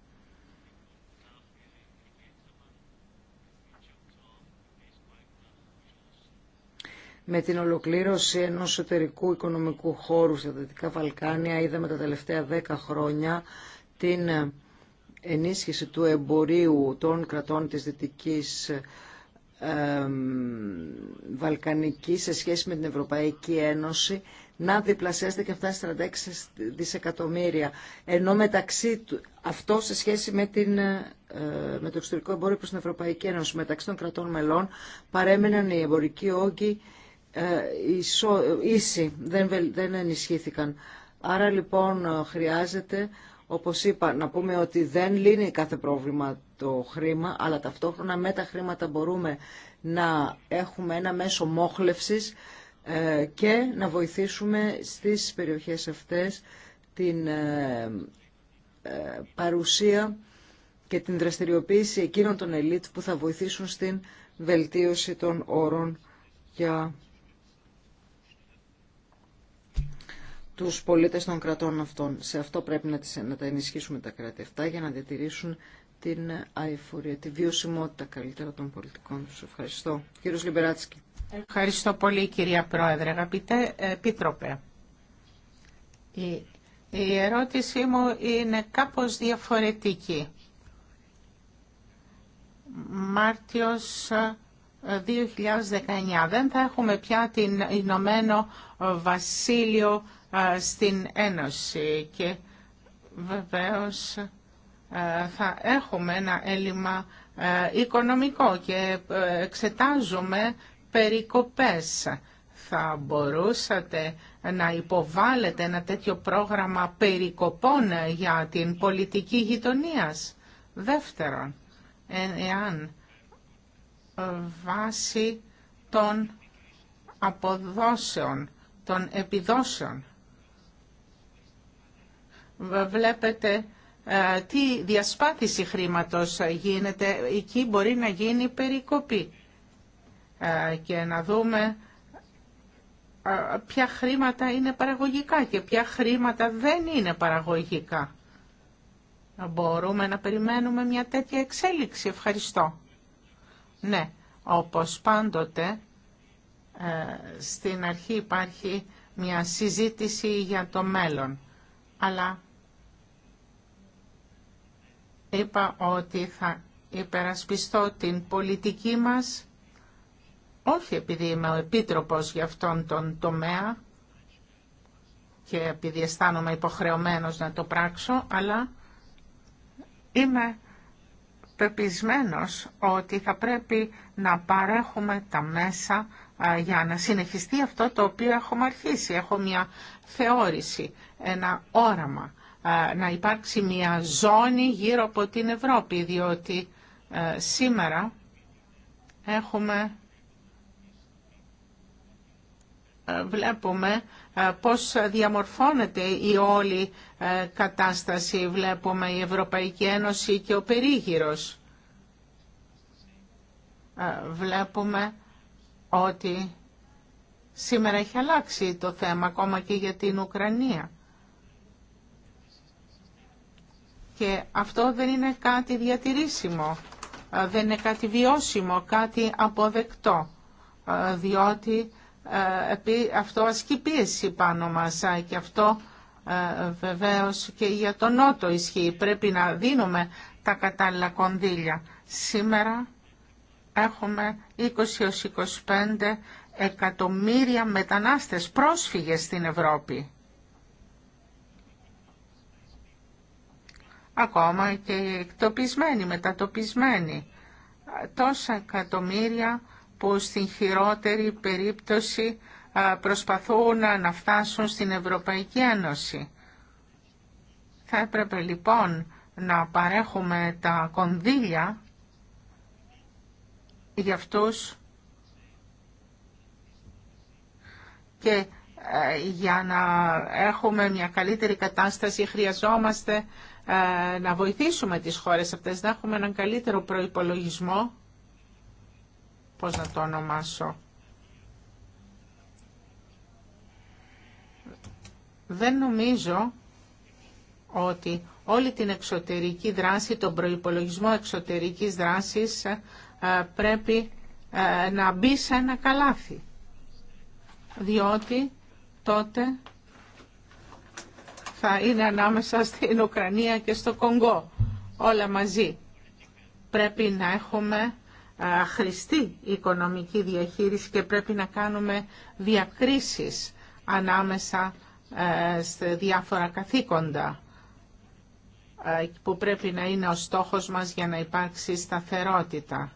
με την ολοκλήρωση ενός εσωτερικού οικονομικού χώρου στα Δυτικά Βαλκάνια είδαμε τα τελευταία δέκα χρόνια την ενίσχυση του εμπορίου των κρατών της Δυτικής Βαλκανική σε σχέση με την Ευρωπαϊκή Ένωση να διπλασιάζεται και φτάσει 46 δισεκατομμύρια. Ενώ μεταξύ αυτό σε σχέση με, την, ε, με το εξωτερικό εμπόριο προς την Ευρωπαϊκή Ένωση μεταξύ των κρατών μελών παρέμειναν οι εμπορικοί όγκοι ε, ίση, δεν, δεν ενισχύθηκαν. Άρα λοιπόν χρειάζεται, όπως είπα, να πούμε ότι δεν λύνει κάθε πρόβλημα το χρήμα, αλλά ταυτόχρονα με τα χρήματα μπορούμε να έχουμε ένα μέσο μόχλευσης ε, και να βοηθήσουμε στις περιοχές αυτές την ε, παρουσία και την δραστηριοποίηση εκείνων των ελίτ που θα βοηθήσουν στην βελτίωση των όρων για τους πολίτες των κρατών αυτών. Σε αυτό πρέπει να, τα ενισχύσουμε τα κράτη αυτά για να διατηρήσουν την αηφορία, τη βιωσιμότητα καλύτερα των πολιτικών τους. Ευχαριστώ. Κύριος Λιμπεράτσικη. Ευχαριστώ πολύ κυρία Πρόεδρε. Αγαπητέ ε, Επίτροπε, η, η ερώτησή μου είναι κάπως διαφορετική. Μάρτιος 2019. Ε, Δεν θα έχουμε πια την Ηνωμένο Βασίλειο στην Ένωση και βεβαίως θα έχουμε ένα έλλειμμα οικονομικό και εξετάζουμε περικοπές. Θα μπορούσατε να υποβάλλετε ένα τέτοιο πρόγραμμα περικοπών για την πολιτική γειτονίας. Δεύτερον, εάν βάσει των αποδόσεων, των επιδόσεων βλέπετε ε, τι διασπάθηση χρήματος γίνεται, εκεί μπορεί να γίνει περικοπή. Ε, και να δούμε ε, ποια χρήματα είναι παραγωγικά και ποια χρήματα δεν είναι παραγωγικά. Μπορούμε να περιμένουμε μια τέτοια εξέλιξη. Ευχαριστώ. Ναι, όπως πάντοτε, στην αρχή υπάρχει μια συζήτηση για το μέλλον. Αλλά είπα ότι θα υπερασπιστώ την πολιτική μας, όχι επειδή είμαι ο επίτροπος για αυτόν τον τομέα και επειδή αισθάνομαι υποχρεωμένος να το πράξω, αλλά είμαι πεπισμένος ότι θα πρέπει να παρέχουμε τα μέσα για να συνεχιστεί αυτό το οποίο έχουμε αρχίσει. Έχω μια θεώρηση, ένα όραμα να υπάρξει μια ζώνη γύρω από την Ευρώπη, διότι ε, σήμερα έχουμε ε, βλέπουμε ε, πώς διαμορφώνεται η όλη κατάσταση, βλέπουμε η Ευρωπαϊκή Ένωση και ο περίγυρος. Βλέπουμε ότι σήμερα έχει αλλάξει το θέμα ακόμα και για την Ουκρανία. και αυτό δεν είναι κάτι διατηρήσιμο, δεν είναι κάτι βιώσιμο, κάτι αποδεκτό, διότι αυτό ασκεί πίεση πάνω μας και αυτό βεβαίως και για τον Νότο ισχύει. Πρέπει να δίνουμε τα κατάλληλα κονδύλια. Σήμερα έχουμε 20-25 εκατομμύρια μετανάστες πρόσφυγες στην Ευρώπη. ακόμα και εκτοπισμένοι, μετατοπισμένοι. Τόσα εκατομμύρια που στην χειρότερη περίπτωση προσπαθούν να φτάσουν στην Ευρωπαϊκή Ένωση. Θα έπρεπε λοιπόν να παρέχουμε τα κονδύλια για αυτούς και ε, για να έχουμε μια καλύτερη κατάσταση χρειαζόμαστε να βοηθήσουμε τις χώρες αυτές, να έχουμε έναν καλύτερο προϋπολογισμό, πώς να το ονομάσω, δεν νομίζω ότι όλη την εξωτερική δράση, τον προϋπολογισμό εξωτερικής δράσης πρέπει να μπει σε ένα καλάθι. Διότι τότε θα είναι ανάμεσα στην Ουκρανία και στο Κονγκό. Όλα μαζί. Πρέπει να έχουμε χρηστή οικονομική διαχείριση και πρέπει να κάνουμε διακρίσεις ανάμεσα σε διάφορα καθήκοντα ε, που πρέπει να είναι ο στόχος μας για να υπάρξει σταθερότητα.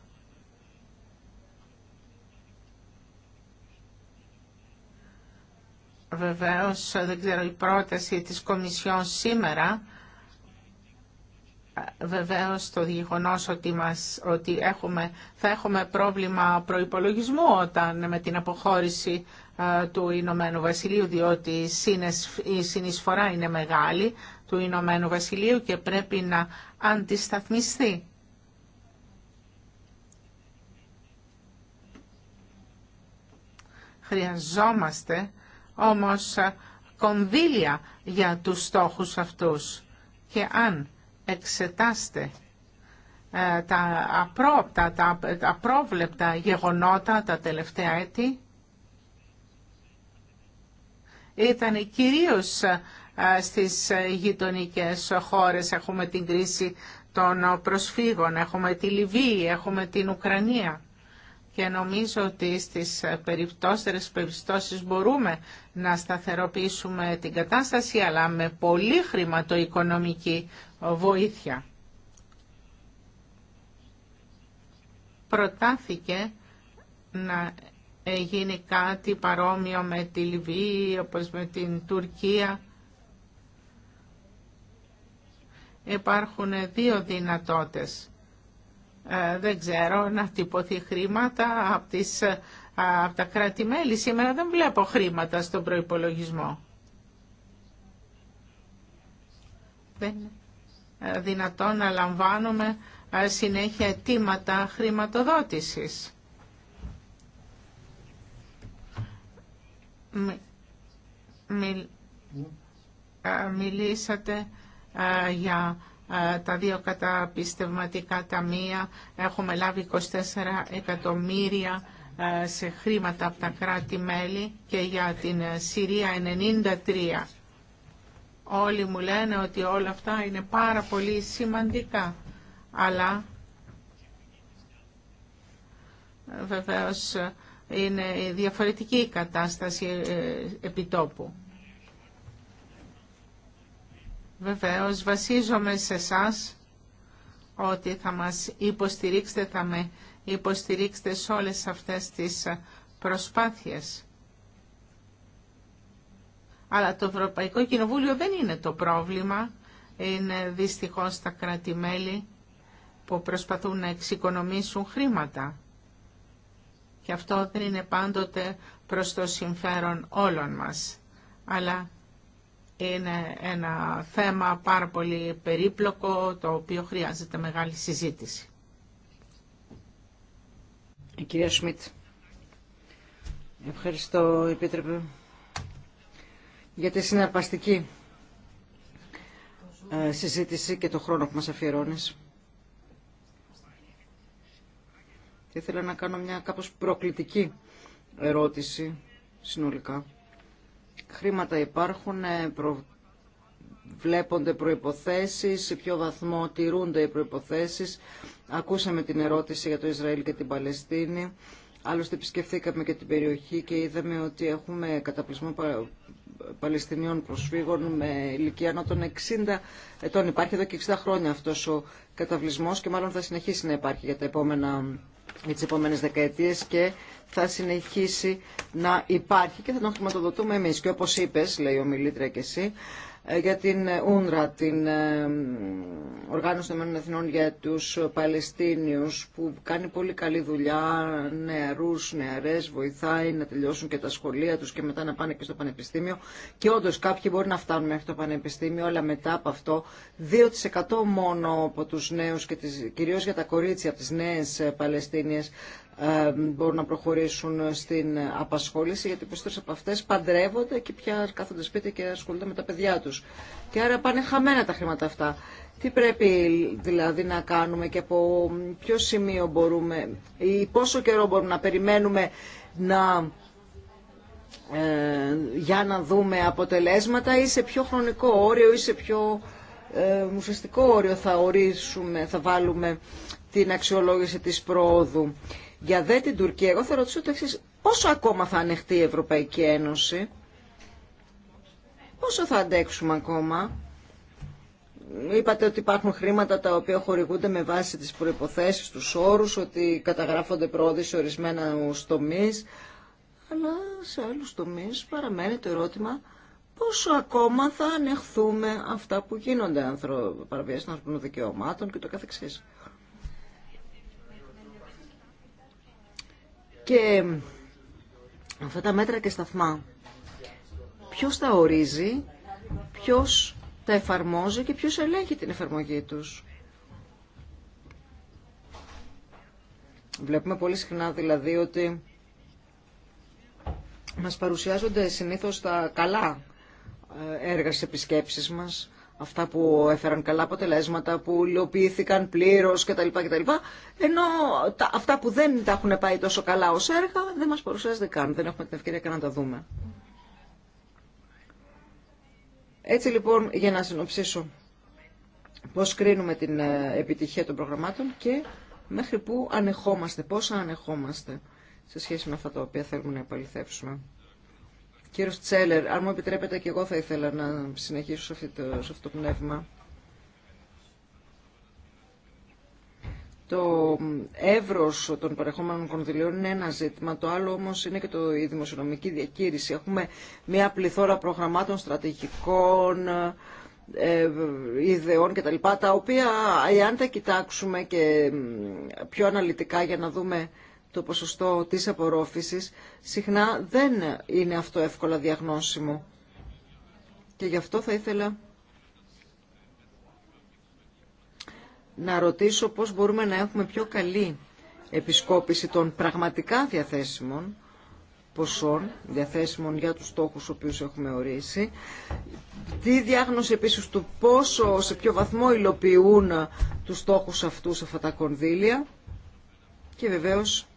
Βεβαίως, δεν ξέρω, η πρόταση της Κομισιόν σήμερα, βεβαίως το γεγονό ότι, μας, ότι έχουμε, θα έχουμε πρόβλημα προϋπολογισμού όταν με την αποχώρηση του Ηνωμένου Βασιλείου, διότι η συνεισφορά είναι μεγάλη του Ηνωμένου Βασιλείου και πρέπει να αντισταθμιστεί. Χρειαζόμαστε όμως ε, κονδύλια για τους στόχους αυτούς. Και αν εξετάστε ε, τα τα απρόβλεπτα γεγονότα τα τελευταία έτη, ήταν κυρίως ε, στις γειτονικές χώρες. Έχουμε την κρίση των προσφύγων, έχουμε τη Λιβύη, έχουμε την Ουκρανία και νομίζω ότι στις περιπτώσεις, περιπτώσεις μπορούμε να σταθεροποιήσουμε την κατάσταση αλλά με πολύ χρηματοοικονομική βοήθεια. Προτάθηκε να γίνει κάτι παρόμοιο με τη Λιβύη, όπως με την Τουρκία. Υπάρχουν δύο δυνατότητες ε, δεν ξέρω, να τυπωθεί χρήματα από, τις, ε, από τα κράτη-μέλη. Σήμερα δεν βλέπω χρήματα στον προϋπολογισμό. Δεν είναι ε, δυνατόν να λαμβάνουμε συνέχεια αιτήματα χρηματοδότησης. Μι, μιλήσατε για τα δύο καταπιστευματικά ταμεία. Έχουμε λάβει 24 εκατομμύρια σε χρήματα από τα κράτη-μέλη και για την ε, Συρία 93. Όλοι μου λένε ότι όλα αυτά είναι πάρα πολύ σημαντικά, αλλά ε, βεβαίως ε, είναι διαφορετική η κατάσταση επιτόπου. Βεβαίως βασίζομαι σε εσά ότι θα μας υποστηρίξετε, θα με υποστηρίξετε σε όλες αυτές τις προσπάθειες. Αλλά το Ευρωπαϊκό Κοινοβούλιο δεν είναι το πρόβλημα. Είναι δυστυχώς τα κράτη-μέλη που προσπαθούν να εξοικονομήσουν χρήματα. Και αυτό δεν είναι πάντοτε προς το συμφέρον όλων μας. Αλλά είναι ένα θέμα πάρα πολύ περίπλοκο, το οποίο χρειάζεται μεγάλη συζήτηση. Η κυρία Σμιτ. Ευχαριστώ, Επίτρεπε, για τη συναρπαστική ε, συζήτηση και το χρόνο που μας αφιερώνεις. Και ήθελα να κάνω μια κάπως προκλητική ερώτηση συνολικά χρήματα υπάρχουν, ε, προ... βλέπονται προϋποθέσεις, σε ποιο βαθμό τηρούνται οι προϋποθέσεις. Ακούσαμε την ερώτηση για το Ισραήλ και την Παλαιστίνη. Άλλωστε επισκεφθήκαμε και την περιοχή και είδαμε ότι έχουμε καταπλησμό Παλαιστινίων προσφύγων με ηλικία ανά των 60 ετών. Υπάρχει εδώ και 60 χρόνια αυτός ο καταβλισμός και μάλλον θα συνεχίσει να υπάρχει για τα επόμενα για τις επόμενες δεκαετίες και θα συνεχίσει να υπάρχει και θα τον χρηματοδοτούμε εμείς. Και όπως είπες, λέει ο Μιλήτρια και εσύ, ε, για την ΟΝΡΑ, ε, την ε, Οργάνωση των Εθνών για τους Παλαιστίνιους, που κάνει πολύ καλή δουλειά, νεαρούς, νεαρές, βοηθάει να τελειώσουν και τα σχολεία τους και μετά να πάνε και στο πανεπιστήμιο. Και όντω κάποιοι μπορεί να φτάνουν μέχρι το πανεπιστήμιο, αλλά μετά από αυτό 2% μόνο από τους νέους και κυρίω κυρίως για τα κορίτσια από τις νέες Παλαιστίνιες ε, μπορούν να προχωρήσουν στην απασχόληση, γιατί περισσότερε από αυτέ παντρεύονται και πια κάθονται σπίτι και ασχολούνται με τα παιδιά του. Και άρα πάνε χαμένα τα χρήματα αυτά. Τι πρέπει δηλαδή να κάνουμε και από ποιο σημείο μπορούμε ή πόσο καιρό μπορούμε να περιμένουμε να, ε, για να δούμε αποτελέσματα ή σε ποιο χρονικό όριο ή σε ποιο ε, ουσιαστικό όριο θα ορίσουμε, θα βάλουμε την αξιολόγηση της πρόοδου. Για δε την Τουρκία, εγώ θα ρωτήσω το εξή. Πόσο ακόμα θα ανεχτεί η Ευρωπαϊκή Ένωση, πόσο θα αντέξουμε ακόμα. Είπατε ότι υπάρχουν χρήματα τα οποία χορηγούνται με βάση τις προϋποθέσεις, τους όρους, ότι καταγράφονται πρόοδοι σε ορισμένα τομείς. Αλλά σε άλλους τομείς παραμένει το ερώτημα πόσο ακόμα θα ανεχθούμε αυτά που γίνονται, παραβιάσεις των δικαιωμάτων και το καθεξής. Και αυτά τα μέτρα και σταθμά, ποιος τα ορίζει, ποιος τα εφαρμόζει και ποιος ελέγχει την εφαρμογή τους. Βλέπουμε πολύ συχνά δηλαδή ότι μας παρουσιάζονται συνήθως τα καλά ε, έργα στις επισκέψεις μας, αυτά που έφεραν καλά αποτελέσματα, που υλοποιήθηκαν πλήρως κτλ. κτλ ενώ τα, αυτά που δεν τα έχουν πάει τόσο καλά ω έργα δεν μας παρουσιάζεται καν, δεν έχουμε την ευκαιρία καν να τα δούμε. Έτσι λοιπόν για να συνοψίσω πώς κρίνουμε την ε, επιτυχία των προγραμμάτων και μέχρι πού ανεχόμαστε, πόσα ανεχόμαστε σε σχέση με αυτά τα οποία θέλουμε να επαληθεύσουμε. Κύριος Τσέλερ, αν μου επιτρέπετε και εγώ θα ήθελα να συνεχίσω σε αυτό το, πνεύμα. Το εύρος των παρεχόμενων κονδυλίων είναι ένα ζήτημα, το άλλο όμως είναι και το, η δημοσιονομική διακήρυξη. Έχουμε μια πληθώρα προγραμμάτων στρατηγικών, ε, ιδεών κτλ. Τα οποία, εάν τα κοιτάξουμε και πιο αναλυτικά για να δούμε το ποσοστό της απορρόφησης, συχνά δεν είναι αυτό εύκολα διαγνώσιμο. Και γι' αυτό θα ήθελα να ρωτήσω πώς μπορούμε να έχουμε πιο καλή επισκόπηση των πραγματικά διαθέσιμων ποσών διαθέσιμων για τους στόχους οποίους έχουμε ορίσει. Τι διάγνωση επίσης του πόσο, σε ποιο βαθμό υλοποιούν τους στόχους αυτούς αυτά τα κονδύλια και βεβαίως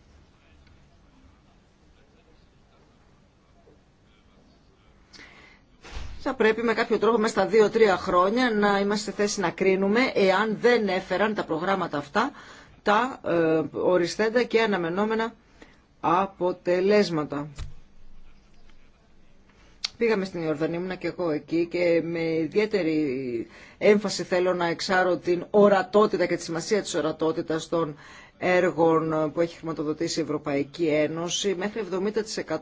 θα πρέπει με κάποιο τρόπο μέσα στα δύο-τρία χρόνια να είμαστε σε θέση να κρίνουμε εάν δεν έφεραν τα προγράμματα αυτά τα ορισθέντα ε, οριστέντα και αναμενόμενα αποτελέσματα. Πήγαμε στην Ιορδανία, ήμουνα και εγώ εκεί και με ιδιαίτερη έμφαση θέλω να εξάρω την ορατότητα και τη σημασία της ορατότητας των έργων που έχει χρηματοδοτήσει η Ευρωπαϊκή Ένωση, μέχρι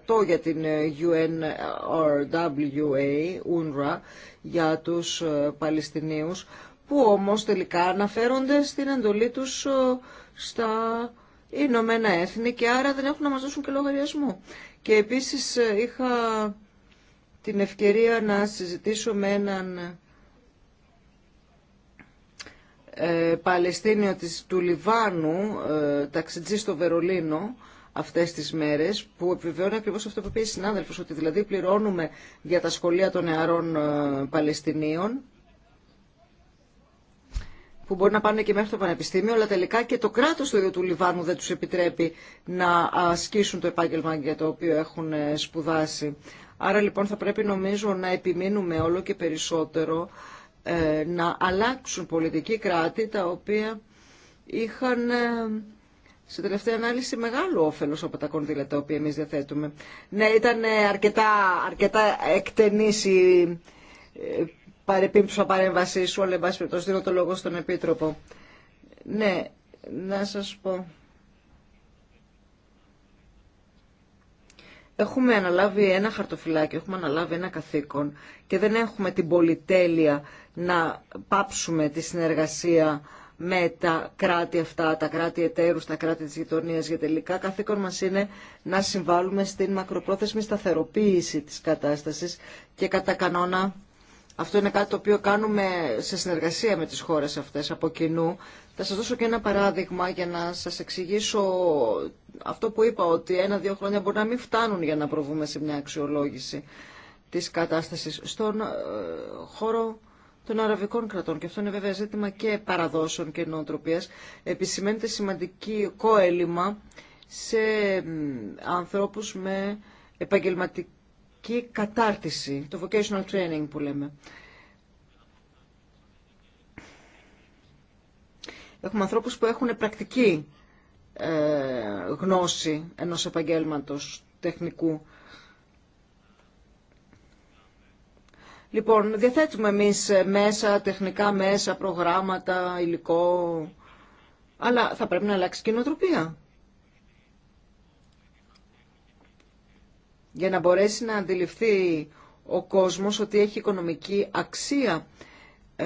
70% για την UNRWA, ε, UNRWA για τους ε, Παλαιστινίους, που όμως τελικά αναφέρονται στην εντολή τους ε, στα Ηνωμένα Έθνη και άρα δεν έχουν να μας δώσουν και λογαριασμό. Και επίσης είχα την ευκαιρία να συζητήσω με έναν ε, Παλαιστίνιο της, του Λιβάνου, ε, ταξιτζή στο Βερολίνο, αυτές τις μέρες που επιβεβαιώνει ακριβώς αυτό που είπε η συνάδελφος ότι δηλαδή πληρώνουμε για τα σχολεία των νεαρών ε, Παλαιστινίων που μπορεί να πάνε και μέχρι το Πανεπιστήμιο, αλλά τελικά και το κράτος του ίδιου του Λιβάνου δεν τους επιτρέπει να ασκήσουν το επάγγελμα για το οποίο έχουν σπουδάσει. Άρα λοιπόν θα πρέπει νομίζω να επιμείνουμε όλο και περισσότερο ε, να αλλάξουν πολιτική κράτη τα οποία είχαν ε, σε τελευταία ανάλυση μεγάλο όφελος από τα κονδύλα τα οποία εμείς διαθέτουμε. Ναι, ήταν ε, αρκετά, αρκετά εκτενής η παρεπίπτουσα παρέμβασή σου, αλλά εν πάση δίνω το λόγο στον Επίτροπο. Ναι, να σας πω. έχουμε αναλάβει ένα χαρτοφυλάκι, έχουμε αναλάβει ένα καθήκον και δεν έχουμε την πολυτέλεια να πάψουμε τη συνεργασία με τα κράτη αυτά, τα κράτη εταίρους, τα κράτη της γειτονία. για τελικά καθήκον μας είναι να συμβάλλουμε στην μακροπρόθεσμη σταθεροποίηση της κατάστασης και κατά κανόνα αυτό είναι κάτι το οποίο κάνουμε σε συνεργασία με τις χώρες αυτές από κοινού. Θα σας δώσω και ένα παράδειγμα για να σας εξηγήσω αυτό που είπα ότι ένα-δύο χρόνια μπορεί να μην φτάνουν για να προβούμε σε μια αξιολόγηση της κατάστασης στον ε, χώρο των αραβικών κρατών. Και αυτό είναι βέβαια ζήτημα και παραδόσεων και νοοτροπίας. Επισημαίνεται σημαντικό έλλειμμα σε ανθρώπους με επαγγελματική και κατάρτιση, το vocational training που λέμε. Έχουμε ανθρώπους που έχουν πρακτική ε, γνώση ενός επαγγέλματος τεχνικού. Λοιπόν, διαθέτουμε εμείς ε, μέσα, τεχνικά μέσα, προγράμματα, υλικό, αλλά θα πρέπει να αλλάξει κοινοτροπία. για να μπορέσει να αντιληφθεί ο κόσμος ότι έχει οικονομική αξία ε,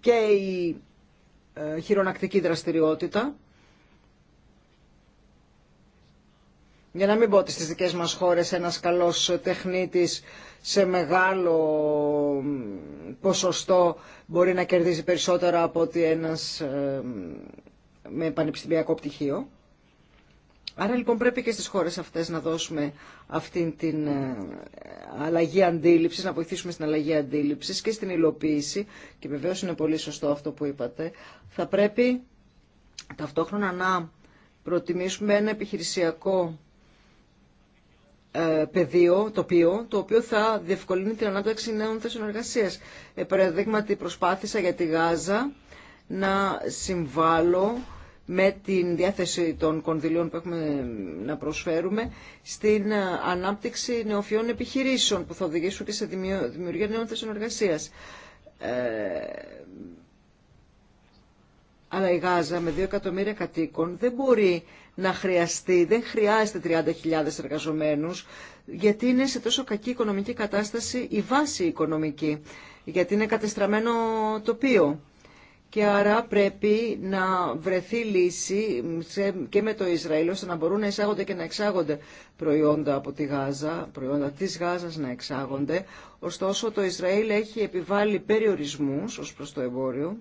και η ε, χειρονακτική δραστηριότητα. Για να μην πω ότι στις δικές μας χώρες ένας καλός τεχνίτης σε μεγάλο ποσοστό μπορεί να κερδίζει περισσότερα από ότι ένας ε, με πανεπιστημιακό πτυχίο. Άρα λοιπόν πρέπει και στις χώρες αυτές να δώσουμε αυτήν την ε, αλλαγή αντίληψης, να βοηθήσουμε στην αλλαγή αντίληψης και στην υλοποίηση και βεβαίως είναι πολύ σωστό αυτό που είπατε. Θα πρέπει ταυτόχρονα να προτιμήσουμε ένα επιχειρησιακό ε, πεδίο, τοπίο, το οποίο θα διευκολύνει την ανάπτυξη νέων θέσεων εργασία. Ε, προσπάθησα για τη Γάζα να συμβάλλω με την διάθεση των κονδυλίων που έχουμε να προσφέρουμε στην ε, ανάπτυξη νεοφιών επιχειρήσεων που θα οδηγήσουν και σε δημιουργία νέων θέσεων εργασία. Ε, αλλά η Γάζα με 2 εκατομμύρια κατοίκων δεν μπορεί να χρειαστεί, δεν χρειάζεται 30.000 εργαζομένους, γιατί είναι σε τόσο κακή οικονομική κατάσταση η βάση οικονομική, γιατί είναι κατεστραμμένο τοπίο και άρα πρέπει να βρεθεί λύση και με το Ισραήλ ώστε να μπορούν να εισάγονται και να εξάγονται προϊόντα από τη Γάζα, προϊόντα της Γάζας να εξάγονται. Ωστόσο το Ισραήλ έχει επιβάλει περιορισμούς ως προς το εμπόριο.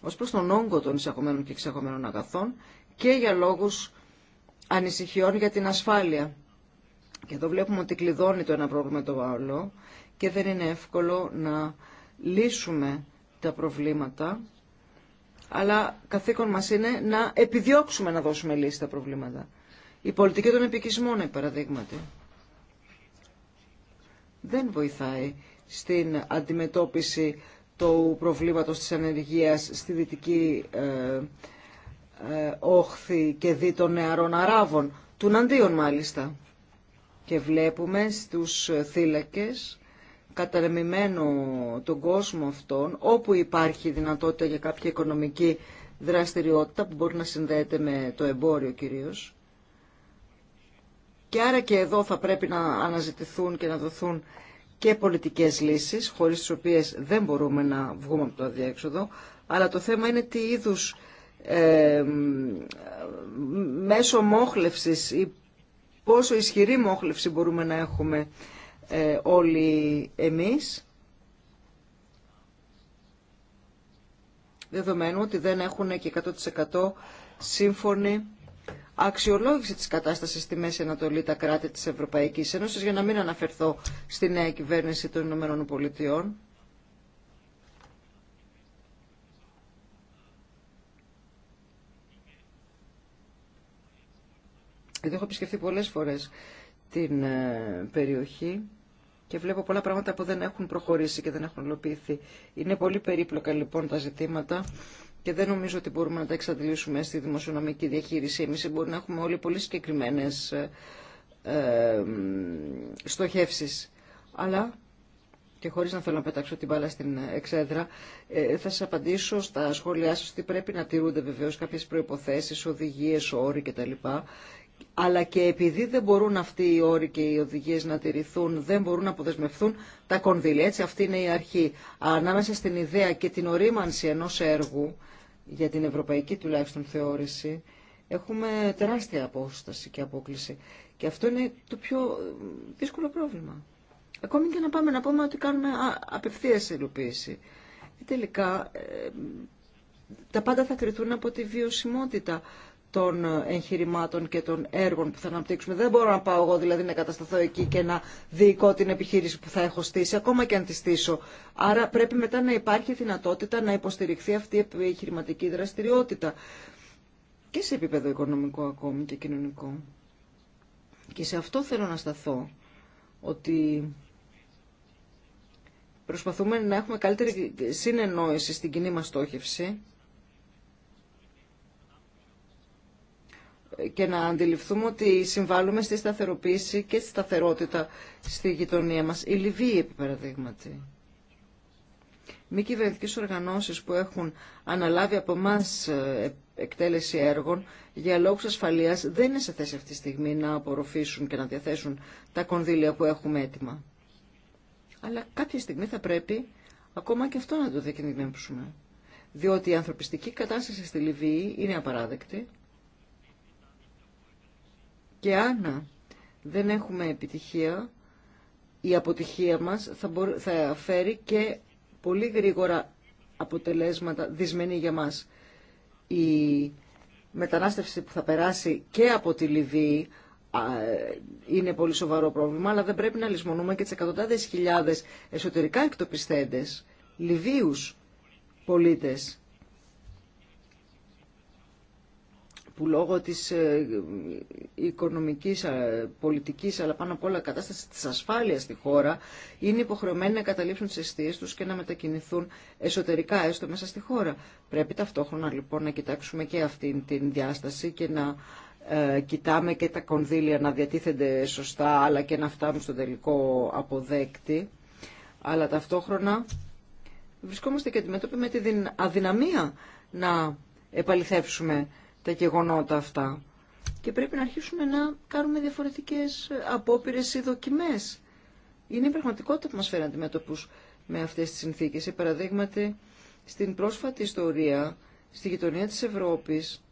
ως προς τον όγκο των εισαγωμένων και εξαγωμένων αγαθών και για λόγους ανησυχιών για την ασφάλεια. Και εδώ βλέπουμε ότι κλειδώνει το ένα πρόβλημα το άλλο και δεν είναι εύκολο να λύσουμε τα προβλήματα, αλλά καθήκον μας είναι να επιδιώξουμε να δώσουμε λύση στα προβλήματα. Η πολιτική των επικισμών, είναι παραδείγματι, δεν βοηθάει στην αντιμετώπιση του προβλήματος της ανεργίας στη δυτική ε, ε, όχθη και δι των νεαρών Αράβων, του Ναντίον μάλιστα. Και βλέπουμε στους θύλακες καταρρεμημένο τον κόσμο αυτόν, όπου υπάρχει δυνατότητα για κάποια οικονομική δραστηριότητα που μπορεί να συνδέεται με το εμπόριο κυρίως. Και άρα και εδώ θα πρέπει να αναζητηθούν και να δοθούν και πολιτικές λύσεις, χωρίς τις οποίες δεν μπορούμε να βγούμε από το αδιέξοδο, αλλά το θέμα είναι τι είδους ε, μέσω μόχλευσης ή πόσο ισχυρή μόχλευση μπορούμε να έχουμε ε, όλοι εμείς. Δεδομένου ότι δεν έχουν και 100% σύμφωνη αξιολόγηση της κατάστασης στη Μέση Ανατολή τα κράτη της Ευρωπαϊκής Ένωσης για να μην αναφερθώ στη νέα κυβέρνηση των Ηνωμένων Πολιτειών. Γιατί έχω επισκεφθεί πολλές φορές την ε, περιοχή και βλέπω πολλά πράγματα που δεν έχουν προχωρήσει και δεν έχουν ολοποιηθεί. Είναι πολύ περίπλοκα λοιπόν τα ζητήματα και δεν νομίζω ότι μπορούμε να τα εξαντλήσουμε στη δημοσιονομική διαχείριση. Εμείς μπορούμε να έχουμε όλοι πολύ συγκεκριμένε ε, ε στοχεύσεις. Αλλά, και χωρίς να θέλω να πετάξω την μπάλα στην ε, εξέδρα, ε, θα σας απαντήσω στα σχόλιά σας ότι πρέπει να τηρούνται βεβαίως κάποιες προϋποθέσεις, οδηγίες, όροι κτλ αλλά και επειδή δεν μπορούν αυτοί οι όροι και οι οδηγίε να τηρηθούν, δεν μπορούν να αποδεσμευθούν τα κονδύλια. Έτσι αυτή είναι η αρχή. Ανάμεσα στην ιδέα και την ορίμανση ενό έργου, για την ευρωπαϊκή τουλάχιστον θεώρηση, έχουμε τεράστια απόσταση και απόκληση. Και αυτό είναι το πιο ε, δύσκολο πρόβλημα. Ακόμη και να πάμε να πούμε ότι κάνουμε απευθεία υλοποίηση. Ε, τελικά ε, τα πάντα θα κρυθούν από τη βιωσιμότητα των εγχειρημάτων και των έργων που θα αναπτύξουμε. Δεν μπορώ να πάω εγώ δηλαδή να κατασταθώ εκεί και να διοικώ την επιχείρηση που θα έχω στήσει, ακόμα και αν τη στήσω. Άρα πρέπει μετά να υπάρχει δυνατότητα να υποστηριχθεί αυτή η επιχειρηματική δραστηριότητα και σε επίπεδο οικονομικό ακόμη και κοινωνικό. Και σε αυτό θέλω να σταθώ, ότι προσπαθούμε να έχουμε καλύτερη συνεννόηση στην κοινή μας στόχευση και να αντιληφθούμε ότι συμβάλλουμε στη σταθεροποίηση και στη σταθερότητα στη γειτονία μας. Η Λιβύη, επί παραδείγματι. Μη κυβερνητικέ οργανώσεις που έχουν αναλάβει από εμά ε, εκτέλεση έργων για λόγους ασφαλείας δεν είναι σε θέση αυτή τη στιγμή να απορροφήσουν και να διαθέσουν τα κονδύλια που έχουμε έτοιμα. Αλλά κάποια στιγμή θα πρέπει ακόμα και αυτό να το διακινδυνεύσουμε. Διότι η ανθρωπιστική κατάσταση στη Λιβύη είναι απαράδεκτη και αν δεν έχουμε επιτυχία, η αποτυχία μας θα, θα φέρει και πολύ γρήγορα αποτελέσματα δυσμενή για μας. Η μετανάστευση που θα περάσει και από τη Λιβύη είναι πολύ σοβαρό πρόβλημα, αλλά δεν πρέπει να λησμονούμε και τις εκατοντάδες χιλιάδες εσωτερικά εκτοπιστέντες, Λιβύους πολίτες, που λόγω της ε, οικονομικής, ε, πολιτικής αλλά πάνω απ' όλα κατάστασης της ασφάλειας στη χώρα είναι υποχρεωμένοι να καταλήψουν τις αιστείες τους και να μετακινηθούν εσωτερικά έστω μέσα στη χώρα. Πρέπει ταυτόχρονα λοιπόν να κοιτάξουμε και αυτή την διάσταση και να ε, κοιτάμε και τα κονδύλια να διατίθενται σωστά αλλά και να φτάνουν στον τελικό αποδέκτη. Αλλά ταυτόχρονα βρισκόμαστε και αντιμέτωποι με την αδυναμία να επαληθεύσουμε τα γεγονότα αυτά. Και πρέπει να αρχίσουμε να κάνουμε διαφορετικές απόπειρες ή δοκιμές. Είναι η πραγματικότητα που μας φέρει αντιμέτωπους με αυτές τις συνθήκες. Παραδείγματι, στην πρόσφατη ιστορία, στη γειτονία της Ευρώπης,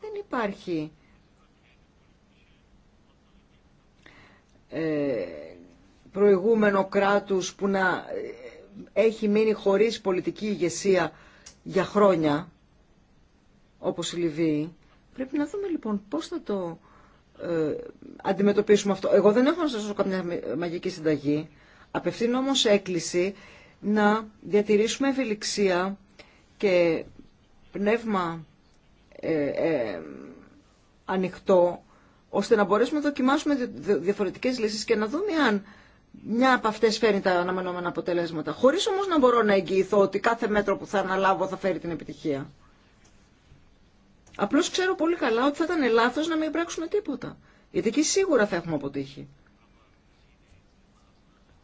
δεν υπάρχει ε, προηγούμενο κράτους που να ε, έχει μείνει χωρίς πολιτική ηγεσία για χρόνια όπως η Λιβύη. Πρέπει να δούμε λοιπόν πώς θα το ε, αντιμετωπίσουμε αυτό. Εγώ δεν έχω να σας δώσω καμιά μαγική συνταγή. Απευθύνω όμως έκκληση να διατηρήσουμε ευελιξία και πνεύμα ε, ε, ανοιχτό, ώστε να μπορέσουμε να δοκιμάσουμε διαφορετικές λύσεις και να δούμε αν μια από αυτές φέρνει τα αναμενόμενα αποτελέσματα. Χωρίς όμως να μπορώ να εγγυηθώ ότι κάθε μέτρο που θα αναλάβω θα φέρει την επιτυχία. Απλώ ξέρω πολύ καλά ότι θα ήταν λάθος να μην πράξουμε τίποτα. Γιατί εκεί σίγουρα θα έχουμε αποτύχει.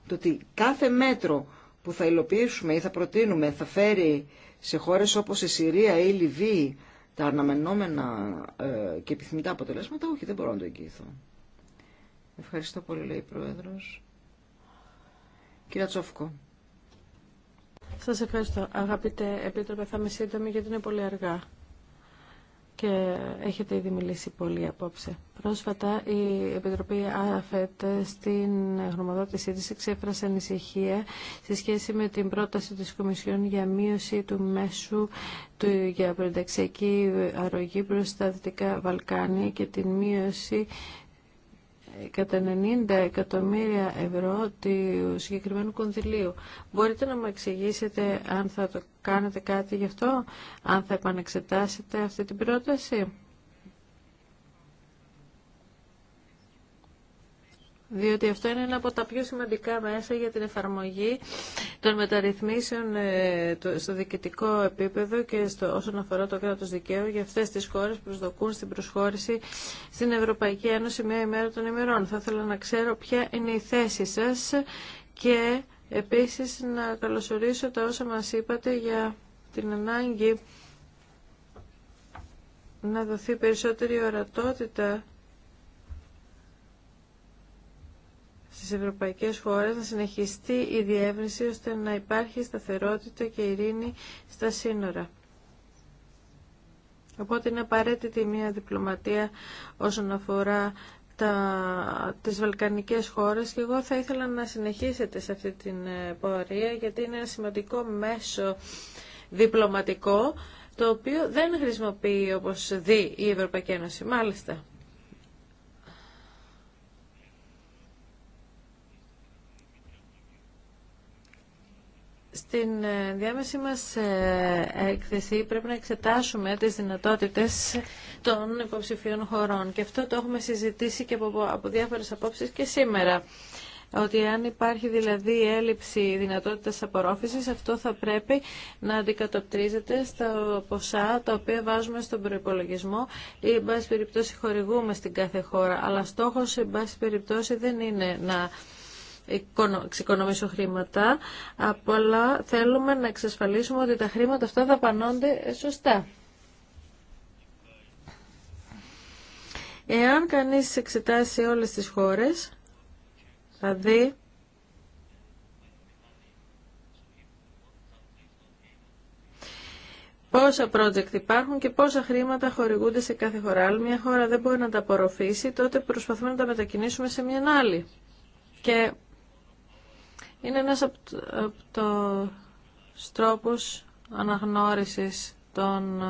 Το ότι κάθε μέτρο που θα υλοποιήσουμε ή θα προτείνουμε θα φέρει σε χώρες όπως η Συρία σε χώρε οπως η Λιβύη τα αναμενόμενα ε, και επιθυμητά αποτελέσματα, όχι, δεν μπορώ να το εγγυηθώ. Ευχαριστώ πολύ, λέει η Πρόεδρος. Κύριε Τσόφκο. Σας ευχαριστώ. Αγαπητέ Επίτροπε, θα είμαι σύντομη γιατί είναι πολύ αργά και έχετε ήδη μιλήσει πολύ απόψε. Πρόσφατα η Επιτροπή ΑΦΕΤ στην γνωμοδότησή της εξέφρασε ανησυχία σε σχέση με την πρόταση της Κομισιόν για μείωση του μέσου του για προενταξιακή αρρωγή προς τα Δυτικά Βαλκάνια και την μείωση κατά 90 εκατομμύρια ευρώ του συγκεκριμένου κονδυλίου. Μπορείτε να μου εξηγήσετε αν θα το κάνετε κάτι γι' αυτό, αν θα επανεξετάσετε αυτή την πρόταση. διότι αυτό είναι ένα από τα πιο σημαντικά μέσα για την εφαρμογή των μεταρρυθμίσεων ε, στο διοικητικό επίπεδο και στο, όσον αφορά το κράτος δικαίου για αυτές τις χώρες που προσδοκούν στην προσχώρηση στην Ευρωπαϊκή Ένωση μια ημέρα των ημερών. Θα ήθελα να ξέρω ποια είναι η θέση σας και επίσης να καλωσορίσω τα όσα μας είπατε για την ανάγκη να δοθεί περισσότερη ορατότητα στις ευρωπαϊκές χώρες να συνεχιστεί η διεύρυνση ώστε να υπάρχει σταθερότητα και ειρήνη στα σύνορα. Οπότε είναι απαραίτητη μια διπλωματία όσον αφορά τα, τις βαλκανικές χώρες και εγώ θα ήθελα να συνεχίσετε σε αυτή την ε, πορεία γιατί είναι ένα σημαντικό μέσο διπλωματικό το οποίο δεν χρησιμοποιεί όπως δει η Ευρωπαϊκή Ένωση. Μάλιστα. Στην ε, διάμεση μας ε, έκθεση πρέπει να εξετάσουμε τις δυνατότητες των υποψηφίων χωρών και αυτό το έχουμε συζητήσει και από διάφορες απόψεις και σήμερα ότι αν υπάρχει δηλαδή έλλειψη δυνατότητας απορρόφησης, αυτό θα πρέπει να αντικατοπτρίζεται στα ποσά τα οποία βάζουμε στον προϋπολογισμό ή, εν πάση περιπτώσει, χορηγούμε στην κάθε χώρα. Αλλά στόχος, εν πάση περιπτώσει, δεν είναι να ξεκονομήσω χρήματα, αλλά θέλουμε να εξασφαλίσουμε ότι τα χρήματα αυτά δαπανώνται σωστά. Εάν κανείς εξετάσει όλες τις χώρες, θα δει πόσα project υπάρχουν και πόσα χρήματα χορηγούνται σε κάθε χώρα. Αν μια χώρα δεν μπορεί να τα απορροφήσει, τότε προσπαθούμε να τα μετακινήσουμε σε μια άλλη. Και είναι ένας από, από το στρόπους αναγνώρισης των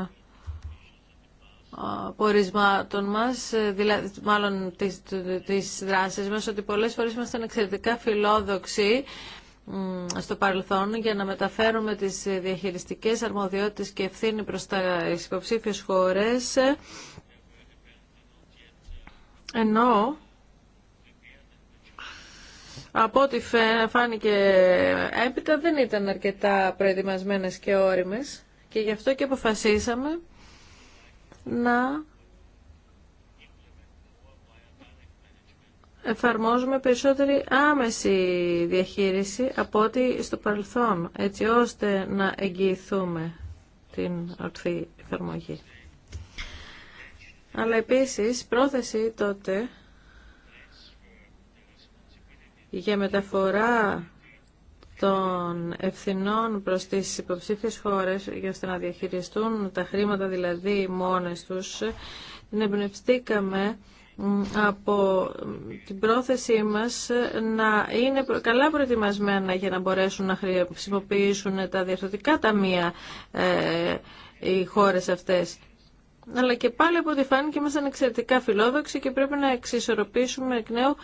πορισμάτων μας, δηλαδή μάλλον της, της δράσης μας, ότι πολλές φορές ήμασταν εξαιρετικά φιλόδοξοι στο παρελθόν για να μεταφέρουμε τις διαχειριστικές αρμοδιότητες και ευθύνη προς τα υποψήφιες χώρες ενώ από ό,τι φάνηκε έπειτα δεν ήταν αρκετά προετοιμασμένες και όριμες και γι' αυτό και αποφασίσαμε να εφαρμόζουμε περισσότερη άμεση διαχείριση από ό,τι στο παρελθόν, έτσι ώστε να εγγυηθούμε την ορθή εφαρμογή. Αλλά επίσης, πρόθεση τότε για μεταφορά των ευθυνών προς τις υποψήφιες χώρες για ώστε να διαχειριστούν τα χρήματα δηλαδή μόνες τους την εμπνευστήκαμε από την πρόθεσή μας να είναι καλά προετοιμασμένα για να μπορέσουν να χρησιμοποιήσουν τα διευθυντικά ταμεία ε, οι χώρες αυτές. Αλλά και πάλι από ό,τι φάνηκε ήμασταν εξαιρετικά φιλόδοξοι και πρέπει να εξισορροπήσουμε εκ νέου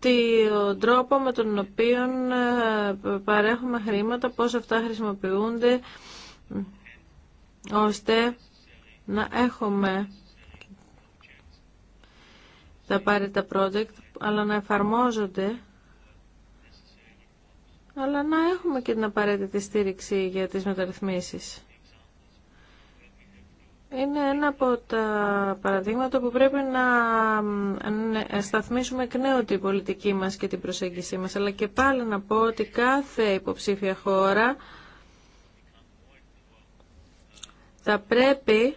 τον τρόπο με τον οποίο ε, παρέχουμε χρήματα, πώς αυτά χρησιμοποιούνται, ώστε να έχουμε τα απαραίτητα project, αλλά να εφαρμόζονται, αλλά να έχουμε και την απαραίτητη στήριξη για τις μεταρρυθμίσεις είναι ένα από τα παραδείγματα που πρέπει ναι, να σταθμίσουμε εκ νέου την πολιτική μας και την προσέγγιση μας. Αλλά και πάλι να πω ότι κάθε υποψήφια χώρα θα πρέπει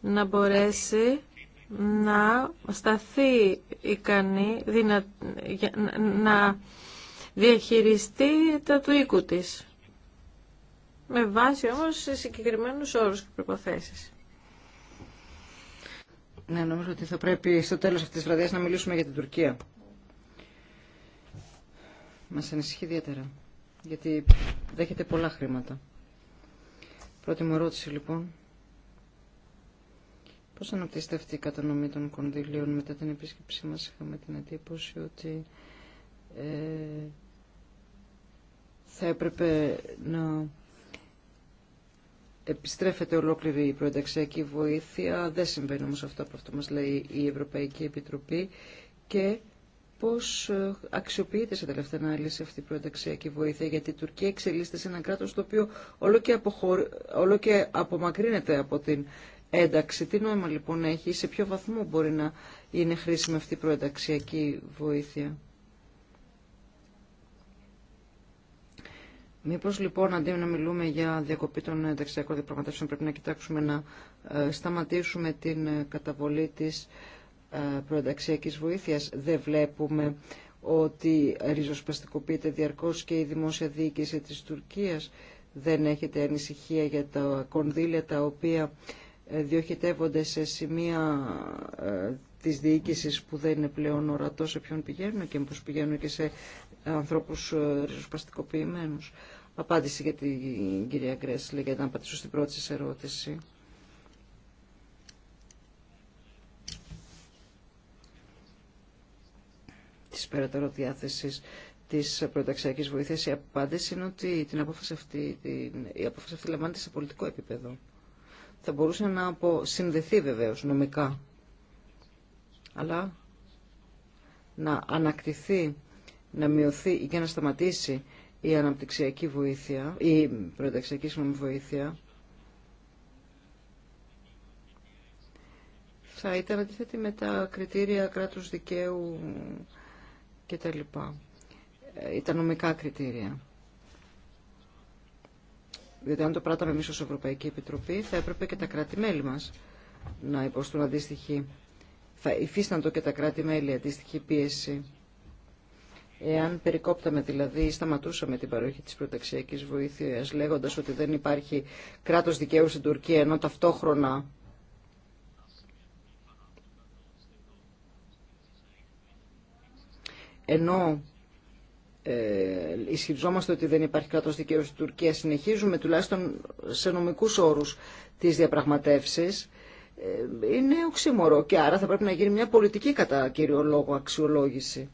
να μπορέσει να σταθεί ικανή, να διαχειριστεί τα του οίκου της με βάση όμως σε συγκεκριμένους όρους και προϋποθέσεις. Ναι, νομίζω ότι θα πρέπει στο τέλος αυτής της βραδιάς να μιλήσουμε για την Τουρκία. Μας ανησυχεί ιδιαίτερα, γιατί δέχεται πολλά χρήματα. Πρώτη μου ερώτηση λοιπόν. Πώς αναπτύσσεται αυτή η κατανομή των κονδυλίων μετά την επίσκεψή μας είχαμε την εντύπωση ότι ε, θα έπρεπε να επιστρέφεται ολόκληρη η προενταξιακή βοήθεια. Δεν συμβαίνει όμως αυτό που αυτό μας λέει η Ευρωπαϊκή Επιτροπή και πώς ε, αξιοποιείται σε τελευταία ανάλυση αυτή η προενταξιακή βοήθεια γιατί η Τουρκία εξελίσσεται σε ένα κράτος το οποίο όλο και, όλο και απομακρύνεται από την ένταξη. Τι νόημα λοιπόν έχει, σε ποιο βαθμό μπορεί να είναι χρήσιμη αυτή η προενταξιακή βοήθεια. Μήπω λοιπόν αντί να μιλούμε για διακοπή των ενταξιακών διαπραγματεύσεων πρέπει να κοιτάξουμε να ε, σταματήσουμε την ε, καταβολή της ε, προενταξιακής βοήθειας. Δεν βλέπουμε ότι ριζοσπαστικοποιείται διαρκώ και η δημόσια διοίκηση της Τουρκίας. Δεν έχετε ανησυχία για τα κονδύλια τα οποία διοχετεύονται σε σημεία της διοίκηση που δεν είναι πλέον ορατό σε ποιον πηγαίνουν και μήπω πηγαίνουν και σε ανθρώπους ριζοσπαστικοποιημένους απάντηση για την κυρία Γκρέσλη για να απαντήσω στην πρώτη σας ερώτηση. Της περαιτέρω διάθεση της πρωταξιακής βοήθειας η απάντηση είναι ότι την απόφαση αυτή, την, η απόφαση αυτή λαμβάνεται σε πολιτικό επίπεδο. Θα μπορούσε να αποσυνδεθεί βεβαίως νομικά, αλλά να ανακτηθεί, να μειωθεί ή και να σταματήσει η αναπτυξιακή βοήθεια, η προενταξιακή βοήθεια, θα ήταν αντίθετη με τα κριτήρια κράτους δικαίου και τα λοιπά. Ε, τα νομικά κριτήρια. Διότι αν το πράταμε εμείς ως Ευρωπαϊκή Επιτροπή θα έπρεπε και τα κράτη-μέλη μας να υποστούν αντίστοιχη, θα υφίσταν το και τα κράτη-μέλη αντίστοιχη πίεση Εάν περικόπταμε δηλαδή, σταματούσαμε την παροχή της προταξιακής βοήθειας λέγοντας ότι δεν υπάρχει κράτος δικαίου στην Τουρκία ενώ ταυτόχρονα ενώ ε, ισχυριζόμαστε ότι δεν υπάρχει κράτος δικαίου στην Τουρκία, συνεχίζουμε τουλάχιστον σε νομικούς όρους τις διαπραγματεύσεις, ε, είναι οξύμορο και άρα θα πρέπει να γίνει μια πολιτική κατά κύριο λόγο αξιολόγηση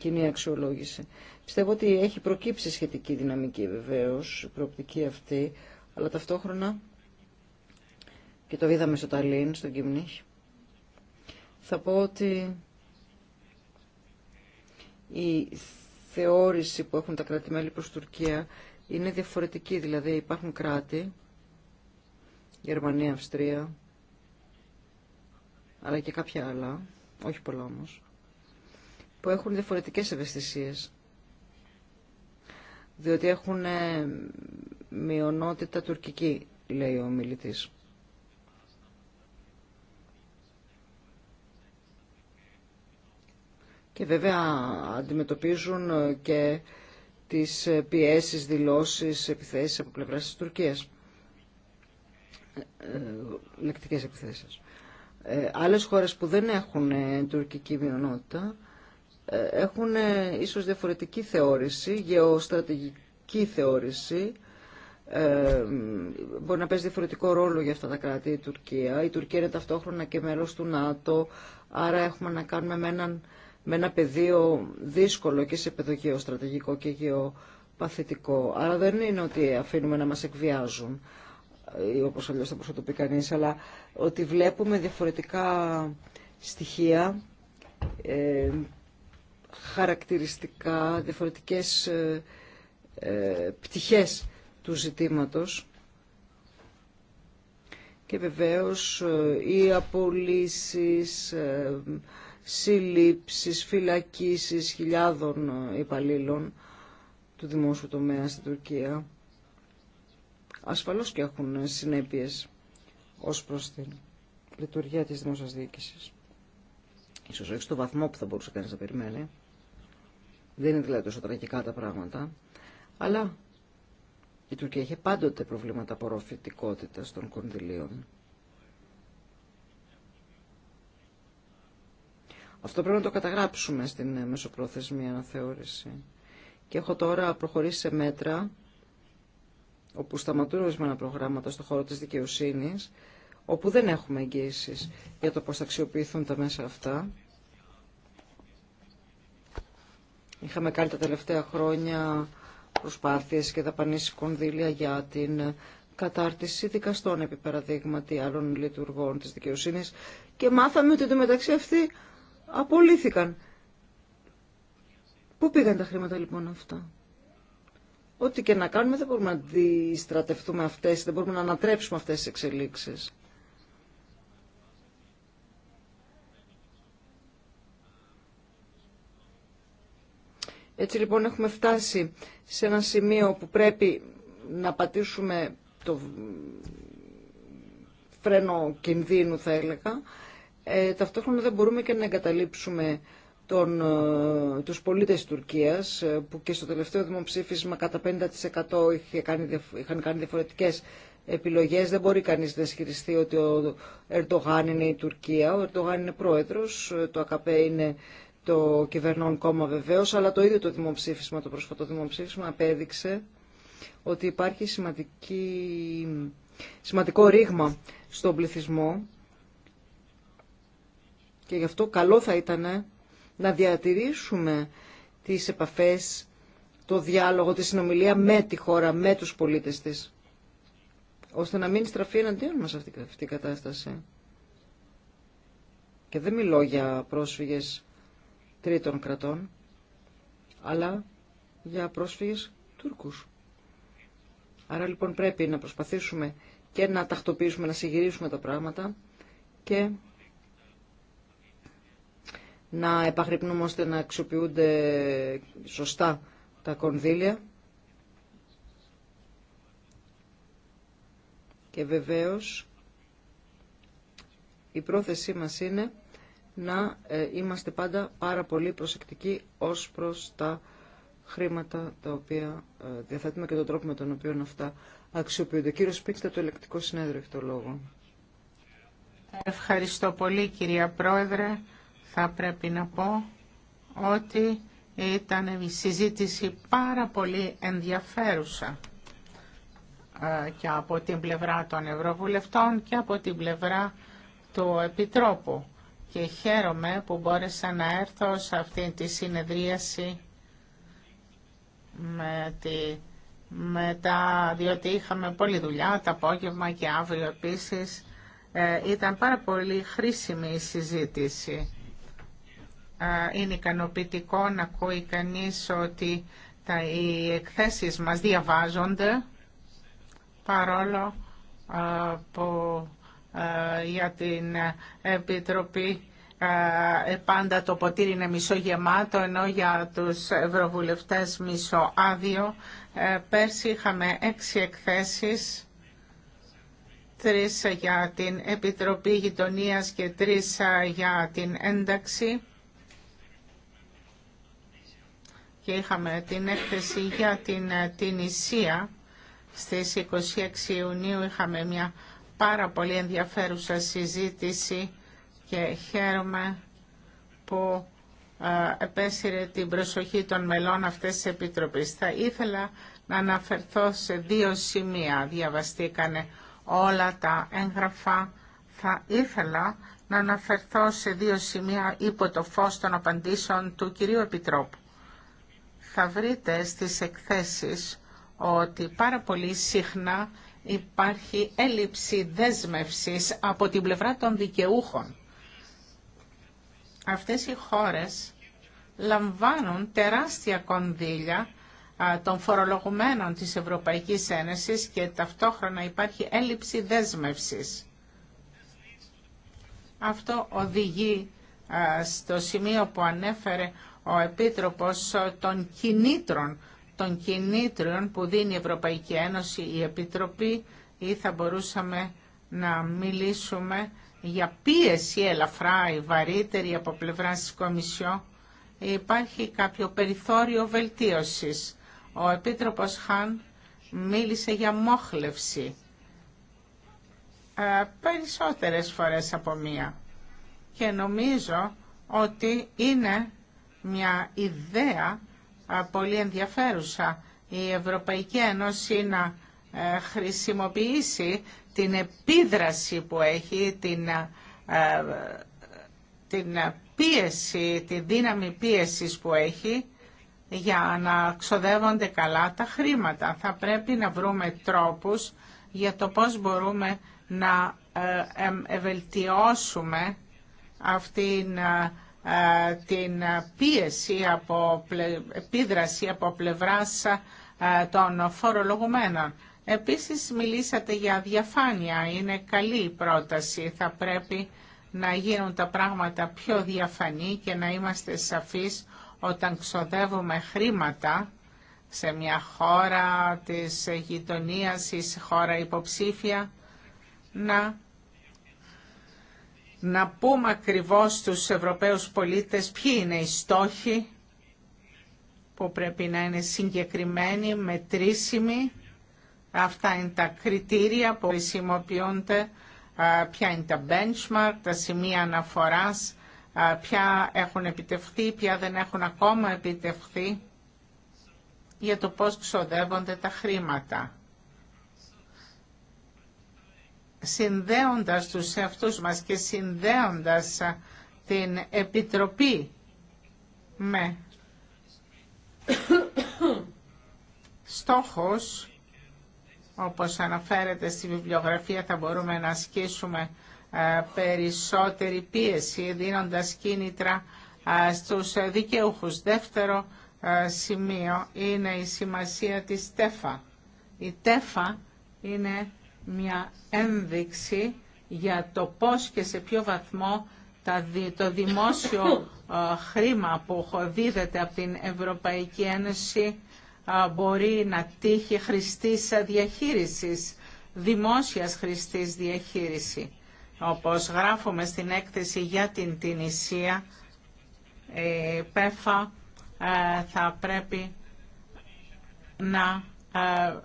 κοινή αξιολόγηση. Πιστεύω ότι έχει προκύψει σχετική δυναμική βεβαίως, η προοπτική αυτή, αλλά ταυτόχρονα και το είδαμε στο Ταλίν, στον Κιμνίχ, θα πω ότι η θεώρηση που έχουν τα κράτη-μέλη προς Τουρκία είναι διαφορετική, δηλαδή υπάρχουν κράτη, Γερμανία, Αυστρία, αλλά και κάποια άλλα, όχι πολλά όμως, που έχουν διαφορετικές ευαισθησίες. Διότι έχουν ε, μειονότητα τουρκική, λέει ο μιλητής. Και βέβαια αντιμετωπίζουν ε, και τις ε, πιέσεις, δηλώσεις, επιθέσεις από πλευράς της Τουρκίας. Λεκτικές επιθέσεις. Άλλες χώρες που δεν έχουν τουρκική μειονότητα έχουν ε, ίσως διαφορετική θεώρηση, γεωστρατηγική θεώρηση. Ε, μπορεί να παίζει διαφορετικό ρόλο για αυτά τα κράτη η Τουρκία. Η Τουρκία είναι ταυτόχρονα και μέλος του ΝΑΤΟ, άρα έχουμε να κάνουμε με, με ένα πεδίο δύσκολο και σε επίπεδο γεωστρατηγικό και γεωπαθητικό. Άρα δεν είναι ότι αφήνουμε να μας εκβιάζουν, ε, ή όπως αλλιώς θα το πει κανείς, αλλά ότι βλέπουμε διαφορετικά στοιχεία χαρακτηριστικά, διαφορετικές ε, ε, πτυχές του ζητήματος και βεβαίως ε, οι απολύσεις, ε, συλλήψεις, φυλακίσεις χιλιάδων υπαλλήλων του δημόσιου τομέα στην Τουρκία ασφαλώς και έχουν συνέπειες ως προς την λειτουργία της δημόσιας διοίκησης ίσως όχι στο βαθμό που θα μπορούσε κανεί να περιμένει. Δεν είναι δηλαδή τόσο τραγικά τα πράγματα. Αλλά η Τουρκία είχε πάντοτε προβλήματα απορροφητικότητα των κονδυλίων. Αυτό πρέπει να το καταγράψουμε στην μεσοπρόθεσμη αναθεώρηση. Και έχω τώρα προχωρήσει σε μέτρα όπου σταματούν ορισμένα προγράμματα στο χώρο της δικαιοσύνης όπου δεν έχουμε εγγύησεις για το πώς θα αξιοποιηθούν τα μέσα αυτά. Είχαμε κάνει τα τελευταία χρόνια προσπάθειες και δαπανίσει κονδύλια για την κατάρτιση δικαστών επί παραδείγματι άλλων λειτουργών της δικαιοσύνης και μάθαμε ότι το μεταξύ αυτοί απολύθηκαν. Πού πήγαν τα χρήματα λοιπόν αυτά. Ό,τι και να κάνουμε δεν μπορούμε να αντιστρατευτούμε αυτές, δεν μπορούμε να ανατρέψουμε αυτές τις εξελίξεις. Έτσι λοιπόν έχουμε φτάσει σε ένα σημείο που πρέπει να πατήσουμε το φρένο κινδύνου θα έλεγα. Ε, ταυτόχρονα δεν μπορούμε και να εγκαταλείψουμε τον, ε, τους πολίτες Τουρκίας ε, που και στο τελευταίο δημοψήφισμα κατά 50% είχε κάνει, είχαν κάνει διαφορετικές επιλογές. Δεν μπορεί κανείς να ισχυριστεί ότι ο Ερντογάν είναι η Τουρκία. Ο Ερντογάν είναι πρόεδρος, ε, το ΑΚΠ είναι το κυβερνών κόμμα βεβαίως, αλλά το ίδιο το δημοψήφισμα, το πρόσφατο δημοψήφισμα απέδειξε ότι υπάρχει σημαντική, σημαντικό ρήγμα στον πληθυσμό και γι' αυτό καλό θα ήταν να διατηρήσουμε τις επαφές, το διάλογο, τη συνομιλία με τη χώρα, με τους πολίτες της, ώστε να μην στραφεί εναντίον μας αυτή, αυτή η κατάσταση. Και δεν μιλώ για πρόσφυγες τρίτων κρατών, αλλά για πρόσφυγες Τούρκους. Άρα λοιπόν πρέπει να προσπαθήσουμε και να τακτοποιήσουμε, να συγκυρίσουμε τα πράγματα και να επαγρυπνούμε ώστε να αξιοποιούνται σωστά τα κονδύλια και βεβαίως η πρόθεσή μας είναι να ε, είμαστε πάντα πάρα πολύ προσεκτικοί ως προς τα χρήματα τα οποία ε, διαθέτουμε και τον τρόπο με τον οποίο αυτά αξιοποιούνται. Κύριο Σπίξτα, το ελεκτικό συνέδριο έχει το λόγο. Ευχαριστώ πολύ κυρία Πρόεδρε. Θα πρέπει να πω ότι ήταν η συζήτηση πάρα πολύ ενδιαφέρουσα ε, και από την πλευρά των Ευρωβουλευτών και από την πλευρά του Επιτρόπου και χαίρομαι που μπόρεσα να έρθω σε αυτή τη συνεδρίαση με τη, διότι είχαμε πολλή δουλειά το απόγευμα και αύριο επίσης. Ε, ήταν πάρα πολύ χρήσιμη η συζήτηση. Ε, είναι ικανοποιητικό να ακούει κανείς ότι τα, οι εκθέσεις μας διαβάζονται παρόλο ε, που ε, για την Επιτροπή ε, ε, πάντα το ποτήρι είναι μισό γεμάτο ενώ για τους ευρωβουλευτές άδειο. Πέρσι είχαμε έξι εκθέσεις, τρεις για την Επιτροπή Γειτονίας και τρεις για την ένταξη. Και είχαμε την έκθεση για την, την Ισία. Στις 26 Ιουνίου είχαμε μια πάρα πολύ ενδιαφέρουσα συζήτηση και χαίρομαι που επέσυρε την προσοχή των μελών αυτές της Επιτροπής. Θα ήθελα να αναφερθώ σε δύο σημεία. Διαβαστήκανε όλα τα έγγραφα. Θα ήθελα να αναφερθώ σε δύο σημεία υπό το φως των απαντήσεων του κυρίου Επιτρόπου. Θα βρείτε στις εκθέσεις ότι πάρα πολύ συχνά υπάρχει έλλειψη δέσμευσης από την πλευρά των δικαιούχων. Αυτές οι χώρες λαμβάνουν τεράστια κονδύλια των φορολογουμένων της Ευρωπαϊκής Ένωσης και ταυτόχρονα υπάρχει έλλειψη δέσμευσης. Αυτό οδηγεί στο σημείο που ανέφερε ο Επίτροπος των κινήτρων των κινήτρων που δίνει η Ευρωπαϊκή Ένωση, η Επιτροπή ή θα μπορούσαμε να μιλήσουμε για πίεση ελαφρά ή βαρύτερη από πλευρά της Κομισιό. Υπάρχει κάποιο περιθώριο βελτίωσης. Ο Επίτροπος Χαν μίλησε για μόχλευση ε, περισσότερες φορές από μία. Και νομίζω ότι είναι μια ιδέα πολύ ενδιαφέρουσα η Ευρωπαϊκή Ένωση να ε, χρησιμοποιήσει την επίδραση που έχει, την, ε, την πίεση, τη δύναμη πίεσης που έχει για να ξοδεύονται καλά τα χρήματα. Θα πρέπει να βρούμε τρόπους για το πώς μπορούμε να ε, ευελτιώσουμε αυτήν την πίεση από επίδραση από πλευράς των φορολογουμένων. Επίσης μιλήσατε για διαφάνεια. Είναι καλή η πρόταση. Θα πρέπει να γίνουν τα πράγματα πιο διαφανή και να είμαστε σαφείς όταν ξοδεύουμε χρήματα σε μια χώρα της γειτονίας ή σε χώρα υποψήφια να να πούμε ακριβώς στους Ευρωπαίους πολίτες ποιοι είναι οι στόχοι που πρέπει να είναι συγκεκριμένοι, μετρήσιμοι. Αυτά είναι τα κριτήρια που χρησιμοποιούνται, ποια είναι τα benchmark, τα σημεία αναφοράς, ποια έχουν επιτευχθεί, ποια δεν έχουν ακόμα επιτευχθεί για το πώς ξοδεύονται τα χρήματα συνδέοντας τους εαυτούς μας και συνδέοντας την Επιτροπή με στόχος, όπως αναφέρεται στη βιβλιογραφία θα μπορούμε να ασκήσουμε ε, περισσότερη πίεση δίνοντας κίνητρα ε, στους δικαιούχους. Δεύτερο ε, σημείο είναι η σημασία της ΤΕΦΑ. Η ΤΕΦΑ είναι μια ένδειξη για το πώς και σε ποιο βαθμό το δημόσιο (coughs) χρήμα που δίδεται από την Ευρωπαϊκή Ένωση μπορεί να τύχει χρηστής διαχείρισης, δημόσιας χρηστής διαχείριση. Όπως γράφουμε στην έκθεση για την Τινησία, η ε, ΠΕΦΑ ε, θα πρέπει να ε,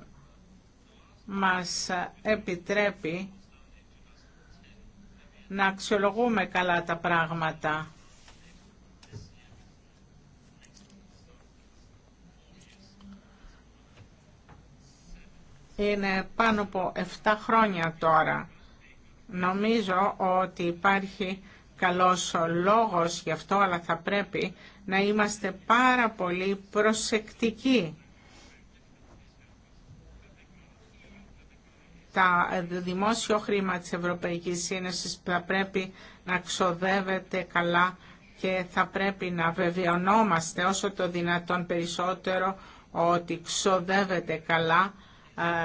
μας επιτρέπει να αξιολογούμε καλά τα πράγματα. Είναι πάνω από 7 χρόνια τώρα. Νομίζω ότι υπάρχει καλός λόγος γι' αυτό, αλλά θα πρέπει να είμαστε πάρα πολύ προσεκτικοί τα δημόσιο χρήμα της Ευρωπαϊκής Ένωσης θα πρέπει να ξοδεύεται καλά και θα πρέπει να βεβαιωνόμαστε όσο το δυνατόν περισσότερο ότι ξοδεύεται καλά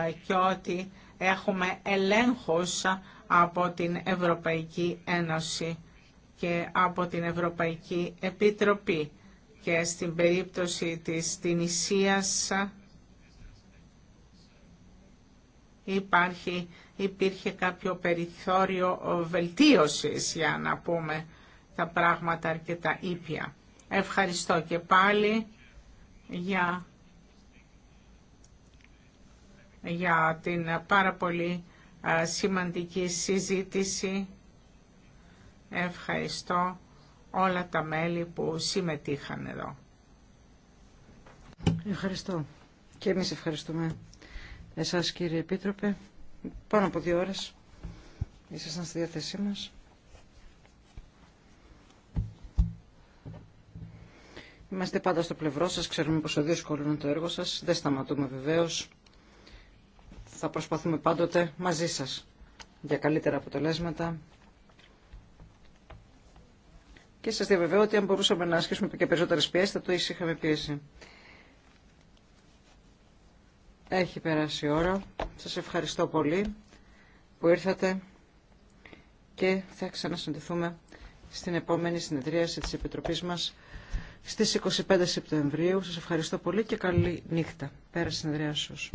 ε, και ότι έχουμε ελέγχους από την Ευρωπαϊκή Ένωση και από την Ευρωπαϊκή Επιτροπή και στην περίπτωση της Τινησίας υπάρχει, υπήρχε κάποιο περιθώριο βελτίωσης για να πούμε τα πράγματα αρκετά ήπια. Ευχαριστώ και πάλι για, για την πάρα πολύ σημαντική συζήτηση. Ευχαριστώ όλα τα μέλη που συμμετείχαν εδώ. Ευχαριστώ. Και εμείς ευχαριστούμε εσάς κύριε Επίτροπε. Πάνω από δύο ώρες ήσασταν στη διάθεσή μας. Είμαστε πάντα στο πλευρό σας, ξέρουμε πόσο δύσκολο είναι το έργο σας. Δεν σταματούμε βεβαίως. Θα προσπαθούμε πάντοτε μαζί σας για καλύτερα αποτελέσματα. Και σας διαβεβαιώ ότι αν μπορούσαμε να ασκήσουμε και περισσότερες πιέσεις θα το είχαμε πιέσει. Έχει περάσει η ώρα. Σας ευχαριστώ πολύ που ήρθατε και θα ξανασυντηθούμε στην επόμενη συνεδρίαση της Επιτροπής μας στις 25 Σεπτεμβρίου. Σας ευχαριστώ πολύ και καλή νύχτα. Πέρα συνεδριάσεως.